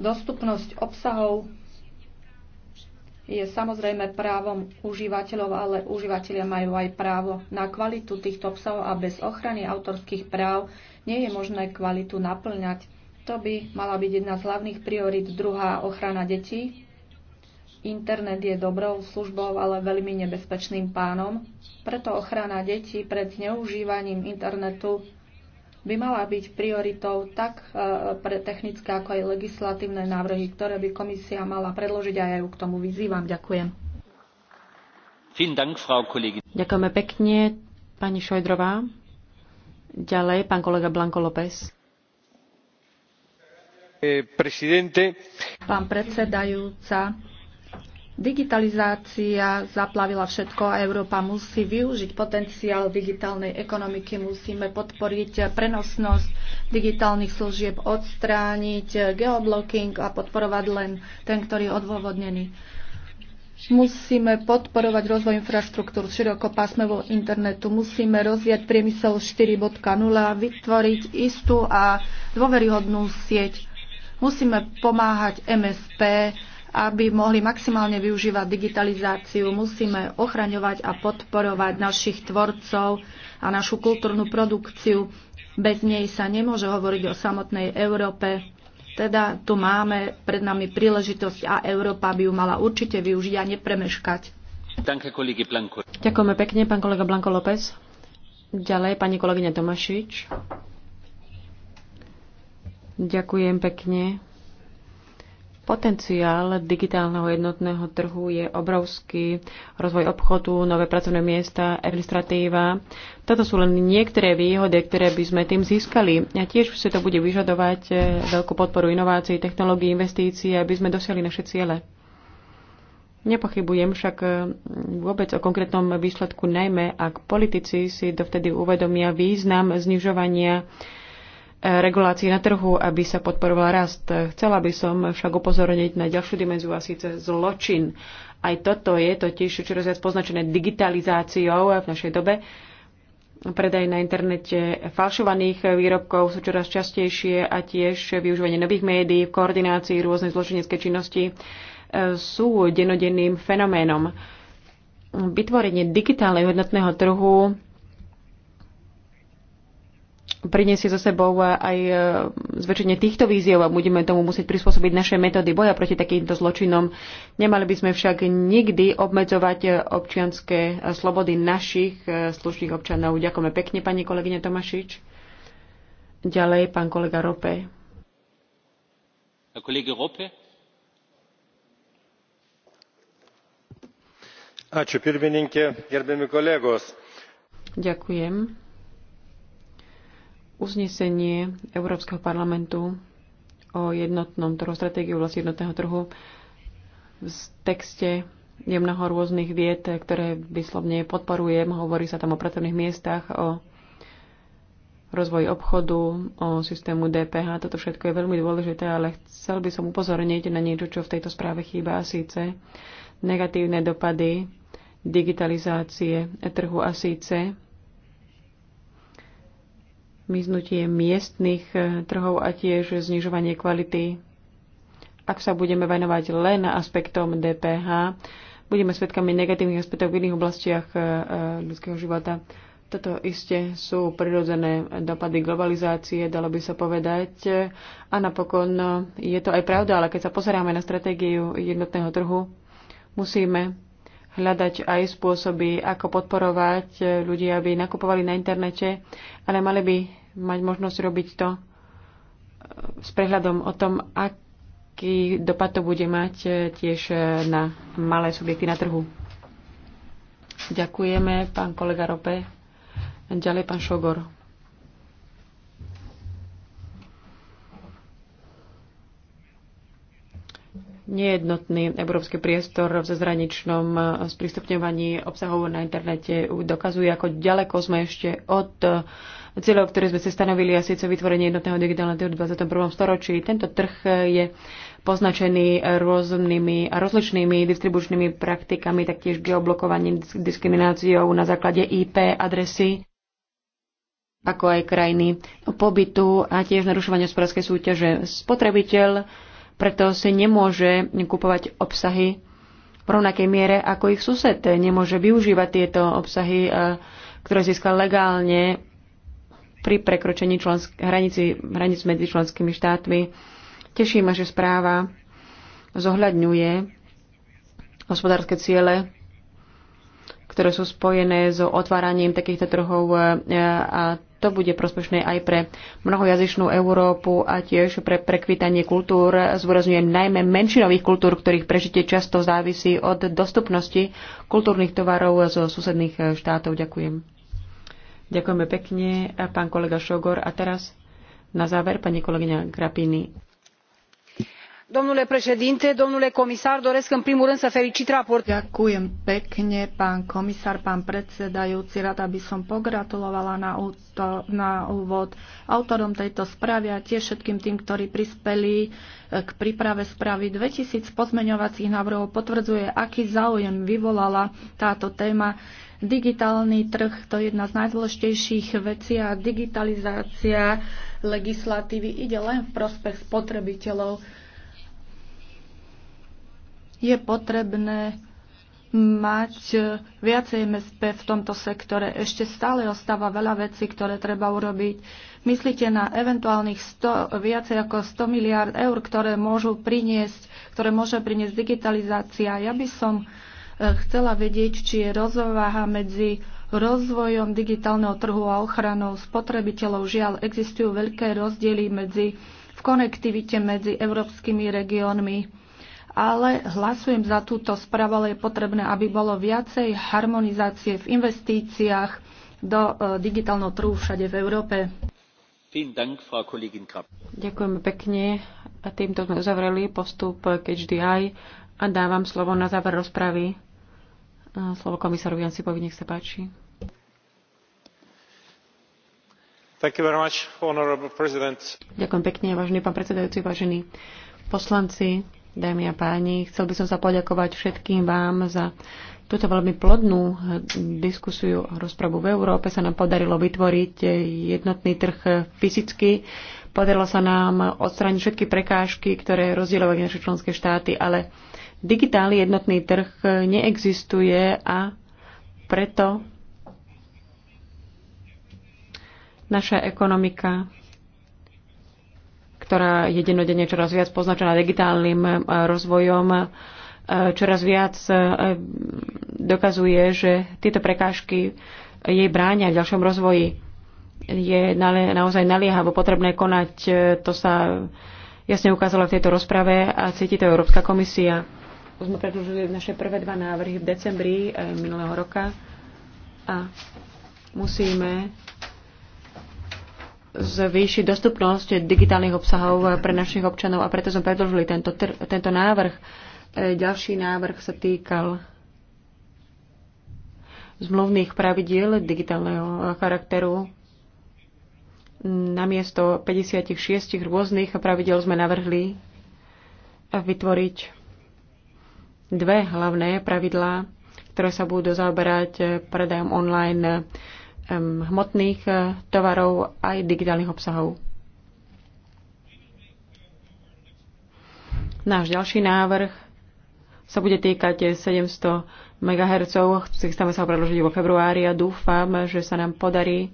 dostupnosť obsahov, je samozrejme právom užívateľov, ale užívateľia majú aj právo na kvalitu týchto obsahov a bez ochrany autorských práv nie je možné kvalitu naplňať. To by mala byť jedna z hlavných priorít druhá ochrana detí. Internet je dobrou službou, ale veľmi nebezpečným pánom, preto ochrana detí pred zneužívaním internetu by mala byť prioritou tak e, pre technické, ako aj legislatívne návrhy, ktoré by komisia mala predložiť a ja ju k tomu vyzývam. Ďakujem. Ďakujeme pekne, pani Šojdrová. Ďalej, pán kolega Blanko López. Eh, pán predsedajúca, Digitalizácia zaplavila všetko a Európa musí využiť potenciál digitálnej ekonomiky. Musíme podporiť prenosnosť digitálnych služieb, odstrániť geoblocking a podporovať len ten, ktorý je odôvodnený. Musíme podporovať rozvoj infraštruktúr širokopásmového internetu, musíme rozviať priemysel 4.0, vytvoriť istú a dôveryhodnú sieť. Musíme pomáhať MSP aby mohli maximálne využívať digitalizáciu. Musíme ochraňovať a podporovať našich tvorcov a našu kultúrnu produkciu. Bez nej sa nemôže hovoriť o samotnej Európe. Teda tu máme pred nami príležitosť a Európa by ju mala určite využiť a nepremeškať. Ďakujeme pekne, pán kolega Blanko López. Ďalej pani kolegyňa Tomašič. Ďakujem pekne. Potenciál digitálneho jednotného trhu je obrovský. Rozvoj obchodu, nové pracovné miesta, administratíva. Toto sú len niektoré výhody, ktoré by sme tým získali. A tiež si to bude vyžadovať eh, veľkú podporu inovácií, technológií, investícií, aby sme dosiahli naše ciele. Nepochybujem však eh, vôbec o konkrétnom výsledku, najmä ak politici si dovtedy uvedomia význam znižovania regulácií na trhu, aby sa podporoval rast. Chcela by som však upozorniť na ďalšiu dimenziu a síce zločin. Aj toto je totiž čoraz viac poznačené digitalizáciou v našej dobe. Predaj na internete falšovaných výrobkov sú čoraz častejšie a tiež využívanie nových médií v koordinácii rôznej zločineckej činnosti e, sú denodenným fenoménom. Vytvorenie digitálneho jednotného trhu priniesie so sebou aj e, zväčšenie týchto víziev a budeme tomu musieť prispôsobiť naše metódy boja proti takýmto zločinom. Nemali by sme však nikdy obmedzovať e, občianské e, slobody našich slušných občanov. Ďakujeme pekne, pani kolegyne Tomašič. Ďalej, pán kolega Rope. Kolega Rope. Ačiū pirmininkė, gerbiami kolegos. Ďakujem uznesenie Európskeho parlamentu o jednotnom trhu, stratégiu vlastne jednotného trhu. V texte je mnoho rôznych viet, ktoré vyslovne podporujem. Hovorí sa tam o pracovných miestach, o rozvoji obchodu, o systému DPH. Toto všetko je veľmi dôležité, ale chcel by som upozorniť na niečo, čo v tejto správe chýba, a síce negatívne dopady digitalizácie trhu a síce miznutie miestnych e, trhov a tiež znižovanie kvality. Ak sa budeme venovať len aspektom DPH, budeme svedkami negatívnych aspektov v iných oblastiach e, e, ľudského života. Toto iste sú prirodzené dopady globalizácie, dalo by sa povedať. A napokon je to aj pravda, ale keď sa pozeráme na stratégiu jednotného trhu, musíme hľadať aj spôsoby, ako podporovať ľudí, aby nakupovali na internete, ale mali by mať možnosť robiť to eh, s prehľadom o tom, aký dopad to bude mať eh, tiež eh, na malé subjekty na trhu. Ďakujeme, pán kolega Rope. Ďalej, pán Šogor. nejednotný európsky priestor v zezraničnom eh, sprístupňovaní obsahov na internete dokazuje, ako ďaleko sme ešte od eh, cieľov, ktoré sme si stanovili a síce vytvorenie jednotného digitálneho trhu v 21. storočí. Tento trh eh, je poznačený rôznymi a rozličnými distribučnými praktikami, taktiež geoblokovaním, diskrimináciou na základe IP adresy ako aj krajiny pobytu a tiež narušovanie hospodárskej súťaže. Spotrebiteľ preto si nemôže kupovať obsahy v rovnakej miere ako ich sused. Nemôže využívať tieto obsahy, eh, ktoré získal legálne pri prekročení člensk- hranici, hranic medzi členskými štátmi. Teší ma, že správa zohľadňuje hospodárske ciele, ktoré sú spojené s otváraním takýchto trhov eh, a to bude prospešné aj pre mnohojazyčnú Európu a tiež pre prekvitanie kultúr. Zúrazňujem najmä menšinových kultúr, ktorých prežitie často závisí od dostupnosti kultúrnych tovarov zo susedných štátov. Ďakujem. Ďakujeme pekne, pán kolega Šogor. A teraz na záver pani kolegyňa Grapini domnule președinte domnule comisar doresc în primul rând să felicit raportorul. ďakujem pekne pán komisár pán predsedajúci rada by som pogratulovala na, úvod autorom tejto a tiež všetkým tým ktorí prispeli eh, k príprave správy. 2000 potvrdzuje aký záujem vyvolala táto téma. Digitálny trh to je jedna z vecí a digitalizácia legislatívy ide len v prospech je potrebné mať viacej MSP v tomto sektore. Ešte stále ostáva veľa vecí, ktoré treba urobiť. Myslíte na eventuálnych 100, viacej ako 100 miliard eur, ktoré môžu priniesť, ktoré môže priniesť digitalizácia. Ja by som e, chcela vedieť, či je rozváha medzi rozvojom digitálneho trhu a ochranou spotrebiteľov. Žiaľ, existujú veľké rozdiely medzi, v konektivite medzi európskymi regiónmi ale hlasujem za túto správu, ale je potrebné, aby bolo viacej harmonizácie v investíciách do e, digitálneho trhu všade v Európe. Ďakujeme pekne. A týmto sme uzavreli postup KDI a dávam slovo na záver rozpravy. Slovo komisárovi Jansipovi, nech sa páči. Much, Ďakujem pekne, vážený pán predsedajúci, vážení poslanci. Dámy a páni, chcel by som sa poďakovať všetkým vám za túto veľmi plodnú diskusiu a rozpravu v Európe. Sa nám podarilo vytvoriť jednotný trh fyzicky. Podarilo sa nám odstrániť všetky prekážky, ktoré rozdielovali naše členské štáty, ale digitálny jednotný trh neexistuje a preto naša ekonomika ktorá je dennodenne čoraz viac poznačená digitálnym e, rozvojom, e, čoraz viac e, dokazuje, že tieto prekážky jej bránia v ďalšom rozvoji. Je naozaj naliehavo potrebné konať. To sa jasne ukázalo v tejto rozprave a cíti to Európska komisia. Už sme predložili naše prvé dva návrhy v decembri minulého roka a musíme zvýšiť dostupnosť digitálnych obsahov pre našich občanov a preto sme predložili tento, tento návrh. E, ďalší návrh sa týkal zmluvných pravidiel digitálneho charakteru. Namiesto 56 rôznych pravidel sme navrhli vytvoriť dve hlavné pravidlá, ktoré sa budú zaoberať predajom online hmotných eh, tovarov aj digitálnych obsahov. Náš ďalší návrh sa bude týkať 700 MHz. Chystáme sa ho predložiť vo februári a dúfam, že sa nám podarí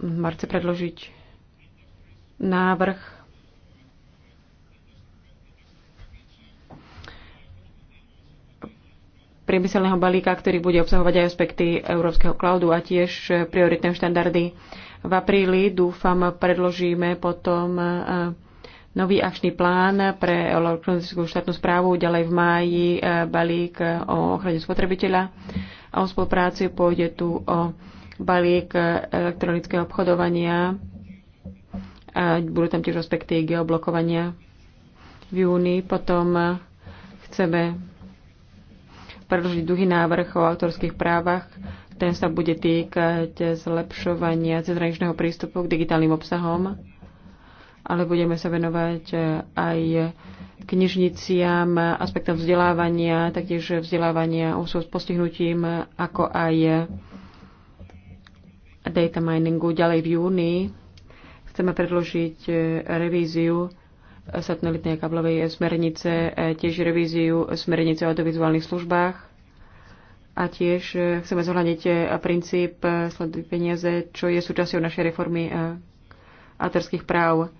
v marce predložiť návrh priemyselného balíka, ktorý bude obsahovať aj aspekty európskeho cloudu a tiež prioritné štandardy. V apríli dúfam predložíme potom eh, nový akčný plán pre elektronickú štátnu správu, ďalej v máji eh, balík eh, o ochrane spotrebiteľa a o spolupráci pôjde tu o balík elektronického obchodovania a budú tam tiež aspekty geoblokovania v júni. Potom chceme predložiť druhý návrh o autorských právach. Ten sa bude týkať zlepšovania cezraničného prístupu k digitálnym obsahom, ale budeme sa venovať aj knižniciam, aspektom vzdelávania, taktiež vzdelávania osôb s postihnutím, ako aj data miningu ďalej v júni. Chceme predložiť revíziu satelitnej kablovej smernice, e, tiež revíziu smernice o audiovizuálnych službách a tiež e, chceme zohľadniť e, princíp sleduj peniaze, čo je súčasťou našej reformy autorských práv.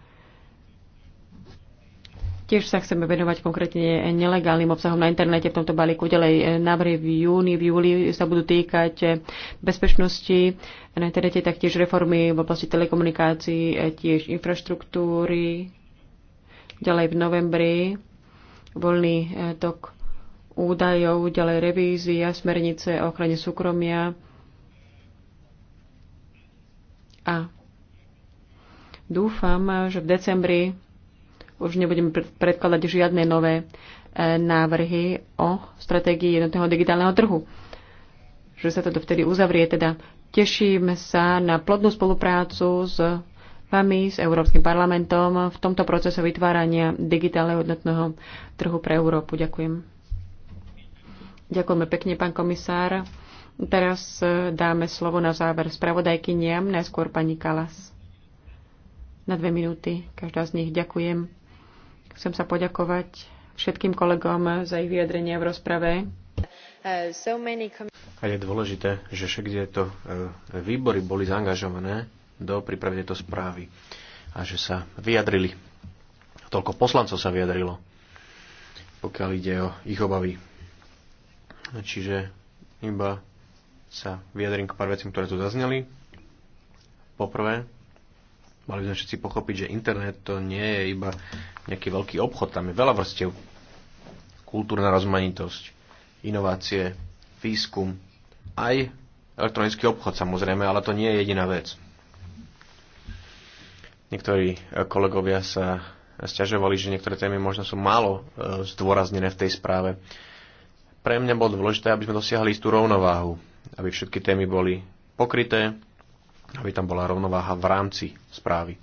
Tiež sa chceme venovať konkrétne nelegálnym obsahom na internete v tomto balíku. Ďalej návrhy v júni, v júli sa budú týkať bezpečnosti na internete, taktiež reformy v oblasti telekomunikácií, tiež infraštruktúry, ďalej v novembri voľný e, tok údajov, ďalej revízia, smernice o ochrane súkromia a dúfam, že v decembri už nebudeme predkladať žiadne nové e, návrhy o stratégii jednotného digitálneho trhu. Že sa to vtedy uzavrie. Teda teším sa na plodnú spoluprácu s vami, s Európskym parlamentom v tomto procese vytvárania digitálneho hodnotného trhu pre Európu. Ďakujem. Ďakujeme pekne, pán komisár. Teraz e, dáme slovo na záver spravodajkyniam, najskôr pani Kalas. Na dve minúty, každá z nich ďakujem. Chcem sa poďakovať všetkým kolegom za ich vyjadrenie v rozprave. Uh, A je dôležité, že všetky tieto e, výbory boli zaangažované do prípravy tejto správy a že sa vyjadrili. Toľko poslancov sa vyjadrilo, pokiaľ ide o ich obavy. Čiže iba sa vyjadrím k pár vecím, ktoré tu zazneli. Poprvé, mali sme všetci pochopiť, že internet to nie je iba nejaký veľký obchod, tam je veľa vrstev. Kultúrna rozmanitosť, inovácie, výskum, aj elektronický obchod samozrejme, ale to nie je jediná vec. Niektorí e, kolegovia sa stiažovali, že niektoré témy možno sú málo e, zdôraznené v tej správe. Pre mňa bolo dôležité, aby sme dosiahli istú rovnováhu, aby všetky témy boli pokryté, aby tam bola rovnováha v rámci správy.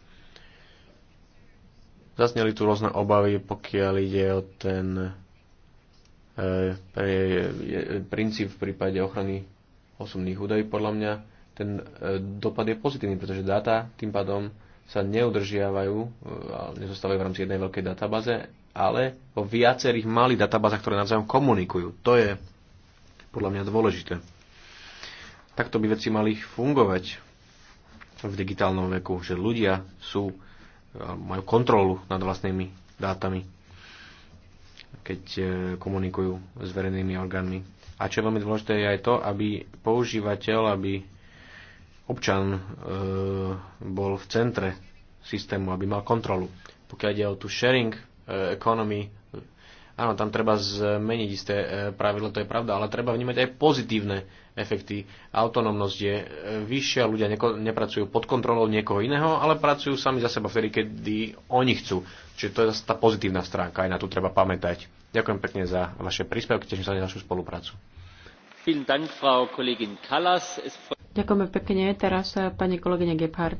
Zazneli tu rôzne obavy, pokiaľ ide o ten e, e, princíp v prípade ochrany osobných údajov. Podľa mňa ten e, dopad je pozitívny, pretože dáta tým pádom sa neudržiavajú, e, nezostávajú v rámci jednej veľkej databáze, ale vo viacerých malých databázach, ktoré navzájom komunikujú. To je podľa mňa dôležité. Takto by veci mali fungovať v digitálnom veku, že ľudia sú, e, majú kontrolu nad vlastnými dátami, keď e, komunikujú s verejnými orgánmi. A čo je veľmi dôležité je aj to, aby používateľ, aby občan e, bol v centre systému, aby mal kontrolu. Pokiaľ ide o tú sharing e, economy, áno, tam treba zmeniť isté e, pravidlo, to je pravda, ale treba vnímať aj pozitívne efekty. Autonómnosť je e, vyššia, ľudia neko, nepracujú pod kontrolou niekoho iného, ale pracujú sami za seba vtedy, kedy oni chcú. Čiže to je tá pozitívna stránka, aj na tú treba pamätať. Ďakujem pekne za vaše príspevky, teším sa na ďalšiu spoluprácu. Vielen Dank, Frau Kollegin Kallas. Ďakujeme pekne. Teraz eh, pani kolegyňa Gebhardt.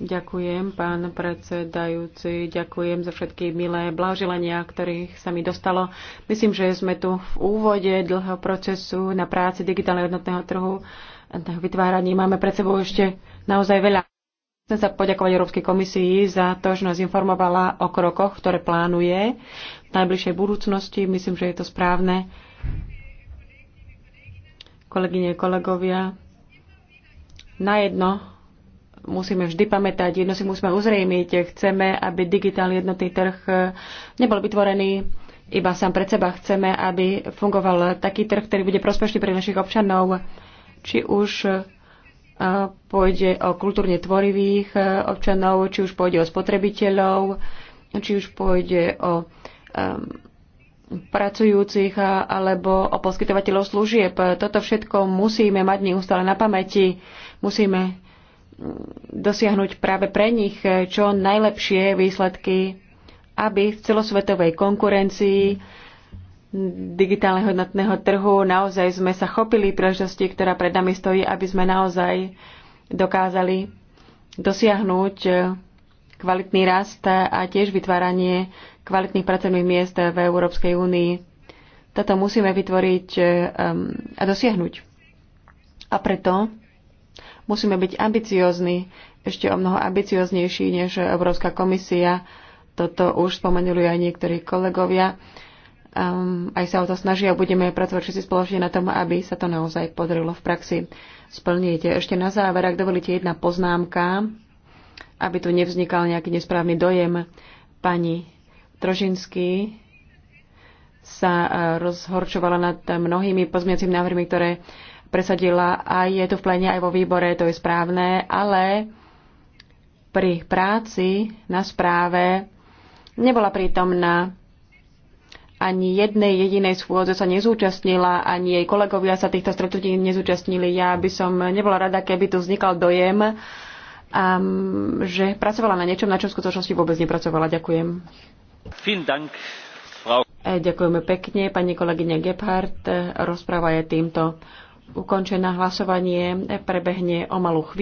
Ďakujem, pán predsedajúci. Ďakujem za všetky milé blahoželania, ktorých sa mi dostalo. Myslím, že sme tu v úvode dlhého procesu na práci digitálneho jednotného trhu na vytváraní. Máme pred sebou ešte naozaj veľa. Chcem sa poďakovať Európskej komisii za to, že nás informovala o krokoch, ktoré plánuje v najbližšej budúcnosti. Myslím, že je to správne kolegyne, kolegovia, na jedno musíme vždy pamätať, jedno si musíme uzrejmiť, chceme, aby digitálny jednotný trh e, nebol vytvorený iba sám pred seba. Chceme, aby fungoval taký trh, ktorý bude prospešný pre našich občanov, či už e, pôjde o kultúrne tvorivých e, občanov, či už pôjde o spotrebiteľov, či už pôjde o um, pracujúcich alebo o poskytovateľov služieb. Toto všetko musíme mať neustále na pamäti. Musíme dosiahnuť práve pre nich čo najlepšie výsledky, aby v celosvetovej konkurencii digitálneho hodnotného trhu naozaj sme sa chopili príležitosti, ktorá pred nami stojí, aby sme naozaj dokázali dosiahnuť kvalitný rast a tiež vytváranie kvalitných pracovných miest v Európskej únii. Toto musíme vytvoriť um, a dosiahnuť. A preto Musíme byť ambiciozni, ešte o mnoho ambicioznejší než Európska komisia. Toto už spomenuli aj niektorí kolegovia. Um, aj sa o to snažia a budeme pracovať všetci spoločne na tom, aby sa to naozaj podarilo v praxi splniť. Ešte na záver, ak dovolíte, jedna poznámka, aby tu nevznikal nejaký nesprávny dojem. Pani Trožinský sa e, rozhorčovala nad mnohými pozmiacimi návrhmi, ktoré presadila a je to v plene, aj vo výbore, to je správne, ale pri práci na správe nebola prítomná ani jednej jedinej schôdze sa nezúčastnila, ani jej kolegovia sa týchto stretnutí nezúčastnili. Ja by som nebola rada, keby tu vznikal dojem, um, že pracovala na niečom, na čo v skutočnosti vôbec nepracovala. Ďakujem. E, ďakujeme pekne, pani kolegyňa Gebhardt. Rozpráva je týmto Ukončené hlasovanie prebehne o malú chvíľu.